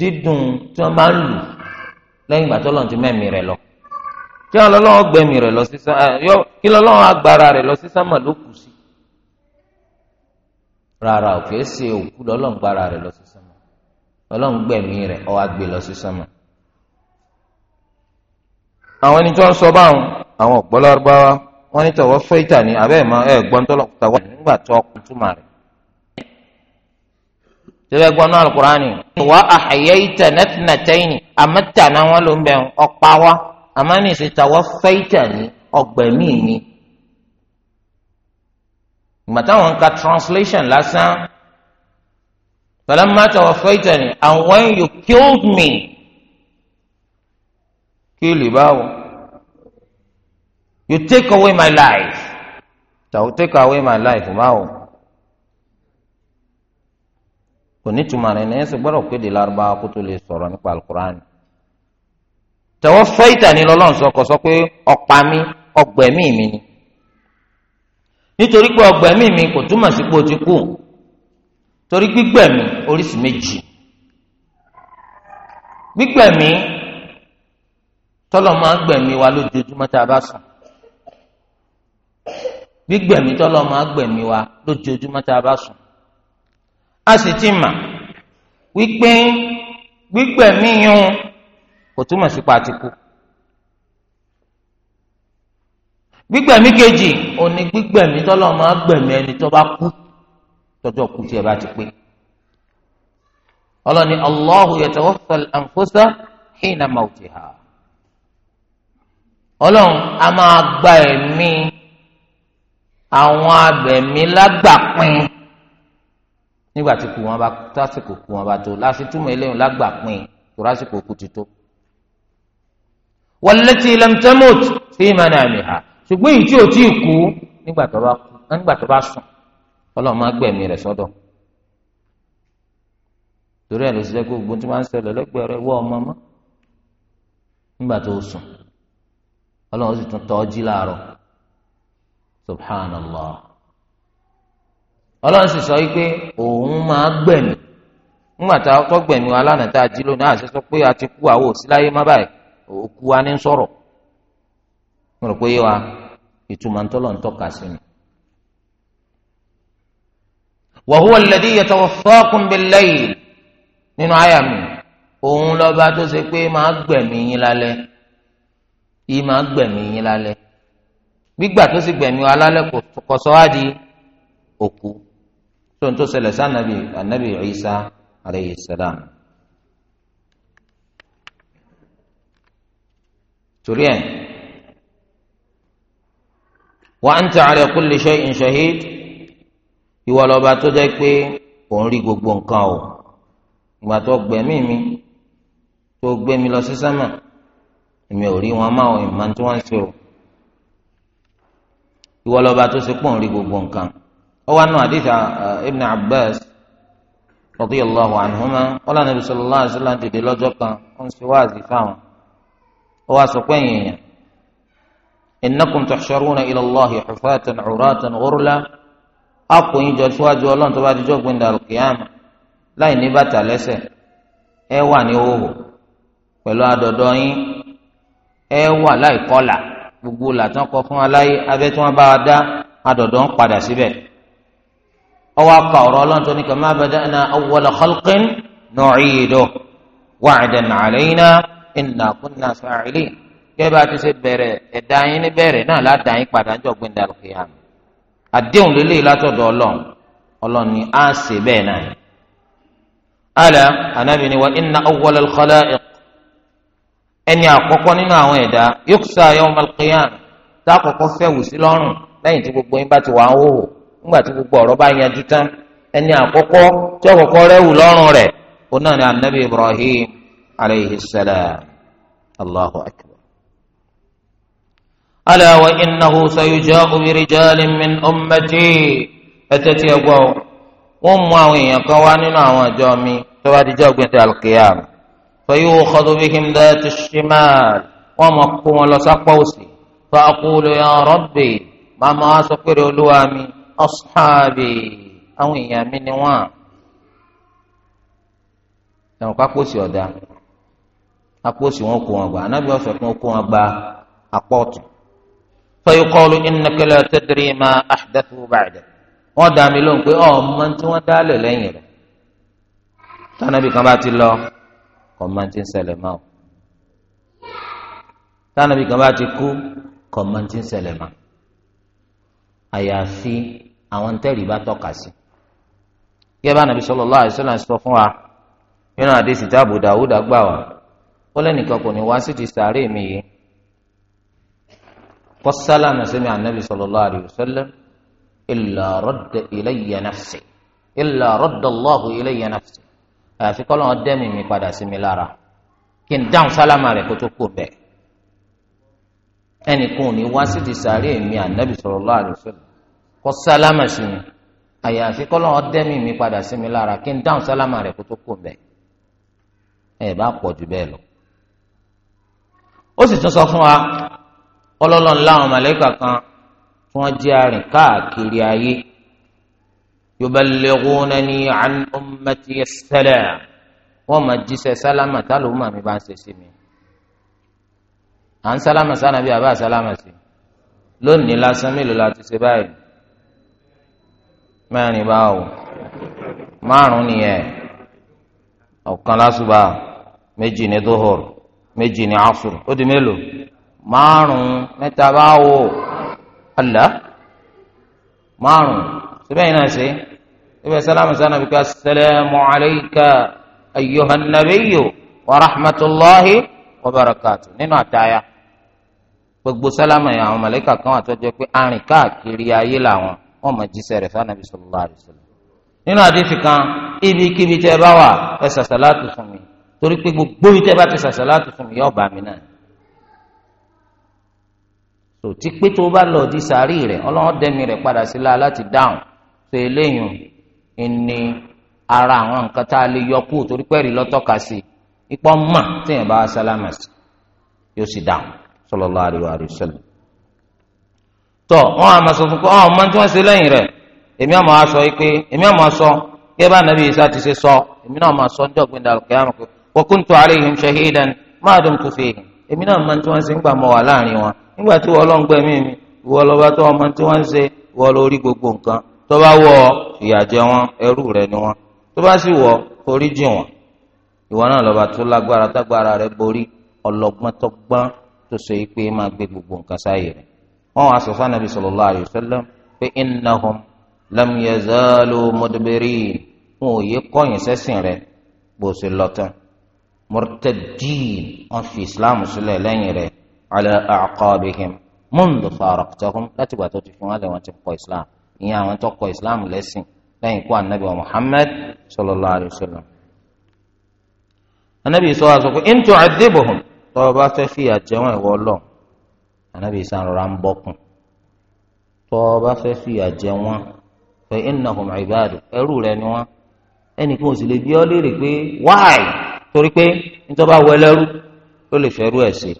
dídùn tí wọ́n máa ń lù. lẹ́yìn ìgbà tó lọ́n ti mẹ́mí rẹ̀ lọ kí ọlọ́wọ́ gbẹ̀mí rẹ̀ lọ sí sánmà kí ọlọ́wọ́ agbára rẹ̀ lọ sí sánmà ló kù sí rárá òkè ṣe òkú rẹ̀ lọ sí rẹ̀ lọ sí sánmà. àwọn ẹni tó ń sọ báwọn àwọn ọ̀pọ̀lọ́rọ̀ bá wọn ní ẹ̀ rẹ̀ tẹ́lẹ̀ gbọ́n náà alukurani wà ahyayta nathnatayni amẹ́ta náà wọ́n ló ń bẹ̀ ọ̀pá wa àmọ́ ní ìsìta wọ́n fẹ́ẹ́tà ní ọgbẹ̀mí mi. ìgbà táwọn ń ka translation lásán falamma tawaffaytani and when you killed me kí lè báwo you take away my life tàwọn take away my life báwo. kò ní túmọ̀ rẹ̀ nẹ́yẹsì gbọ́dọ̀ kéde lárúbáwá kó tó lè sọ̀rọ̀ nípa alukurani tẹ̀wọ́ fọ́ ìtàní lọ́lọ́run sọkọ sọ pé ọ̀pá mi ọgbẹ̀mí mi ni nítorí pé ọgbẹ̀mí mi kò túmọ̀ sí pé o ti kú torí gbígbẹ̀mí oríṣi méjì gbígbẹ̀mí tọ́lọ̀ máa ń gbẹ̀mí wa lójoojúmọ́ tá a bá sùn gbígbẹ̀mí tọ́lọ̀ máa ń gbẹ̀mí wa lójoojúmọ́ tá a bá sùn a sì ti ma wípé gbígbẹ̀míyún kò túmọ̀ sí pàtìkù gbígbẹ̀mí kejì òní gbígbẹ̀mí tọ́lọ́ máa gbẹ̀mí ẹni tó bá kú tọ́jọ́ kú tí ẹ bá ti pé ọlọ́ni Allahu yatawaffal anfusa hina mawtiha ọlọ́run a máa gba ẹ̀mí àwọn abẹ̀mí lágbàpin. nígbà tí kù wọn bá tásìkò kù wọn bá tó láfi túmọ̀ eléyìí lágbà pin tó lásìkò kù ti tó. wallati lam tamut fi manamiha ṣùgbọ́n èyí tí ò tí ì kú nígbà tó bá kú nígbà tó bá sùn ọlọ́run máa gbẹ̀mí rẹ̀ sọ́dọ̀. torí ẹ̀ ló ṣiṣẹ́ kó gbogbo tí wọ́n ń ṣẹlẹ̀ lẹ́gbẹ̀ẹ́ rẹ̀ wọ́ ọmọ mọ́ nígbà tó sùn ọlọ́run sì tún tọ́ jí láàárọ̀ subhanallah ọlọ́run sì sọ wípé òun máa gbẹ̀mí nígbà tá a kọ́ gbẹ̀mí wa lánàá tá a jí lónìí àti sọ pé a ti kú àwọn òsì má báyìí òkú wa ní sọ̀rọ̀ mo rò pé yé wa ìtumọ̀ ntọ́lọ̀ ń sí mi. وهو الذي يتوفاكم بالليل nínú àyà mi òun lọba tó ṣe pé máa gbẹ̀mí yín lálẹ́ yìí máa gbẹ̀mí yín lálẹ́ gbígbà tó sì gbẹ̀mí wa lálẹ́ kò sọ wá di òkú tó ń tó ṣẹlẹ̀ sí anabi anabi Isa aleyhi salam. torí ẹ̀ wa anta ala kulli shay'in shahid ìwọ lọ́ba tó jẹ́ pé òun rí gbogbo nǹkan o ìgbà tó gbẹ̀mí mi tó gbé lọ sí sámà èmi ò rí wọn máa ìmọ̀ tí wọ́n ń ṣe o ìwọ lọ́ba tó ṣe pọ̀ ń rí gbogbo nǹkan o ọwọ́ anú àdìsá ibn abbas radiyallahu anhuma ọlọ́run nàbí sallallahu alaihi wasallam dìde lọ́jọ́ kan ó ń ṣe wáàzì fáwọn ó wá sọ pé èèyàn innakum tuhsharuna ila allahi hufatan uratan ghurla akọ̀yìn jọ síwájú ọlọ́run tó bá dijọ́ gbẹ̀ndà alqiyama láì ní bàtà lẹ́sẹ̀ ẹ wà ní òhò pẹ̀lú adọ̀dọ̀ yín ẹ wà láì kọ́là gbogbo làtàn kọ fún aláyé abẹ́ tí wọ́n bá wa dá adọ̀dọ̀ ń padà síbẹ̀ ọwọ́ apá ọ̀rọ̀ ọlọ́run tó ní kama bada'na awwala khalqin nu'iduhu wa'dan 'alayna inna kunna fa'ilin kẹ́ẹ́ bá ti ṣe bẹ̀rẹ̀ ẹ̀dá yín ní bẹ̀rẹ̀ náà ládàá yín padà ń jọ gbẹ̀ndà al-qiyam àdéhùn lélẹ̀ látọ̀dọ̀ ọlọ́run ọlọ́run ni á ṣe bẹ́ẹ̀ náà. ala anabi ni wa inna awwala al ẹni àkọ́kọ́ nínú àwọn ẹ̀dá yuksa yawm al-qiyam tá àkọ́kọ́ fẹ́ sí lọ́rùn lẹ́yìn tí gbogbo yín bá ti wà ń wò wò nígbà tí gbogbo ọ̀rọ̀ bá yanjú tán ẹni àkọ́kọ́ tí ọ̀kọ̀kọ́ rẹ̀ wù lọ́rùn rẹ̀ òun náà ni anabi ibrahim alayhi salam allahu akbar. ala wa innahu sayuja'u bi rijalin min ummati ẹtẹ́tí ẹgbọ́ wọn mú àwọn èèyàn kan wá nínú àwọn àjọ mi tó bá di jẹ́ ògbìn tí alqiyam fayukhadhu bihim dhatu ash-shimal wọn mọ̀ kó wọn lọ sápọ̀ òsì fa aqulu ya rabbi màmá sọ pé olúwa mi ashabi àwọn èèyàn mi ni wọ́n àwọn kápòsì ọ̀dà apòsì wọn kó wọn gbà anábì ọ̀sẹ̀ kí wọ́n kó wọn gba apọ̀tù fayuqalu innaka la tadri ma ahdathu ba'dak wọ́n dá mi lóhùn pé ọmọ tí wọ́n dálẹ̀ lẹ́yìn rẹ̀ tánàbì kan bá ti lọ ọmọ tí ń ṣẹlẹ̀ máa o tánàbì kan bá ti kú ọmọ tí ń ṣẹlẹ̀ máa àyàfi àwọn tẹ́rì bá tọ́ka sí. gẹ́gẹ́ bá nàbí sallallahu alaihi wasallam sọ fún wa nínú àdéhìí tí Abu Dawud gbà wá ó lẹ́nìkan kò ní wá sí ti sàárè mi yìí kọ́ sálàmù sẹ́mi ànábì sallallahu alaihi wasallam illa radda ilayya nafsi illa radda Allahu ilayya nafsi àyàfi kọ́ lọ́wọ́ dẹ́mi mi padà sí mi lára kí n dáhùn sálàmù rẹ̀ kó tó kú bẹ́ẹ̀ ẹnìkan ò ní wá sí ti sàárè mi ànábì sallallahu alaihi wasallam kọ́ sálámà sí mi àyàfi kọ́lọ́ ọ̀dẹ́mì mi padà sí mi lára kí n dáhùn sálámà rẹ̀ kó tó kù bẹ́ẹ̀ ẹ̀ bá pọ̀ jù bẹ́ẹ̀ lọ. ó sì tún sọ fún wa ọlọ́lọ́ ńlá àwọn màlẹ́kà kan tí wọ́n jẹ́ arìn káàkiri ayé yuballighunani an ummati as-salam wọ́n máa jíṣẹ́ sálámà tálọ́ mọ̀ mi bá ń ṣe sí mi. à ń sálámà sánàbí àbá sálámà sí lónìí lásán mélòó la ti ṣe báyìí mẹ́rin báwo márùn nìyẹn ọ̀kan lásùbà méjì ní dóhùr méjì ní asùr ó di mélòó márùn mẹ́ta báwo àlá márùn síbẹ̀ yìí náà ṣe síbẹ̀ sálámù sànà bí ká sẹlẹ̀mù aláìka ayyuhannabiyu wa rahmatulahi wa barakatu nínú àtàyà gbogbo sálámù yẹn àwọn mọ̀lẹ́kà kan àtọ́jọ́ pé arìn káàkiri ayé làwọn wọn mọ jíṣẹ́ rẹ̀ fún anabi sallallahu alaihi wasallam nínú àdéhùn kan ibikíbi tẹ bá wà ẹ sàṣàlátù fún mi torí pé gbogbo ibi tẹ bá ti sàṣàlátù fún mi yóò bá mi náà tò tí pé tó bá lọ di sàárì rẹ̀ ọlọ́wọ́n dẹ́mi rẹ̀ padà sí la láti dáhùn tó eléyìn ìní ara àwọn nǹkan tá a lè yọ kú torí pẹ́ẹ́rì lọ́tọ́ka sí ipò mọ̀ téèyàn bá sálámà sí yóò sì dáhùn sallallahu alaihi wasallam. tọ wọn àmà sọ fún kọ ọ ọmọ tí wọn ṣe lẹ́yìn rẹ̀ èmi àmọ aṣọ yìí pé èmi àmọ aṣọ kí bá nàbí Isa ti ṣe sọ èmi náà ndị sọ ní ọgbìn dàrú kí á mọ pé wa kuntu alayhim shahidan ma dumtu fihim èmi náà máa tí wọn ṣe ń gbà mọ wà láàrin wọn nígbà tí wọn lọ́n gbẹ̀mí mi ìwọ lọ́ba tó gbogbo nǹkan wọn ẹrú rẹ gbogbo nǹkan wọn wá sọ fún anabi sallallahu alayhi wa sallam pé iná hàn lam yazalu mudbirin wọn ò yé kọ̀yìn sẹ́sìn rẹ̀ bó ṣe lọ tán murtadin wọn fi islam sílẹ̀ lẹ́yìn rẹ̀ ala a'qabihim mundu faraqtahum láti gbà tó ti fún wọn lẹ wọn ti kọ̀ islam ìyẹn àwọn tó kọ̀ islam lẹ́sìn lẹ́yìn kó anabi wa muhammad sallallahu alayhi wa sallam anabi sọ wa sọ fún intu adébọ̀hún tọ́ bá fẹ́ fi àjẹwọ́n ẹ̀wọ́ lọ́n. anabi isa rọra ń bọkùn tó o bá fẹ́ fìyà jẹ wọn fa innahum ibadu ẹrú rẹ ni wọn ẹnìkan ò sì lè bí ọ léèrè pé wáì torí pé nítorí bá wọ ẹlẹ́rú ó lè fẹ́rú ẹ̀ sí.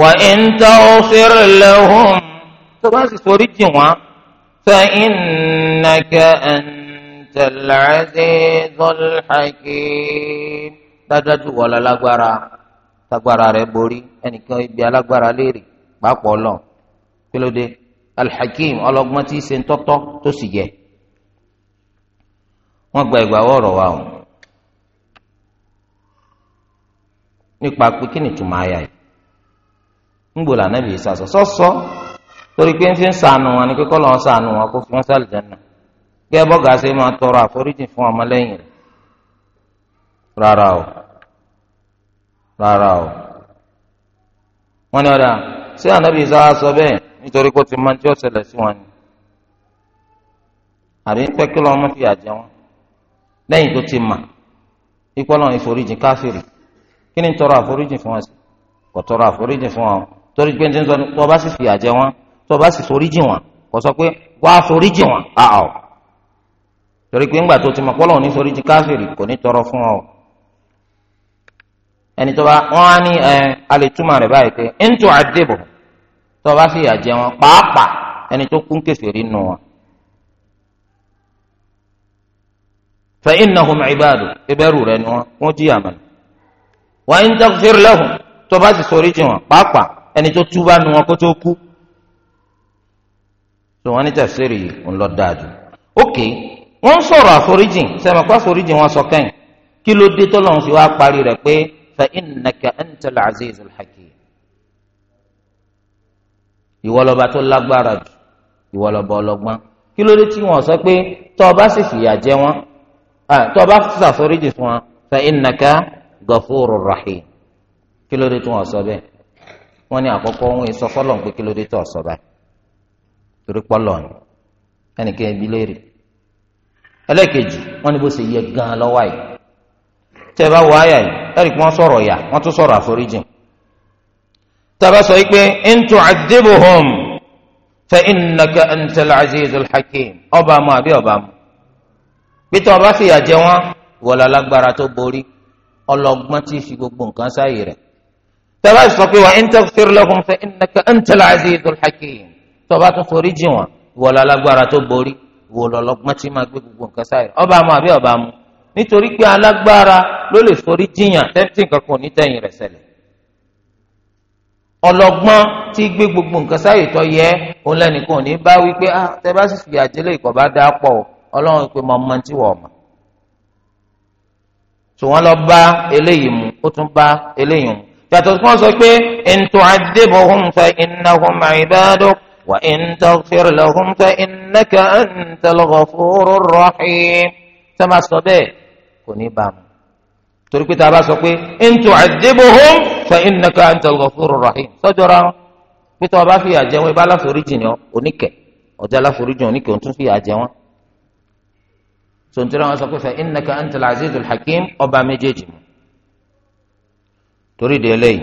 wa in taghfir lahum tó bá sì forí jì wọ́n fa innaka antal azizul hakim dájúdájú wọ́n lọ lágbára. tagbara rẹ borí ẹnìkan ibi alágbára léèrè pàápọ̀ lọ kí ló dé alhakim ọlọ́gbọ́n tí í ṣe ń tọ́tọ́ tó sì yẹ wọ́n gba wa o nípa pé kí ni ìtumọ̀ àyà yìí ńgbò lànà ìbí sàṣọ sọ́sọ́ torí pé ń fi ń sànù wọn ni kíkọ́ lọ́wọ́ sànù o. rárá o wọ́n ní ọdà ṣé ànábì Ìsá sọ bẹ́ẹ̀ nítorí kó ti máa ń tí ó ṣẹlẹ̀ sí wọn ni àbí pé kí lọ́mọ fi àjẹ wọn lẹ́yìn tó ti mà ipò Ọlọ́run ìforíjì káfíìrì kí ni tọrọ àforíjì fún wọn sí kò tọrọ àforíjì fún wọn torí pé tó o bá sì fi àjẹ wọn tó o bá sì foríjì wọn kò sọ pé wàá foríjì wọn àá o torí pé ńgbà tó ti mà pé Ọlọ́run ní foríjì káfíìrì kò ní tọrọ fún wọn o ẹni tó bá wọn á ní ẹ alẹ́túmọ̀ rẹ̀ báyìí pé ń tún àdébò tó bá sì yà jẹ wọn pàápàá ẹni tó kún kèfèrí nù wọn. fa innahum ibadu ìbẹ̀rù rẹ̀ ni wọn wọ́n jí àmàlà wa in taghfir lahum tó bá sì sọrí jì wọn pàápàá ẹni tó túbà nù wọn kó tó kú. tó wọn ní tẹ̀síìrì ń lọ dáadu. ok wọ́n sọ̀rọ̀ àforíjì sẹ́mi àforíjì wọn sọ kẹ́yìn kí ló dé tọ́lọ́run sì wá parí rẹ̀ pé fa innaka antal azizul hakim ìwọ lọba tó lágbára jù ìwọ lọba ọlọ́gbọ́n kí ló dé tí wọ́n sọ pé tọ́ ọba sì fìyà jẹ wọ́n tọ́ ọba ṣàforíjì fún wọn fa innaka ghafurur rahim kí ló dé tí wọ́n sọ bẹ́ẹ̀ wọ́n ní àkọ́kọ́ wọn sọ fọlọ pé kí ló dé tí wọ́n sọ báyìí torí pọlọ ni ẹnìkan ẹbí léèrè ẹlẹ́ẹ̀kejì wọ́n ní bó ṣe yẹ gan lọ́wọ́ yìí tẹ́ bá wọ àyà yìí ẹ̀rí pé wọ́n sọ̀rọ̀ yà wọ́n tún sọ̀rọ̀ àforíjìn tẹ́ bá sọ yìí pé in tu'adhibuhum fa innaka antal azizul hakim ọba mu àbí ọba mu pété ọba fìyà jẹ wọn wọlé alágbára tó borí ọlọ́gbọ́n tí fi gbogbo nǹkan sáyè rẹ̀ tẹ́ bá sọ pé wa in taghfir lahum fa innaka antal azizul hakim tọba tún forí wọn wọlé alágbára tó borí wọlé ọlọ́gbọ́n tí máa gbé gbogbo nǹkan sáyè ọba mu àbí ọba mu nítorí pé alágbára ló lè forí jiyàn tẹ́tí nǹkan kan onítẹ̀yìn rẹ̀ ṣẹlẹ̀ ọlọ́gbọ́n tí gbé gbogbo nǹkan sáyè tó yẹ òun lẹ́nìkan ò ní bá wí pé ah tẹ bá sì fi àjẹlẹ̀ ìkọ̀ bá dá pọ̀ ọlọ́run pé mo mọ tí wọ́n mọ̀ tí wọ́n lọ bá eléyìí mu ó tún bá eléyìí mu yàtọ̀ tí wọ́n sọ pé in tu'adhibhum fa innahum 'ibaduk wa in taghfir lahum fa innaka antal ghafurur rahim sọ ma sọ bẹ́ẹ̀ kò ní bá mu torí pé tá a bá sọ pé in tu'adhibuhum fa innaka antal ghafurur rahim sọ́jọ́ra wọn pé tó o bá fìyà jẹ wọn ibà aláforíjì ni oníkẹ ọjà aláforíjì oníkẹ òun tún fìyà jẹ wọn sọ̀ntìrẹ́ wọn sọ pé fa innaka antal azizul hakim ọba méjèèjì mu torí de eléyìí.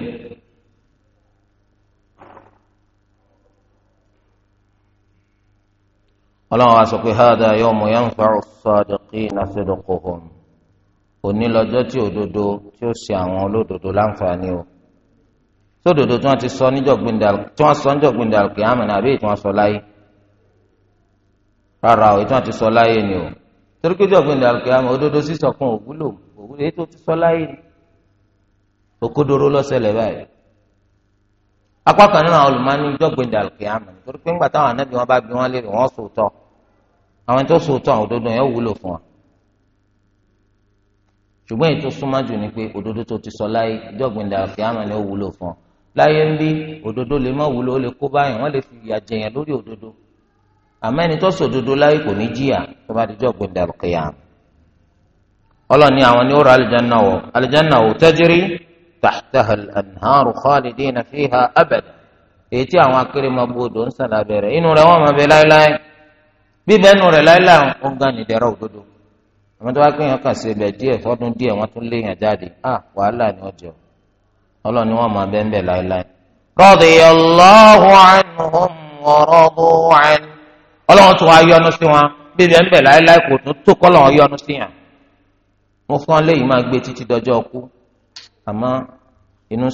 ọlọ́run wa sọ pé hada yawmu yanfa'u as-sadiqina sidquhum òní lọ́jọ́ tí òdodo tí ó ṣe àwọn olódodo láǹfààní o sódodo tí wọ́n ti sọ níjọ̀gbìndà tí wọ́n sọ níjọ̀gbìndà kì í àmìnà àbí tí wọ́n sọ láyé rárá o tí wọ́n ti sọ láyé ni o torí pé jọ̀gbìndà kì í àmì òdodo sísọ kan òwúlò òwúlò èyí tó ti sọ láyé ni òkodoro lọ́sẹ̀lẹ̀ báyìí apá kan nínú àwọn olùmọ́ni jọ̀gbìndà kì í àmì torí pé ńgbà táwọn anábì wọn bá bí wọn lé wọn sòótọ́ àwọn tó sòótọ́ àwọn òdodo yẹn wúlò fún wọn ṣùgbọ́n ètò súnmájú ni pé òdodo tó ti sọ láyé ìjọgbìn dàrúfẹ́ àmọ́ ni ó wúlò fún ọ láyé ń bí òdodo lè má wúlò ó lè kó báyìí wọ́n lè fi ìyà jẹyàn lórí òdodo àmọ́ ẹni tó sọ òdodo láyé kò ní jìyà tó bá di jọgbìn dàrúfẹ́ àmọ́ ọlọ́ni àwọn ni ó ra alìjánná wọ alìjánná wò tajri tahtaha al-anharu khalidina fiha èyí tí àwọn akérèmọbù odò ń sàn inú rẹ̀ wọ́n máa bẹ láéláé bíbẹ́ inú rẹ̀ láéláé ó ń gan ìdẹ̀rọ̀ òdodo àmọ́ tó bá pé èèyàn kàn sí ibẹ̀ díẹ̀ fọ́dún díẹ̀ wọ́n tún léèyàn jáde wàhálà ni wọ́n ọlọ́run ni wọ́n máa bẹ́ẹ̀ bẹ́ẹ̀ láéláé. ọlọ́run tún sí wọn bíbi ẹ̀ ń bẹ̀ láéláé kò tún tó kọ́lọ́run yọ́nú sí yàn. mo fún ọ léyìí máa gbé títí dọjọ́ ọkú àmọ́ inú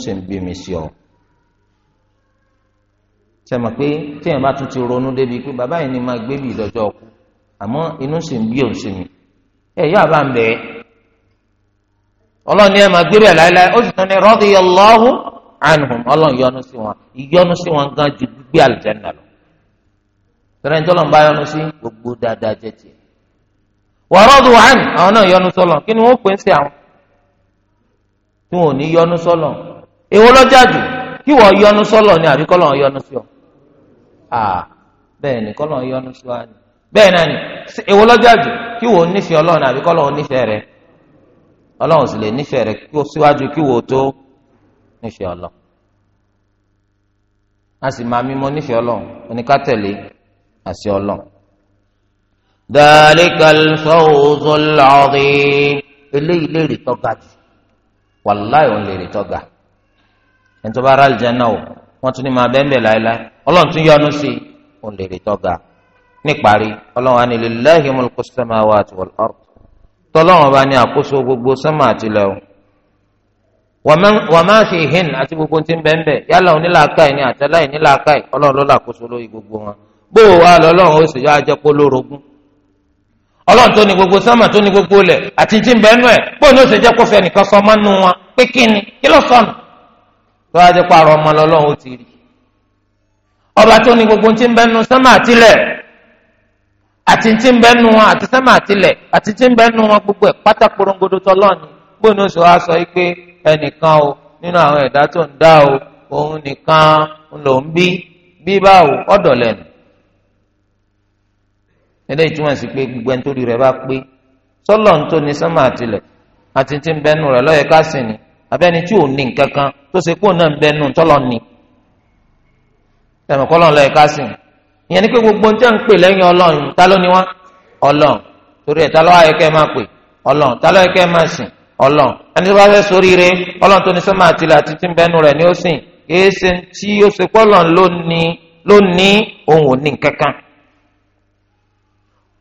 sì ń e àbá ń bẹ̀ ẹ́ ọlọ́ni ẹ̀ máa o láéláé ó sì tún ní radiyallahu anhum ọlọ́run yọ́nú sí wọn ìyọ́nú sí wọn gan ju gbígbé àlùjánnà lọ tẹ̀lé ní tọ́lọ́n bá gbogbo dáadáa jẹ́ tiẹ̀ wa radu àwọn náà kí ni pè ń sí àwọn tí wọn ò ní yọ́nú èwo jù kí ni àbí bẹ́ẹ̀ náà ni èwo lọ́jà jù kí wò ó nífẹ̀ẹ́ ọlọ́run àbí kọ́ ọlọ́run nífẹ̀ẹ́ rẹ ọlọ́run sì lè nífẹ̀ẹ́ rẹ kí ó síwájú kí wò ó tó nífẹ̀ẹ́ ọlọ́run a sì máa mímọ́ nífẹ̀ẹ́ ọlọ́run oníkátẹ̀lé àṣẹ ọlọ́run. dalikal fawzul eléyìí lè rí tọ́ga jù wàláì òun lè rí tọ́ga ẹni tó bá rà àlùjánnà o wọ́n tún ní máa bẹ́ẹ̀ bẹ́ẹ̀ láéláé ọlọ́run tún yọ́nú sí òun lè rí tọ́ga níparí ọlọ́run á ní lillahi mulku samawati wal ard tọ́lọ́run bá ní àkóso gbogbo sánmà àtìlẹ̀ o wa ma fihin àti gbogbo tí ń bẹ́ẹ̀ bẹ́ẹ̀ yálà onílàákàyè ni àtẹ́láyè nílàákàyè ọlọ́run ló làkóso lórí gbogbo wọn bó o wá lọ ọlọ́run ó sì yọ ajẹ́pọ̀ lórogún ọlọ́run tó ní gbogbo sánmà tó ní gbogbo lẹ̀ àti tí ń bẹ́ẹ̀ nù ẹ̀ bó ní ó sì jẹ́ kó fẹ́ ní àti tí ń bẹ́nu wọn àti sẹ́mà àtilẹ̀ àti tí ń bẹ́nu wọn gbogbo ẹ̀ pátá porongodo tọ́lọ́ọ̀ni gbóni oṣù wa sọ pé ẹnìkan o nínú àwọn ẹ̀dá tó ń dá o òun nìkan ló ń bí bí báwo ọ̀dọ̀ lẹ́nu. eléyìí túmọ̀ sí pé gbogbo ẹni tó rí rẹ̀ bá pé sọ́lọ̀ ń tó ní sẹ́mà àtilẹ̀ àti tí ń bẹ́nu rẹ̀ lọ́yẹ̀ ká sì ni abẹ́ni tí ò ní nǹkan kan tó ṣe pé òun náà ń bẹ́nu tọ́lọ́ ni ìyẹn ni pé gbogbo ń tẹ́ ń pè lẹ́yìn ọlọ́run ta ló ni wá ọlọ́run torí ẹ̀ ta ló ayọ̀ kẹ́ ẹ máa pè ọlọ́run ta ló ayọ̀ kẹ́ ẹ máa sìn ọlọ́run ẹni tó bá fẹ́ soríire ọlọ́run tó ní sọ́mà àtìlẹ̀ àti tí ń bẹ́nu rẹ̀ ni ó sìn kìí ṣe tí ó ṣe pọ́lọ̀ ló ní òun ò kankan.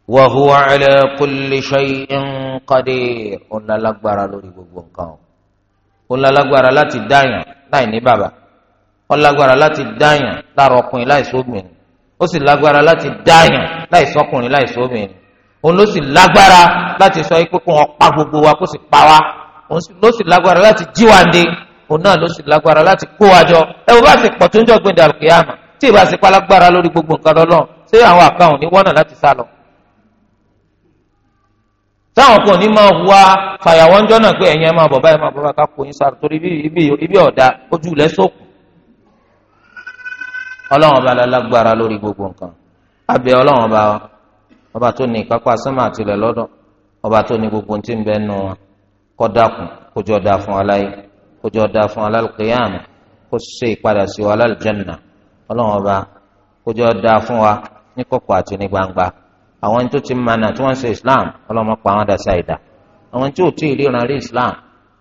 wa huwa ala kulli shay'in qadir ó lálágbára lórí gbogbo nǹkan o ó láti dáyàn láì ní ó sì lágbára láti dáyàn láì sọkùnrin láì sóbìnrin òun ló sì lágbára láti sọ pé kó wọn pa gbogbo wa kó sì pa wa òun ló sì lágbára láti jíwáde òun náà ló sì lágbára láti kó wa jọ ẹ wò bá sì pọ̀ tó ń jọ gbé dàrúkẹ́ àmà tí ìbá sì palágbára lórí gbogbo nǹkan lọ́lọ́run ṣé àwọn àkàwọn ní wọ́nà láti sá lọ. táwọn kan ní máa hùwà fàyàwọ́ ń jọ́nà pé ẹ̀yin ẹ̀ máa bọ̀ báyìí máa bọ̀ ọlọ́run ọba lálágbára lórí gbogbo nǹkan abẹ ọlọ́run ọba ọba tó ní ìkápá sánmà àtìlẹ̀ lọ́dọ̀ ọba tó ní gbogbo tí ń bẹ nù wọn kó dákun kó jọ dáa fún aláyé kó jọ dáa fún alálùkìyàmù kó ṣe ìpadà sí wa alálùjẹ́nà ọlọ́run ọba kó jọ fún wa ní kọ̀kọ̀ àti ní gbangba àwọn tó ti mànà tí wọ́n ṣe Islam ọlọ́run pa àwọn dàsa ìdá àwọn tí ò tí ì ríran rí Islam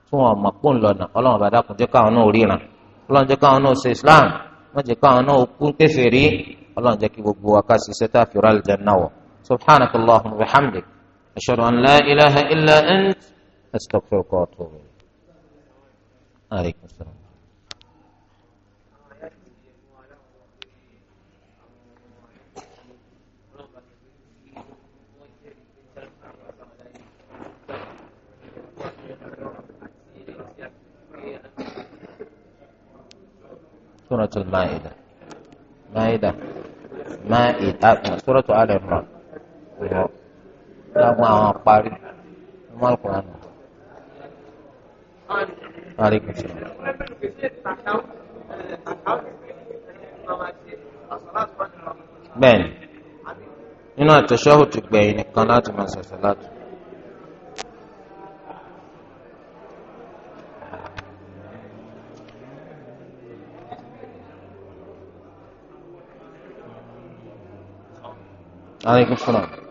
tí wọ́n mọ̀ pọ́ńlọ́nà ọlọ́run ọba dákun jẹ́ káwọn náà ríran ọlọ́run jẹ́ káwọn náà ṣe Islam wọn jẹ kó àwọn náà kú kèfèrí Ọlọ́run jẹ kí gbogbo wa ká ṣiṣẹ́ tá a fi rálẹ jẹ náà wọ subhanaka allahumma wa hamdik ashhadu an ilaha illa ant astaghfiruka wa atubu ilayk. suratul maida maida maida suratul ali imran ìwọ lágbọn àwọn parí ọmọ alukuran parí kùsùn. bẹ́ẹ̀ni nínú àtẹ̀sọ́hùn ti gbẹ̀yìn nìkan láti máa ṣẹ̀ṣẹ̀ láti. 啊，那个出来。